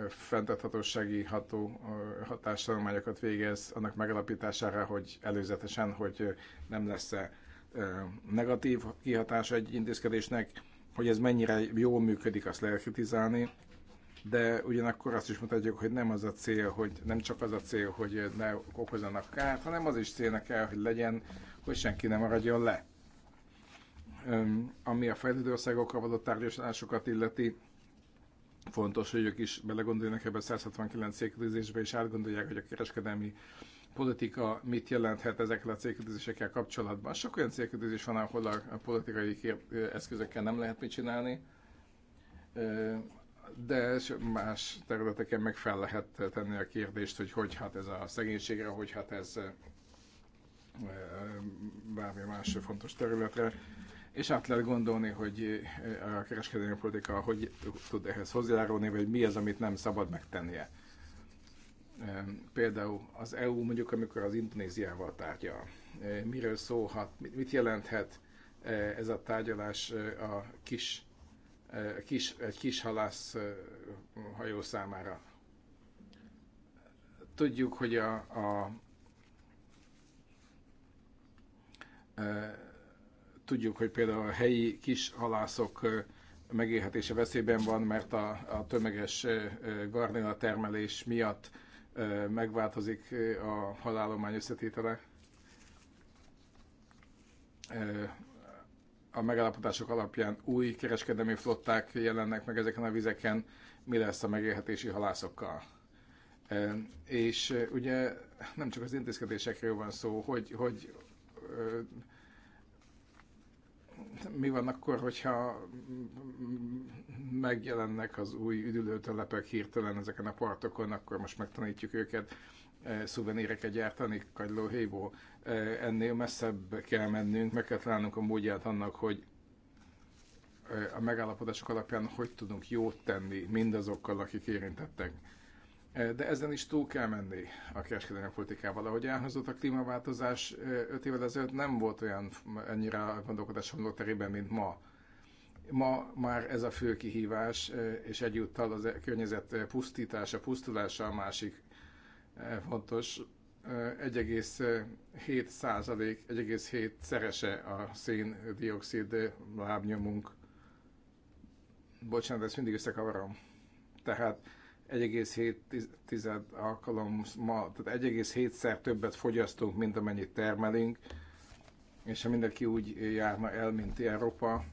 fenntarthatósági ható, hatástanulmányokat végez annak megalapítására, hogy előzetesen, hogy nem lesz-e negatív kihatása egy intézkedésnek, hogy ez mennyire jól működik, azt lehet kritizálni, de ugyanakkor azt is mutatjuk, hogy nem az a cél, hogy nem csak az a cél, hogy ne okozanak kárt, hanem az is célnak kell, hogy legyen, hogy senki nem maradjon le. Ami a fejlődő országokkal való tárgyalásokat illeti, Fontos, hogy ők is belegondoljanak ebbe a 169 célkötőzésbe, és átgondolják, hogy a kereskedelmi politika mit jelenthet ezekkel a célkötőzésekkel kapcsolatban. Sok olyan célkötőzés van, ahol a politikai eszközökkel nem lehet mit csinálni, de más területeken meg fel lehet tenni a kérdést, hogy hogy hat ez a szegénységre, hogy hat ez bármi más fontos területre és át lehet gondolni, hogy eh, a kereskedelmi politika hogy tud ehhez hozzájárulni, vagy mi az, amit nem szabad megtennie. Például az EU mondjuk, amikor az Indonéziával tárgyal, eh, miről szólhat, mit jelenthet eh, ez a tárgyalás a kis, a kis, egy kis halász hajó számára. Tudjuk, hogy a, a Tudjuk, hogy például a helyi kis halászok megélhetése veszélyben van, mert a, a tömeges gardina termelés miatt megváltozik a halállomány összetétele. A megállapodások alapján új kereskedelmi flották jelennek meg ezeken a vizeken, mi lesz a megélhetési halászokkal. És ugye nem csak az intézkedésekről van szó, hogy, hogy mi van akkor, hogyha megjelennek az új üdülőtelepek hirtelen ezeken a partokon, akkor most megtanítjuk őket eh, szuvenéreket gyártani, kagylóhéjból. Eh, ennél messzebb kell mennünk, meg kell találnunk a módját annak, hogy eh, a megállapodások alapján hogy tudunk jót tenni mindazokkal, akik érintettek. Eh, de ezen is túl kell menni a kereskedelmi politikával. Ahogy elhangzott, a klímaváltozás 5 eh, évvel ezelőtt nem volt olyan ennyire gondolkodás terében, mint ma. Ma már ez a fő kihívás, eh, és egyúttal az környezet pusztítása, pusztulása a másik fontos. 1,7 százalék, 1,7 szerese a széndiokszid lábnyomunk. Bocsánat, ezt mindig összekavarom. Tehát 1,7 alkalommal, tehát 1,7-szer többet fogyasztunk, mint amennyit termelünk, és ha mindenki úgy járna el, mint Európa,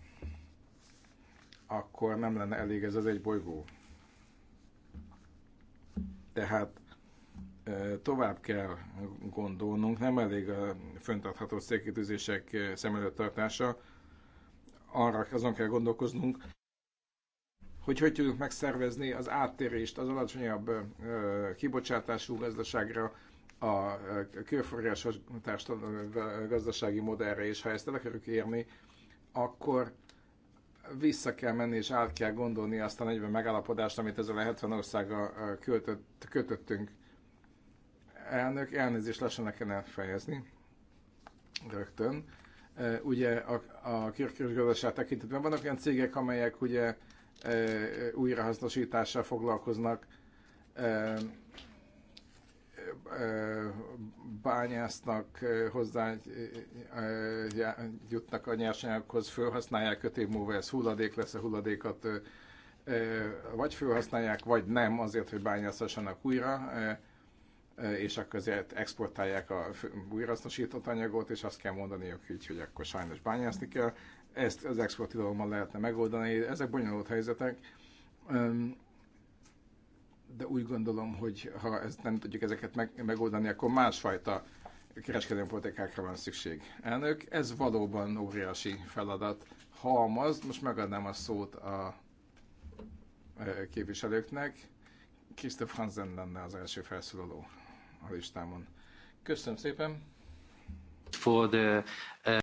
akkor nem lenne elég ez az egy bolygó. Tehát tovább kell gondolnunk, nem elég a föntartható célkitűzések szem előtt tartása, arra azon kell gondolkoznunk, hogy hogy tudjuk megszervezni az áttérést az alacsonyabb kibocsátású gazdaságra, a körforgásos gazdasági modellre, és ha ezt el akarjuk érni, akkor vissza kell menni és át kell gondolni azt a 40 megállapodást, amit ezzel a 70 országgal költött, kötöttünk. Elnök, elnézést lassan nekem elfejezni fejezni. Rögtön. Ugye a, a körkörös gazdaság tekintetben vannak olyan cégek, amelyek ugye újrahasznosítással foglalkoznak, bányásznak, hozzá jutnak a nyersanyaghoz, felhasználják, öt év múlva ez hulladék lesz, a hulladékat vagy felhasználják, vagy nem, azért, hogy bányászhassanak újra, és akkor azért exportálják a újrahasznosított anyagot, és azt kell mondaniuk így, hogy akkor sajnos bányászni kell ezt az exporttilalommal lehetne megoldani. Ezek bonyolult helyzetek, de úgy gondolom, hogy ha ezt nem tudjuk ezeket meg, megoldani, akkor másfajta kereskedelmi politikákra van szükség. Elnök, ez valóban óriási feladat. Halmaz, most megadnám a szót a képviselőknek. Krisztof Hansen lenne az első felszólaló a listámon. Köszönöm szépen! For the, uh...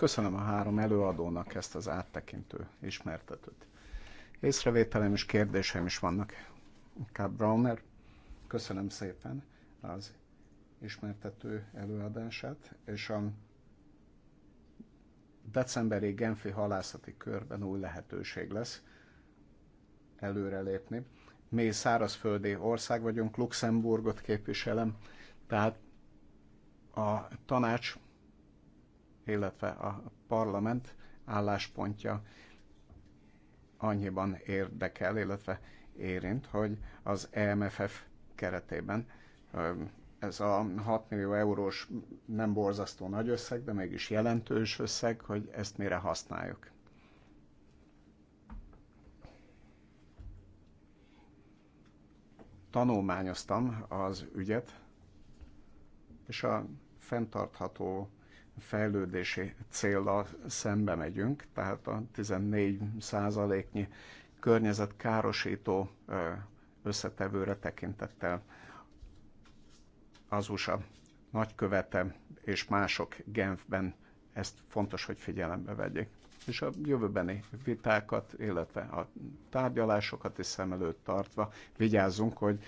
Köszönöm a három előadónak ezt az áttekintő ismertetőt. Észrevételem és kérdéseim is vannak. Kár Browner, köszönöm szépen az ismertető előadását, és a decemberi Genfi halászati körben új lehetőség lesz előrelépni. Mi szárazföldi ország vagyunk, Luxemburgot képviselem, tehát a tanács illetve a parlament álláspontja annyiban érdekel, illetve érint, hogy az EMFF keretében ez a 6 millió eurós nem borzasztó nagy összeg, de mégis jelentős összeg, hogy ezt mire használjuk. Tanulmányoztam az ügyet, és a fenntartható fejlődési célra szembe megyünk, tehát a 14 százaléknyi környezetkárosító összetevőre tekintettel az USA nagykövete és mások Genfben ezt fontos, hogy figyelembe vegyék. És a jövőbeni vitákat, illetve a tárgyalásokat is szem előtt tartva vigyázzunk, hogy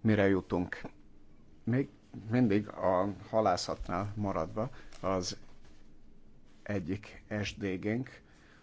mire jutunk. Még mindig a halászatnál maradva, az egyik SDG-nk,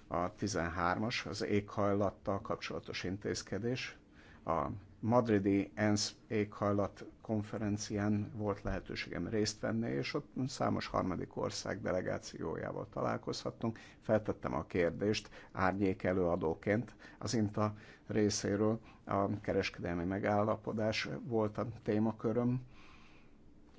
a 13-as, az éghajlattal kapcsolatos intézkedés. A madridi ENSZ éghajlat konferencián volt lehetőségem részt venni, és ott számos harmadik ország delegációjával találkozhattunk. Feltettem a kérdést árnyék előadóként. Az INTA részéről a kereskedelmi megállapodás volt a témaköröm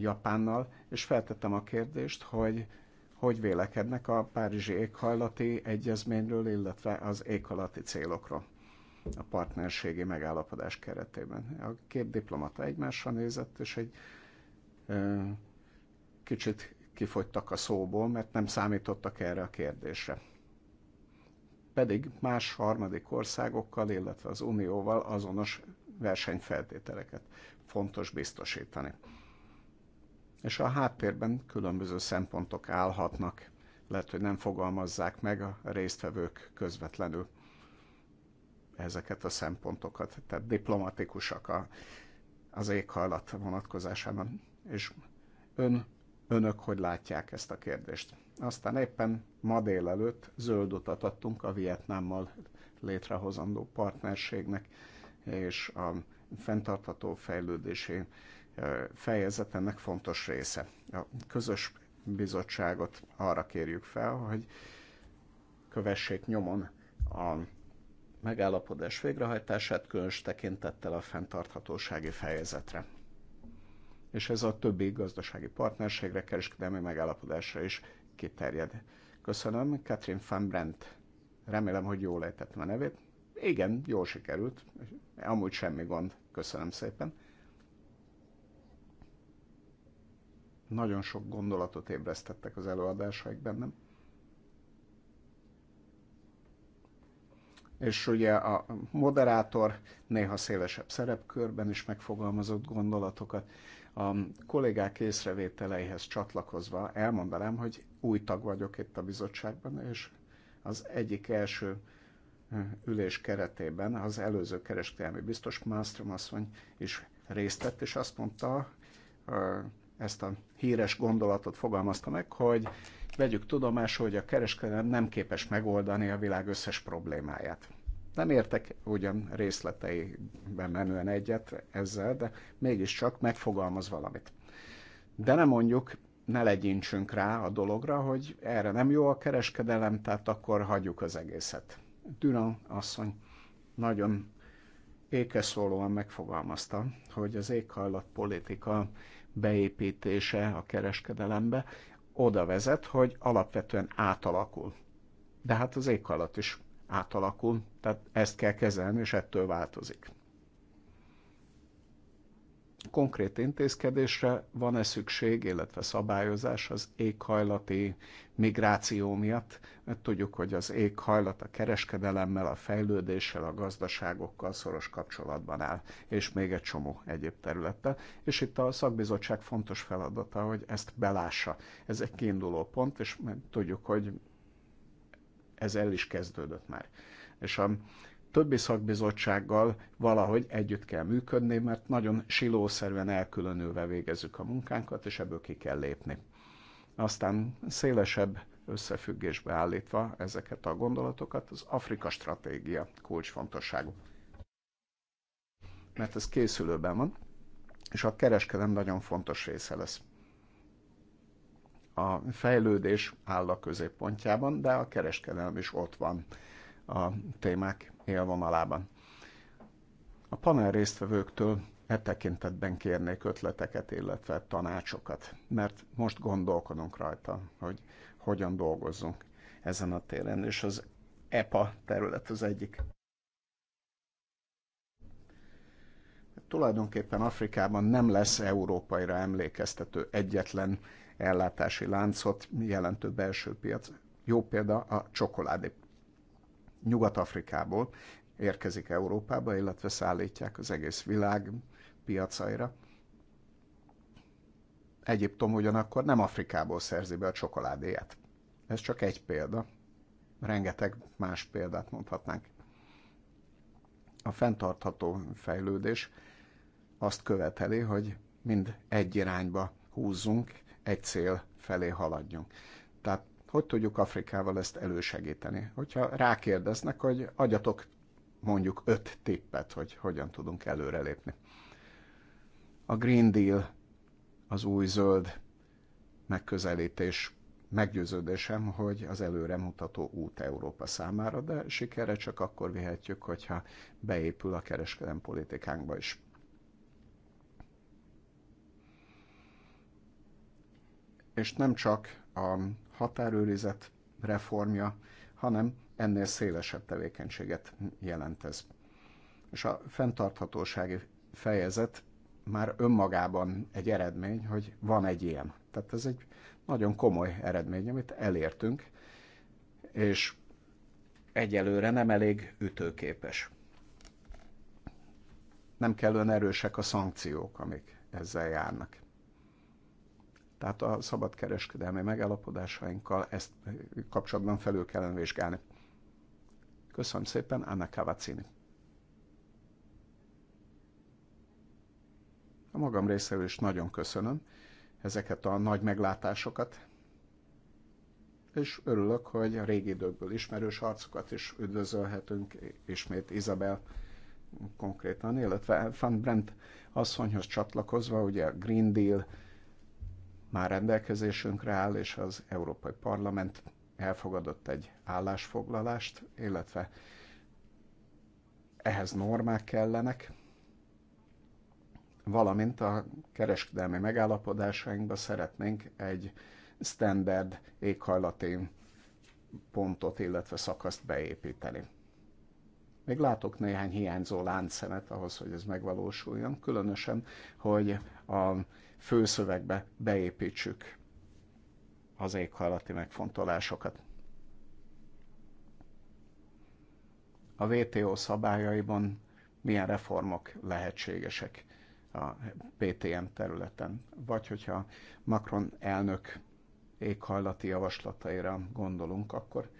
Japánnal, és feltettem a kérdést, hogy hogy vélekednek a Párizsi éghajlati egyezményről, illetve az éghajlati célokról a partnerségi megállapodás keretében. A két diplomata egymásra nézett, és egy ö, kicsit kifogytak a szóból, mert nem számítottak erre a kérdésre. Pedig más harmadik országokkal, illetve az Unióval azonos versenyfeltételeket fontos biztosítani és a háttérben különböző szempontok állhatnak. Lehet, hogy nem fogalmazzák meg a résztvevők közvetlenül ezeket a szempontokat, tehát diplomatikusak a, az éghajlat vonatkozásában. És ön, önök hogy látják ezt a kérdést? Aztán éppen ma délelőtt zöld utat adtunk a Vietnámmal létrehozandó partnerségnek, és a fenntartható fejlődésének fejezetennek fontos része. A közös bizottságot arra kérjük fel, hogy kövessék nyomon a megállapodás végrehajtását, különös tekintettel a fenntarthatósági fejezetre. És ez a többi gazdasági partnerségre, kereskedelmi megállapodásra is kiterjed. Köszönöm, Katrin van Brandt. Remélem, hogy jól lejtettem a nevét. Igen, jól sikerült. Amúgy semmi gond. Köszönöm szépen. Nagyon sok gondolatot ébresztettek az előadásaik bennem. És ugye a moderátor néha szélesebb szerepkörben is megfogalmazott gondolatokat. A kollégák észrevételeihez csatlakozva elmondanám, hogy új tag vagyok itt a bizottságban, és az egyik első ülés keretében az előző kereskedelmi biztos Mastrom asszony is részt vett, és azt mondta, ezt a híres gondolatot fogalmazta meg, hogy vegyük tudomásul, hogy a kereskedelem nem képes megoldani a világ összes problémáját. Nem értek ugyan részleteiben menően egyet ezzel, de mégiscsak megfogalmaz valamit. De nem mondjuk, ne legyintsünk rá a dologra, hogy erre nem jó a kereskedelem, tehát akkor hagyjuk az egészet. Duran asszony nagyon ékeszólóan megfogalmazta, hogy az éghajlatpolitika politika beépítése a kereskedelembe oda vezet, hogy alapvetően átalakul. De hát az alatt is átalakul, tehát ezt kell kezelni, és ettől változik konkrét intézkedésre van-e szükség, illetve szabályozás az éghajlati migráció miatt? Mert tudjuk, hogy az éghajlat a kereskedelemmel, a fejlődéssel, a gazdaságokkal szoros kapcsolatban áll, és még egy csomó egyéb területtel. És itt a szakbizottság fontos feladata, hogy ezt belássa. Ez egy kiinduló pont, és tudjuk, hogy ez el is kezdődött már. És a többi szakbizottsággal valahogy együtt kell működni, mert nagyon silószerűen elkülönülve végezzük a munkánkat, és ebből ki kell lépni. Aztán szélesebb összefüggésbe állítva ezeket a gondolatokat, az Afrika stratégia kulcsfontosságú. Mert ez készülőben van, és a kereskedelem nagyon fontos része lesz. A fejlődés áll a középpontjában, de a kereskedelem is ott van a témák élvonalában. A panel résztvevőktől e tekintetben kérnék ötleteket, illetve tanácsokat, mert most gondolkodunk rajta, hogy hogyan dolgozzunk ezen a téren, és az EPA terület az egyik. Tulajdonképpen Afrikában nem lesz európaira emlékeztető egyetlen ellátási láncot jelentő belső piac. Jó példa a csokoládé Nyugat-Afrikából érkezik Európába, illetve szállítják az egész világ piacaira. Egyiptom ugyanakkor nem Afrikából szerzi be a csokoládéját. Ez csak egy példa. Rengeteg más példát mondhatnánk. A fenntartható fejlődés azt követeli, hogy mind egy irányba húzzunk, egy cél felé haladjunk. Hogy tudjuk Afrikával ezt elősegíteni? Hogyha rákérdeznek, hogy adjatok mondjuk öt tippet, hogy hogyan tudunk előrelépni. A Green Deal, az új zöld megközelítés meggyőződésem, hogy az előremutató út Európa számára, de sikerre csak akkor vihetjük, hogyha beépül a kereskedelem politikánkba is. És nem csak a határőrizet reformja, hanem ennél szélesebb tevékenységet jelent ez. És a fenntarthatósági fejezet már önmagában egy eredmény, hogy van egy ilyen. Tehát ez egy nagyon komoly eredmény, amit elértünk, és egyelőre nem elég ütőképes. Nem kellően erősek a szankciók, amik ezzel járnak. Tehát a szabadkereskedelmi megállapodásainkkal ezt kapcsolatban felül kellene vizsgálni. Köszönöm szépen, Anna Cavazzini. A magam részéről is nagyon köszönöm ezeket a nagy meglátásokat, és örülök, hogy a régi időkből ismerős arcokat is üdvözölhetünk, ismét Izabel konkrétan, illetve Van Brent asszonyhoz csatlakozva, ugye a Green Deal már rendelkezésünkre áll, és az Európai Parlament elfogadott egy állásfoglalást, illetve ehhez normák kellenek, valamint a kereskedelmi megállapodásainkba szeretnénk egy standard éghajlati pontot, illetve szakaszt beépíteni. Még látok néhány hiányzó láncszemet ahhoz, hogy ez megvalósuljon, különösen, hogy a főszövegbe beépítsük az éghajlati megfontolásokat. A WTO szabályaiban milyen reformok lehetségesek a PTM területen, vagy hogyha Macron elnök éghajlati javaslataira gondolunk, akkor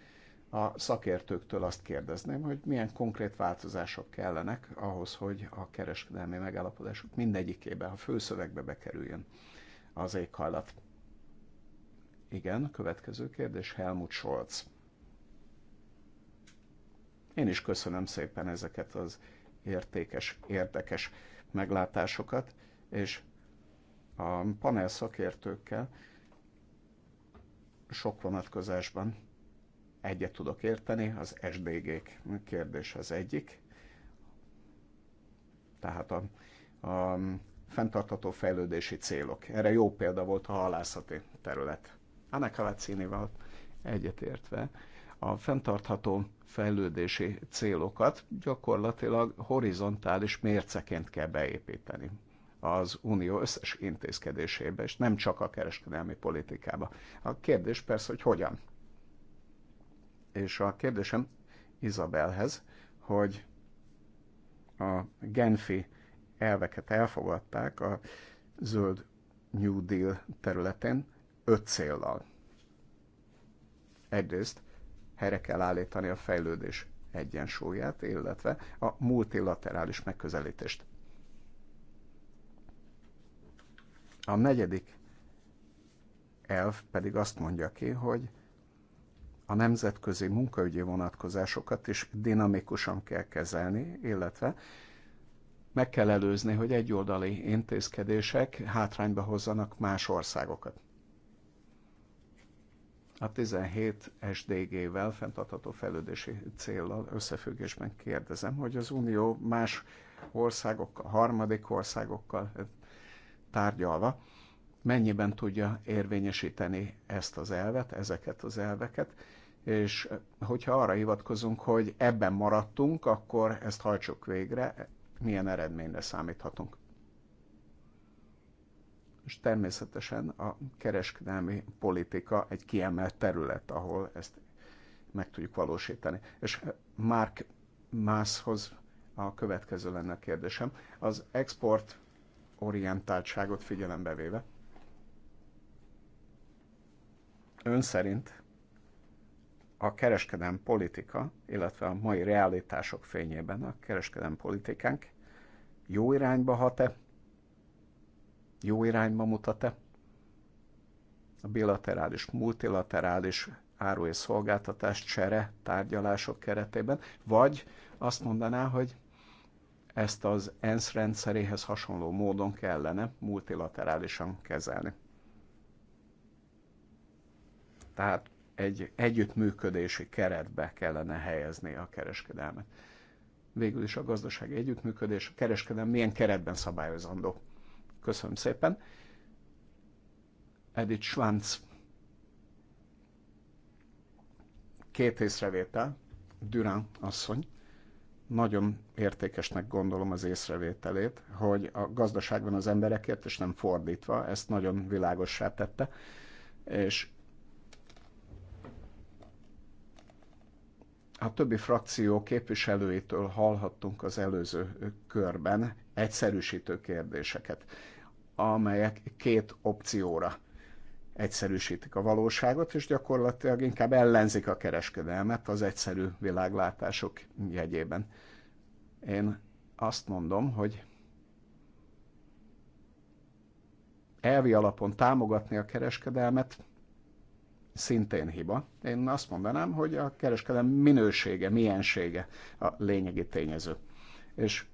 a szakértőktől azt kérdezném, hogy milyen konkrét változások kellenek ahhoz, hogy a kereskedelmi megállapodások mindegyikébe, a főszövegbe bekerüljön az éghajlat. Igen, következő kérdés Helmut Scholz. Én is köszönöm szépen ezeket az értékes, érdekes meglátásokat, és a panel szakértőkkel sok vonatkozásban egyet tudok érteni, az SDG-k kérdés az egyik. Tehát a, a fenntartható fejlődési célok. Erre jó példa volt a halászati terület. a Cavazzinival egyetértve a fenntartható fejlődési célokat gyakorlatilag horizontális mérceként kell beépíteni az unió összes intézkedésébe, és nem csak a kereskedelmi politikába. A kérdés persze, hogy hogyan és a kérdésem Izabelhez, hogy a Genfi elveket elfogadták a zöld New Deal területén öt céllal. Egyrészt helyre kell állítani a fejlődés egyensúlyát, illetve a multilaterális megközelítést. A negyedik elv pedig azt mondja ki, hogy a nemzetközi munkaügyi vonatkozásokat is dinamikusan kell kezelni, illetve meg kell előzni, hogy egyoldali intézkedések hátrányba hozzanak más országokat. A 17 SDG-vel, fenntartható fejlődési céllal összefüggésben kérdezem, hogy az Unió más országokkal, harmadik országokkal tárgyalva mennyiben tudja érvényesíteni ezt az elvet, ezeket az elveket, és eh, hogyha arra hivatkozunk, hogy ebben maradtunk, akkor ezt hajtsuk végre, milyen eredményre számíthatunk. És természetesen a kereskedelmi politika egy kiemelt terület, ahol ezt meg tudjuk valósítani. És eh, Mark Mászhoz a következő lenne a kérdésem. Az export orientáltságot figyelembe véve, ön szerint a kereskedelem politika, illetve a mai realitások fényében a kereskedelem politikánk jó irányba hat-e, jó irányba mutat-e, a bilaterális, multilaterális áru és szolgáltatás csere tárgyalások keretében, vagy azt mondaná, hogy ezt az ENSZ rendszeréhez hasonló módon kellene multilaterálisan kezelni. Tehát egy együttműködési keretbe kellene helyezni a kereskedelmet. Végül is a gazdasági együttműködés, a kereskedelem milyen keretben szabályozandó. Köszönöm szépen. Edith Schwanz. Két észrevétel. Durán asszony nagyon értékesnek gondolom az észrevételét, hogy a gazdaságban az emberekért, és nem fordítva, ezt nagyon világossá tette, és a többi frakció képviselőitől hallhattunk az előző körben egyszerűsítő kérdéseket, amelyek két opcióra egyszerűsítik a valóságot, és gyakorlatilag inkább ellenzik a kereskedelmet az egyszerű világlátások jegyében. Én azt mondom, hogy elvi alapon támogatni a kereskedelmet szintén hiba. Én azt mondanám, hogy a kereskedelem minősége, miensége a lényegi tényező. És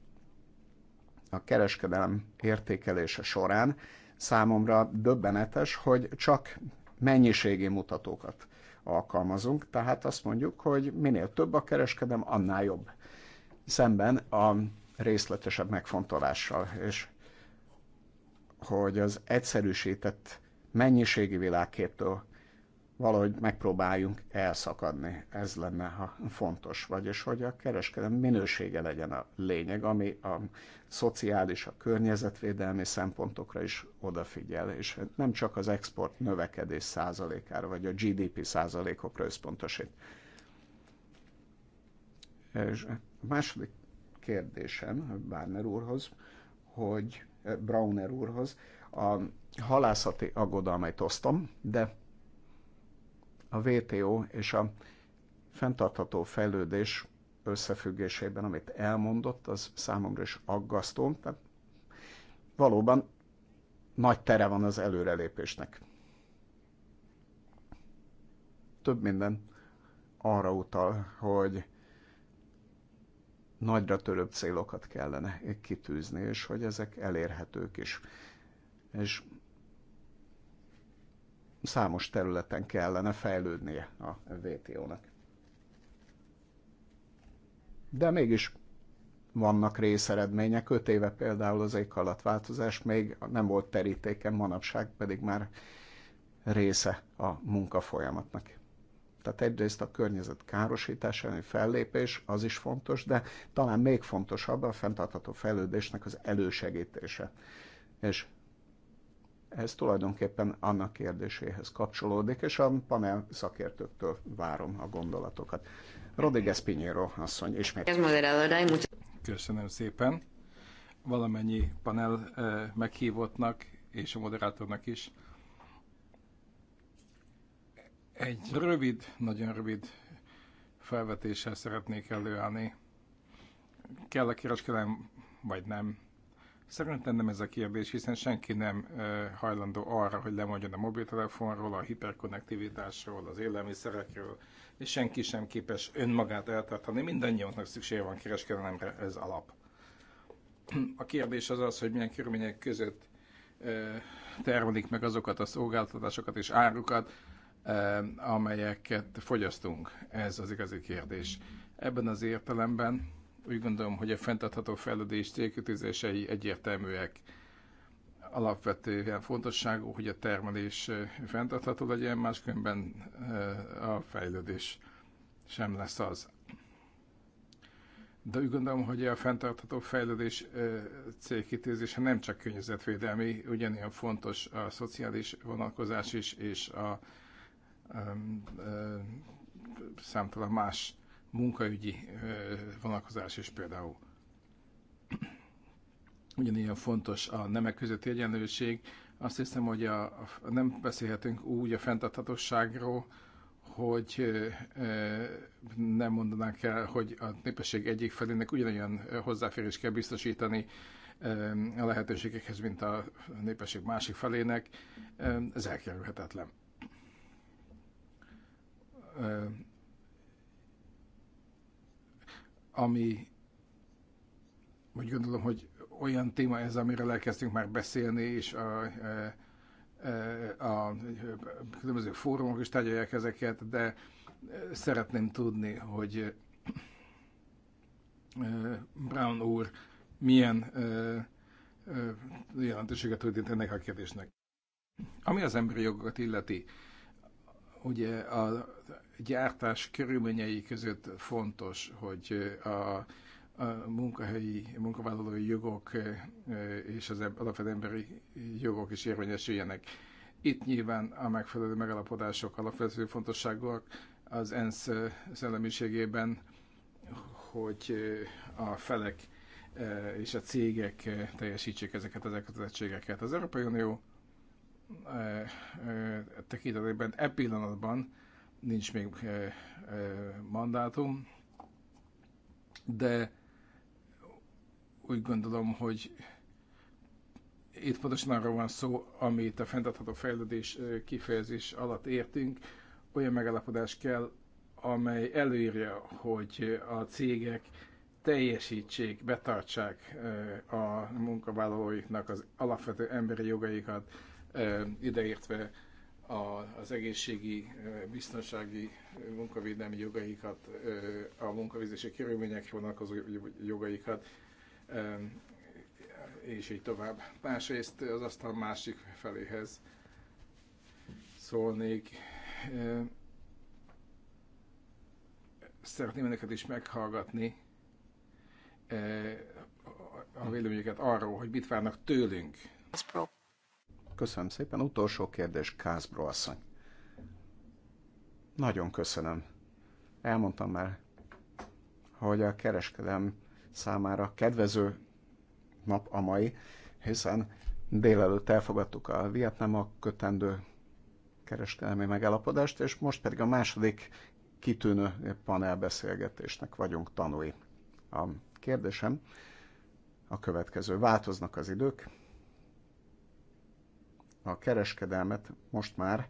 a kereskedelem értékelése során számomra döbbenetes, hogy csak mennyiségi mutatókat alkalmazunk, tehát azt mondjuk, hogy minél több a kereskedem, annál jobb. Szemben a részletesebb megfontolással, és hogy az egyszerűsített mennyiségi világképtől valahogy megpróbáljunk elszakadni. Ez lenne ha fontos. Vagyis, hogy a kereskedelem minősége legyen a lényeg, ami a szociális, a környezetvédelmi szempontokra is odafigyel, és nem csak az export növekedés százalékára, vagy a GDP százalékokra összpontosít. És a második kérdésem Bárner úrhoz, hogy eh, Brauner úrhoz, a halászati aggodalmait osztom, de a WTO és a fenntartható fejlődés összefüggésében, amit elmondott, az számomra is aggasztó. Tehát valóban nagy tere van az előrelépésnek. Több minden arra utal, hogy nagyra törőbb célokat kellene kitűzni, és hogy ezek elérhetők is. És számos területen kellene fejlődnie a WTO-nak. De mégis vannak részeredmények. Öt éve például az alatt változás még nem volt terítéken, manapság pedig már része a munkafolyamatnak. Tehát egyrészt a környezet károsítás elleni fellépés, az is fontos, de talán még fontosabb a fenntartható fejlődésnek az elősegítése. És ez tulajdonképpen annak kérdéséhez kapcsolódik, és a panel szakértőktől várom a gondolatokat. Rodriguez Pinheiro asszony, ismét. Köszönöm szépen. Valamennyi panel eh, meghívottnak és a moderátornak is. Egy rövid, nagyon rövid felvetéssel szeretnék előállni. Kell a kereskedelem, vagy nem? Szerintem nem ez a kérdés, hiszen senki nem hajlandó arra, hogy lemondjon a mobiltelefonról, a hiperkonnektivitásról, az élelmiszerekről, és senki sem képes önmagát eltartani. Mindannyiunknak szüksége van kereskedelemre, ez alap. A kérdés az az, hogy milyen körülmények között termelik meg azokat a szolgáltatásokat és árukat, amelyeket fogyasztunk. Ez az igazi kérdés. Ebben az értelemben úgy gondolom, hogy a fenntartható fejlődés célkötőzései egyértelműek. Alapvetően fontosságú, hogy a termelés fenntartható legyen, máskülönben a fejlődés sem lesz az. De úgy gondolom, hogy a fenntartható fejlődés célkitűzése nem csak környezetvédelmi, ugyanilyen fontos a szociális vonatkozás is, és a, a, a számtalan más munkaügyi vonalkozás is például. Ugyanilyen fontos a nemek közötti egyenlőség. Azt hiszem, hogy a, a, nem beszélhetünk úgy a fenntarthatóságról, hogy nem mondanánk el, hogy a népesség egyik felének ugyanolyan hozzáférés kell biztosítani a lehetőségekhez, mint a népesség másik felének. Ez elkerülhetetlen ami úgy gondolom, hogy olyan téma ez, amiről elkezdtünk már beszélni, és a, a, e, e, a különböző fórumok is tárgyalják ezeket, de szeretném tudni, hogy e, Brown úr milyen jelentőséget tudít ennek a kérdésnek. Ami az emberi jogokat illeti, Ugye a gyártás körülményei között fontos, hogy a, a munkahelyi, munkavállalói jogok e, és az alapvető emberi jogok is érvényesüljenek. Itt nyilván a megfelelő megalapodások alapvető fontosságúak az ENSZ e, szellemiségében, hogy e, a felek és a cégek teljesítsék ezeket az elkötelezettségeket. Az Európai Unió tekintetében e pillanatban nincs még mandátum, de úgy gondolom, hogy itt pontosan arról van szó, amit a fenntartható fejlődés kifejezés alatt értünk, olyan megállapodás kell, amely előírja, hogy a cégek teljesítsék, betartsák a munkavállalóiknak az alapvető emberi jogaikat, ideértve az egészségi, biztonsági munkavédelmi jogaikat, a munkavédési körülményekre vonatkozó jogaikat, és így tovább. Másrészt az asztal másik feléhez szólnék. Szeretném önöket is meghallgatni a véleményeket arról, hogy mit várnak tőlünk. Ez prop Köszönöm szépen. Utolsó kérdés, Kászbró asszony. Nagyon köszönöm. Elmondtam már, hogy a kereskedem számára kedvező nap a mai, hiszen délelőtt elfogadtuk a a kötendő kereskedelmi megállapodást, és most pedig a második kitűnő panelbeszélgetésnek vagyunk tanúi. A kérdésem a következő. Változnak az idők, a kereskedelmet most már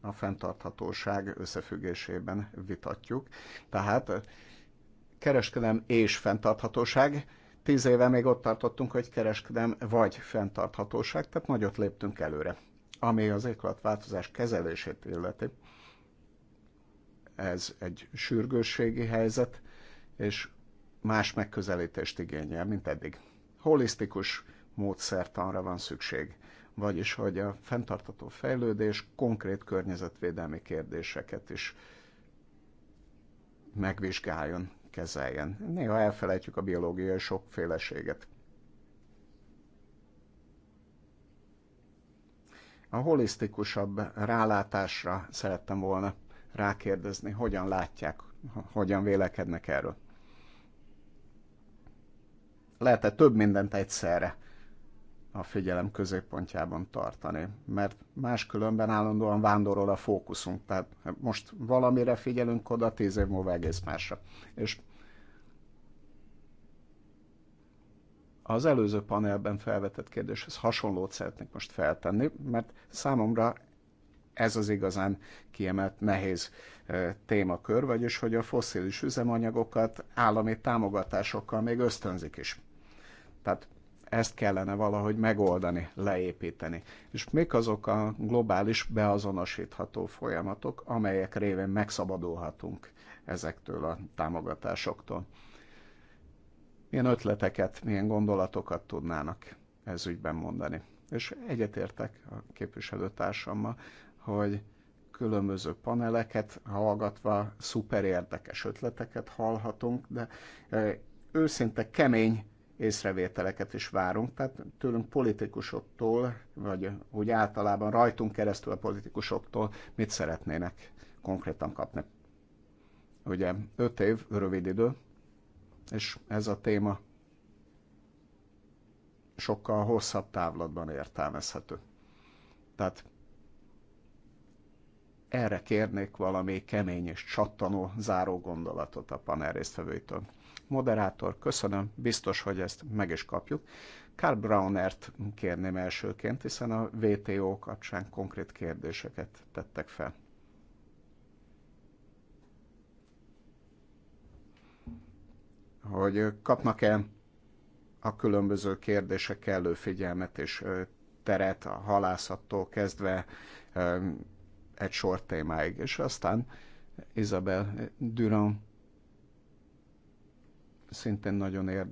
a fenntarthatóság összefüggésében vitatjuk. Tehát kereskedelem és fenntarthatóság. Tíz éve még ott tartottunk, hogy kereskedelem vagy fenntarthatóság, tehát nagyot léptünk előre. Ami az éghajlatváltozás kezelését illeti, ez egy sürgősségi helyzet, és más megközelítést igényel, mint eddig. Holisztikus módszertanra van szükség vagyis hogy a fenntartató fejlődés konkrét környezetvédelmi kérdéseket is megvizsgáljon, kezeljen. Néha elfelejtjük a biológiai sokféleséget. A holisztikusabb rálátásra szerettem volna rákérdezni, hogyan látják, hogyan vélekednek erről. Lehet-e több mindent egyszerre a figyelem középpontjában tartani, mert máskülönben állandóan vándorol a fókuszunk, tehát most valamire figyelünk oda, tíz év múlva egész másra. És az előző panelben felvetett kérdéshez hasonlót szeretnék most feltenni, mert számomra ez az igazán kiemelt nehéz témakör, vagyis hogy a fosszilis üzemanyagokat állami támogatásokkal még ösztönzik is. Tehát ezt kellene valahogy megoldani, leépíteni. És mik azok a globális beazonosítható folyamatok, amelyek révén megszabadulhatunk ezektől a támogatásoktól? Milyen ötleteket, milyen gondolatokat tudnának ez ügyben mondani? És egyetértek a képviselőtársammal, hogy különböző paneleket hallgatva szuper érdekes ötleteket hallhatunk, de őszinte kemény észrevételeket is várunk, tehát tőlünk politikusoktól, vagy úgy általában rajtunk keresztül a politikusoktól mit szeretnének konkrétan kapni. Ugye öt év rövid idő, és ez a téma sokkal hosszabb távlatban értelmezhető. Tehát erre kérnék valami kemény és csattanó záró gondolatot a panel résztvevőitől. Moderátor, köszönöm, biztos, hogy ezt meg is kapjuk. Carl Braunert kérném elsőként, hiszen a VTO kapcsán konkrét kérdéseket tettek fel. Hogy kapnak-e a különböző kérdések kellő figyelmet és teret a halászattól kezdve egy sor témáig, és aztán Isabel Durand szintén nagyon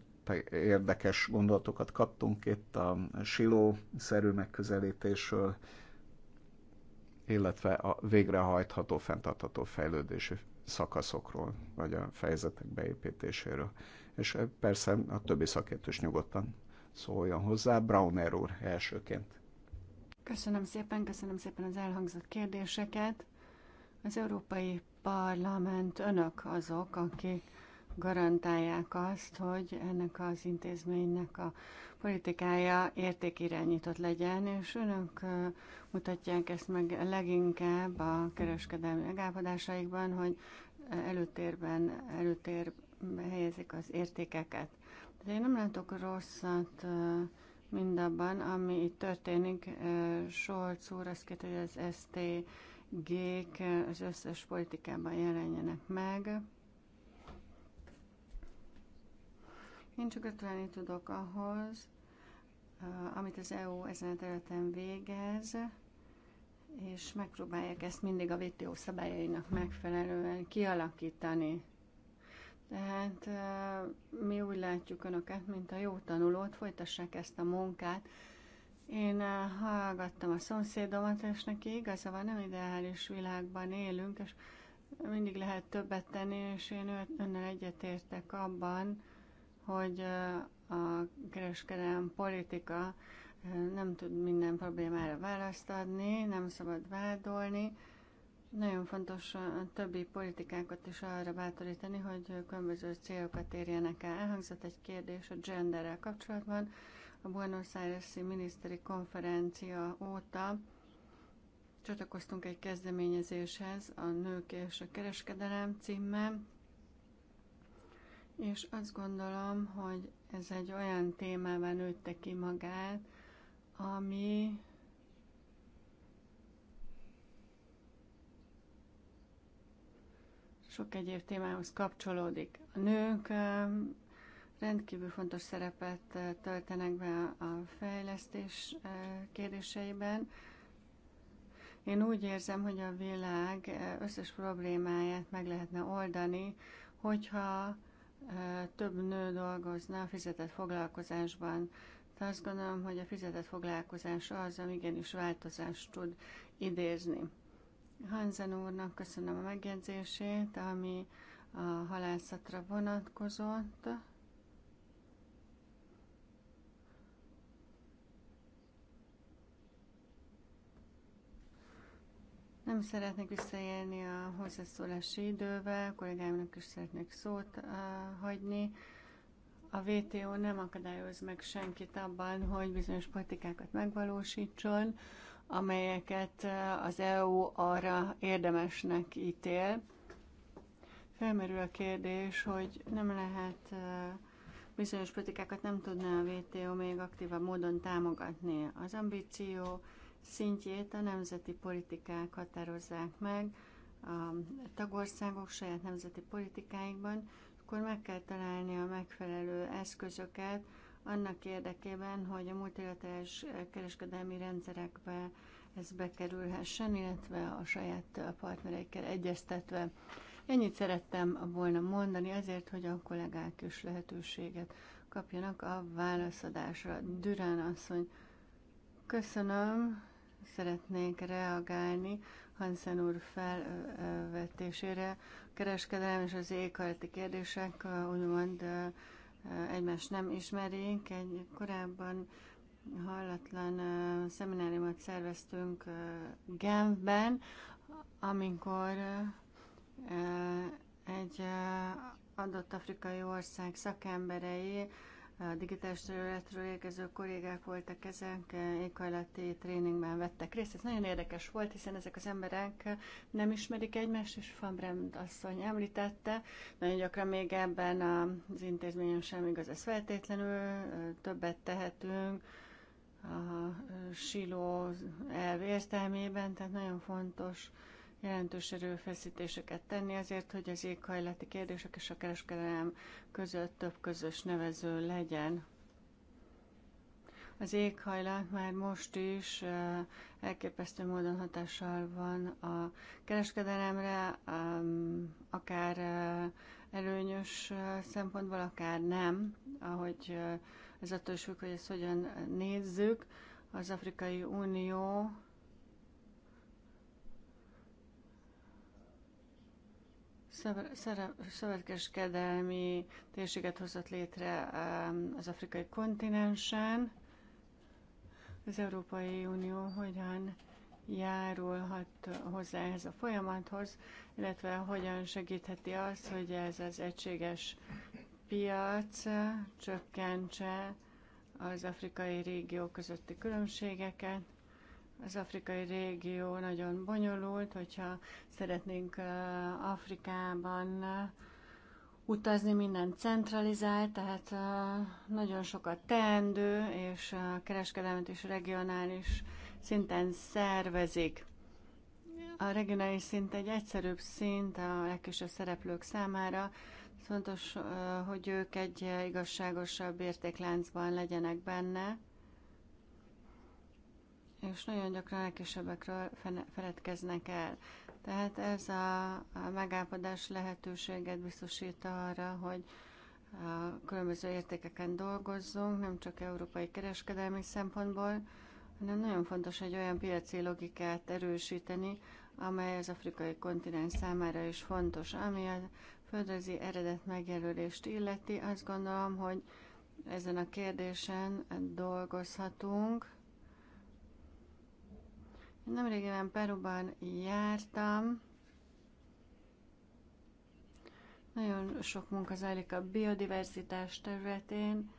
érdekes gondolatokat kaptunk itt a siló-szerű megközelítésről, illetve a végrehajtható, fenntartható fejlődési szakaszokról, vagy a fejezetek beépítéséről. És eh, persze a többi szakértő is nyugodtan szóljon hozzá. Browner úr elsőként. Köszönöm szépen, köszönöm szépen az elhangzott kérdéseket. Az Európai Parlament önök azok, akik garantálják azt, hogy ennek az intézménynek a politikája értékirányított legyen, és önök mutatják ezt meg leginkább a kereskedelmi megállapodásaikban, hogy előtérben, előtérbe helyezik az értékeket. De én nem látok rosszat mindabban, ami itt történik. Solc úr azt kérte, hogy az ST gék az összes politikában jelenjenek meg. Én csak gratulálni tudok ahhoz, amit az EU ezen a területen végez, és megpróbálják ezt mindig a WTO szabályainak megfelelően kialakítani. Tehát mi úgy látjuk önöket, mint a jó tanulót, folytassák ezt a munkát. Én hallgattam a szomszédomat, és neki igaza van, nem ideális világban élünk, és mindig lehet többet tenni, és én önnel egyetértek abban, hogy a kereskedelem politika nem tud minden problémára választ adni, nem szabad vádolni. Nagyon fontos a többi politikákat is arra bátorítani, hogy különböző célokat érjenek el. Elhangzott egy kérdés a genderrel kapcsolatban. A Buenos Aires-i miniszteri konferencia óta csatlakoztunk egy kezdeményezéshez a Nők és a Kereskedelem címmel. És azt gondolom, hogy ez egy olyan témában nőtte ki magát, ami sok egyéb témához kapcsolódik. A nők rendkívül fontos szerepet töltenek be a fejlesztés kérdéseiben. Én úgy érzem, hogy a világ összes problémáját meg lehetne oldani, hogyha több nő dolgozna fizetett foglalkozásban. De azt gondolom, hogy a fizetett foglalkozás az, ami igenis változást tud idézni. Hansen úrnak köszönöm a megjegyzését, ami a halászatra vonatkozott. Nem szeretnék visszaélni a hozzászólási idővel, kollégáimnak is szeretnék szót uh, hagyni. A VTO nem akadályoz meg senkit abban, hogy bizonyos politikákat megvalósítson, amelyeket uh, az EU arra érdemesnek ítél. Felmerül a kérdés, hogy nem lehet uh, bizonyos politikákat nem tudná a VTO még aktívabb módon támogatni. Az ambíció, szintjét a nemzeti politikák határozzák meg, a tagországok saját nemzeti politikáikban, akkor meg kell találni a megfelelő eszközöket annak érdekében, hogy a multilaterális kereskedelmi rendszerekbe ez bekerülhessen, illetve a saját partnereikkel egyeztetve. Ennyit szerettem volna mondani azért, hogy a kollégák is lehetőséget kapjanak a válaszadásra. Dürán asszony, köszönöm szeretnék reagálni Hansen úr felvetésére. A kereskedelem és az éghajlati kérdések úgymond egymást nem ismerik. Egy korábban hallatlan szemináriumot szerveztünk Genfben, amikor egy adott afrikai ország szakemberei a digitális területről érkező kollégák voltak ezek, éghajlati tréningben vettek részt. Ez nagyon érdekes volt, hiszen ezek az emberek nem ismerik egymást, és Van asszony említette, nagyon gyakran még ebben az intézményen sem igaz ez feltétlenül, többet tehetünk, a siló elv értelmében, tehát nagyon fontos jelentős erőfeszítéseket tenni azért, hogy az éghajlati kérdések és a kereskedelem között több közös nevező legyen. Az éghajlat már most is elképesztő módon hatással van a kereskedelemre, akár előnyös szempontból, akár nem, ahogy ez attól függ, hogy ezt hogyan nézzük. Az Afrikai Unió szövetkeskedelmi térséget hozott létre az afrikai kontinensen. Az Európai Unió hogyan járulhat hozzá ehhez a folyamathoz, illetve hogyan segítheti azt, hogy ez az egységes piac csökkentse az afrikai Régió közötti különbségeket, az afrikai régió nagyon bonyolult, hogyha szeretnénk Afrikában utazni, minden centralizált, tehát nagyon sokat teendő, és a kereskedelmet is regionális szinten szervezik. A regionális szint egy egyszerűbb szint a legkisebb szereplők számára, fontos, hogy ők egy igazságosabb értékláncban legyenek benne és nagyon gyakran legkisebbekről feledkeznek el. Tehát ez a, a megállapodás lehetőséget biztosít arra, hogy a különböző értékeken dolgozzunk, nem csak európai kereskedelmi szempontból, hanem nagyon fontos egy olyan piaci logikát erősíteni, amely az afrikai kontinens számára is fontos. Ami a földrajzi eredet megjelölést illeti, azt gondolom, hogy ezen a kérdésen dolgozhatunk, Nemrégiben Peruban jártam. Nagyon sok munka zajlik a biodiverzitás területén.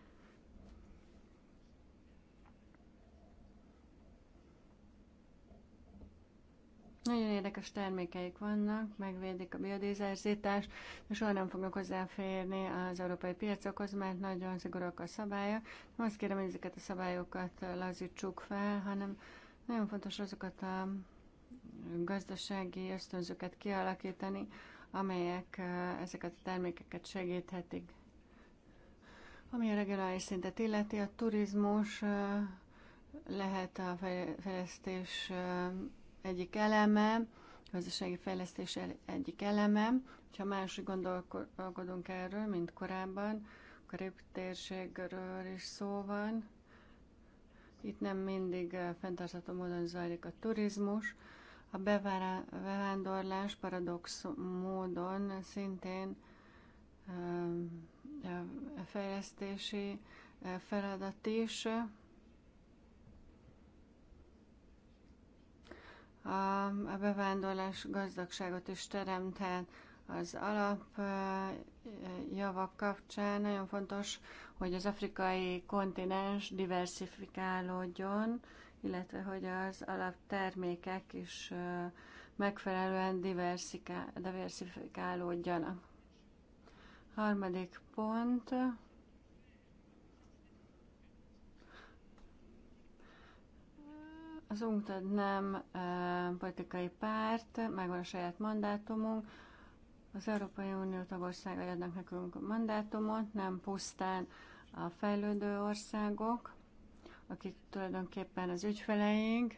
Nagyon érdekes termékeik vannak, megvédik a biodiverzitást, és soha nem fognak hozzáférni az európai piacokhoz, mert nagyon szigorúak a szabályok. Nem azt kérem, hogy ezeket a szabályokat lazítsuk fel, hanem nagyon fontos azokat a gazdasági ösztönzőket kialakítani, amelyek ezeket a termékeket segíthetik. Ami a regionális szintet illeti, a turizmus lehet a fejlesztés egyik eleme, a gazdasági fejlesztés egyik eleme. Ha más gondolkodunk erről, mint korábban, akkor épp térségről is szó van, itt nem mindig eh, fenntartható módon zajlik a turizmus. A bevándorlás paradox módon szintén eh, eh, e fejlesztési feladat is. A bevándorlás gazdagságot is teremthet, az alap javak kapcsán nagyon fontos, hogy az afrikai kontinens diversifikálódjon, illetve hogy az alaptermékek is megfelelően diversifikálódjanak. Harmadik pont. Az UNCTAD nem politikai párt, megvan a saját mandátumunk, az Európai Unió tagországai adnak nekünk mandátumot, nem pusztán a fejlődő országok, akik tulajdonképpen az ügyfeleink.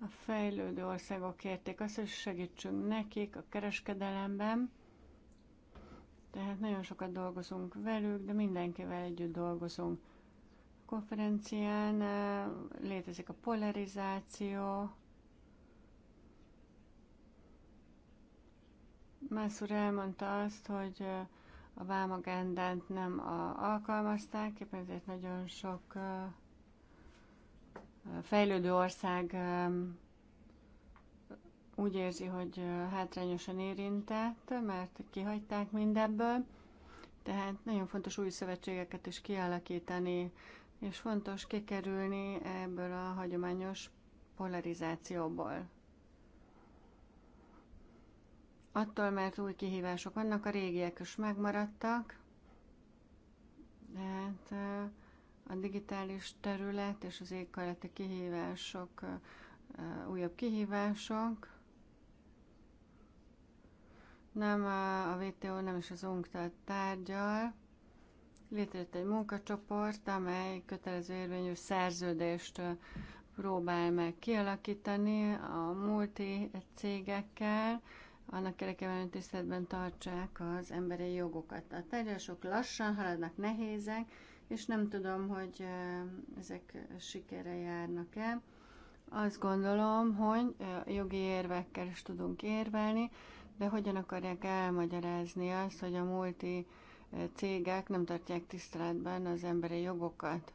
A fejlődő országok kérték azt, hogy segítsünk nekik a kereskedelemben, tehát nagyon sokat dolgozunk velük, de mindenkivel együtt dolgozunk. A konferencián eh, létezik a polarizáció, Mászúr elmondta azt, hogy a vámagendent nem a, alkalmazták, éppen ezért nagyon sok fejlődő ország úgy érzi, hogy hátrányosan érintett, mert kihagyták mindebből. Tehát nagyon fontos új szövetségeket is kialakítani, és fontos kikerülni ebből a hagyományos polarizációból attól, mert új kihívások vannak, a régiek is megmaradtak, tehát a digitális terület és az éghajlati kihívások újabb kihívások. Nem a VTO nem is az UNCTAD tárgyal. Létrejött egy munkacsoport, amely kötelező érvényű szerződést próbál meg kialakítani a multi cégekkel, annak érdekében tiszteletben tartsák az emberi jogokat. A tárgyalások lassan haladnak, nehézek, és nem tudom, hogy ezek sikere járnak e Azt gondolom, hogy jogi érvekkel is tudunk érvelni, de hogyan akarják elmagyarázni azt, hogy a multi cégek nem tartják tiszteletben az emberi jogokat?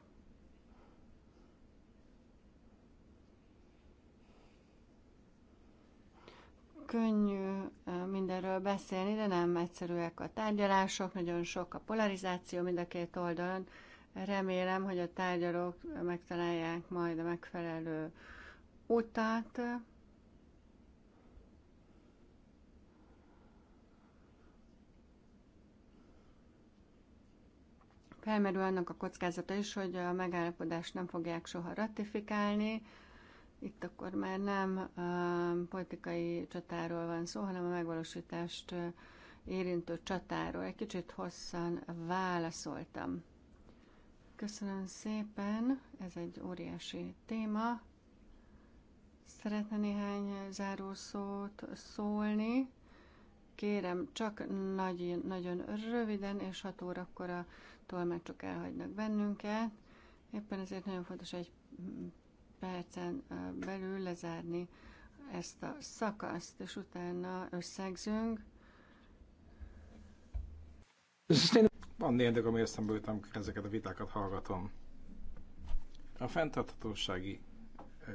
könnyű mindenről beszélni, de nem egyszerűek a tárgyalások, nagyon sok a polarizáció mind a két oldalon. Remélem, hogy a tárgyalók megtalálják majd a megfelelő utat. Felmerül annak a kockázata is, hogy a megállapodást nem fogják soha ratifikálni, itt akkor már nem politikai csatáról van szó, hanem a megvalósítást érintő csatáról. Egy kicsit hosszan válaszoltam. Köszönöm szépen, ez egy óriási téma. Szeretne néhány zárószót szólni. Kérem, csak nagy, nagyon röviden, és 6 órakor a tolmácsok elhagynak bennünket. Éppen ezért nagyon fontos egy percen belül lezárni ezt a szakaszt, és utána összegzünk. Van néhány, ami eszembe jut, amikor ezeket a vitákat hallgatom. A fenntarthatósági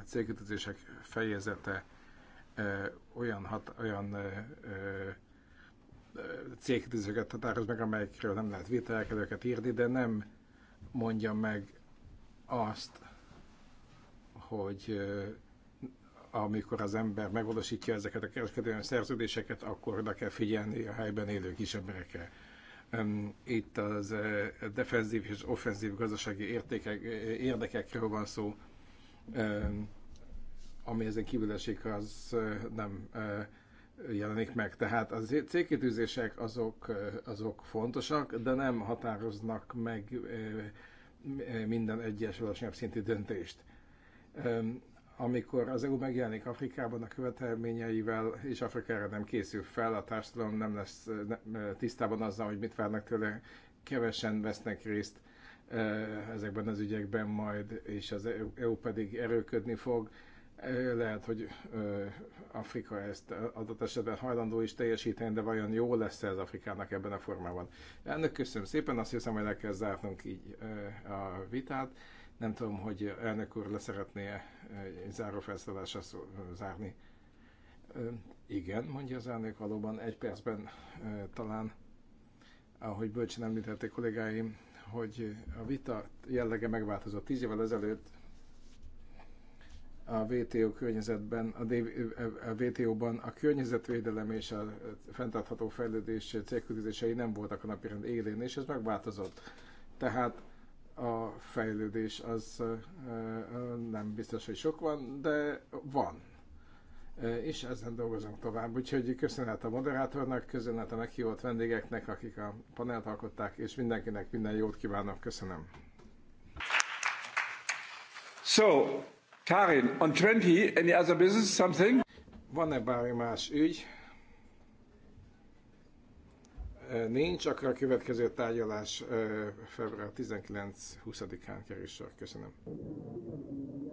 célkötözések fejezete olyan, hat, olyan célkötözőket határoz meg, amelyekről nem lehet vételkedőket írni, de nem mondja meg azt, hogy eh, amikor az ember megvalósítja ezeket a kereskedelmi szerződéseket, akkor oda kell figyelni a helyben élő kis emberekre. Itt az eh, defenzív és offenzív gazdasági értékek, eh, érdekekről van szó, ami ezen kívül esik, az nem jelenik meg. Tehát a célkitűzések azok, azok fontosak, de nem határoznak meg minden egyes alacsonyabb szintű döntést amikor az EU megjelenik Afrikában a követelményeivel, és Afrikára nem készül fel, a társadalom nem lesz tisztában azzal, hogy mit várnak tőle, kevesen vesznek részt ezekben az ügyekben majd, és az EU e pedig erőködni fog. Lehet, hogy Afrika ezt adott esetben hajlandó is teljesíteni, de vajon jó lesz ez Afrikának ebben a formában? Ennek köszönöm szépen, azt hiszem, hogy le kell zárnunk így a vitát. Nem tudom, hogy elnök úr le szeretné -e egy eh, zárófelszólásra zárni. Igen, mondja az elnök valóban egy percben talán, ahogy bölcsön említették kollégáim, hogy a vita jellege megváltozott. Tíz évvel ezelőtt a WTO környezetben, a WTO-ban a környezetvédelem és a fenntartható fejlődés célkütőzései nem voltak a napirend élén, és ez megváltozott. Tehát a fejlődés az nem biztos, hogy sok van, de van. És ezen dolgozunk tovább. Úgyhogy köszönet a moderátornak, köszönet a meghívott vendégeknek, akik a panelt alkották, és mindenkinek minden jót kívánok. Köszönöm. So, Karin, on 20, any other business, something? Van-e bármi más ügy? nincs, akkor a következő tárgyalás február 19-20-án kerül sor. Köszönöm.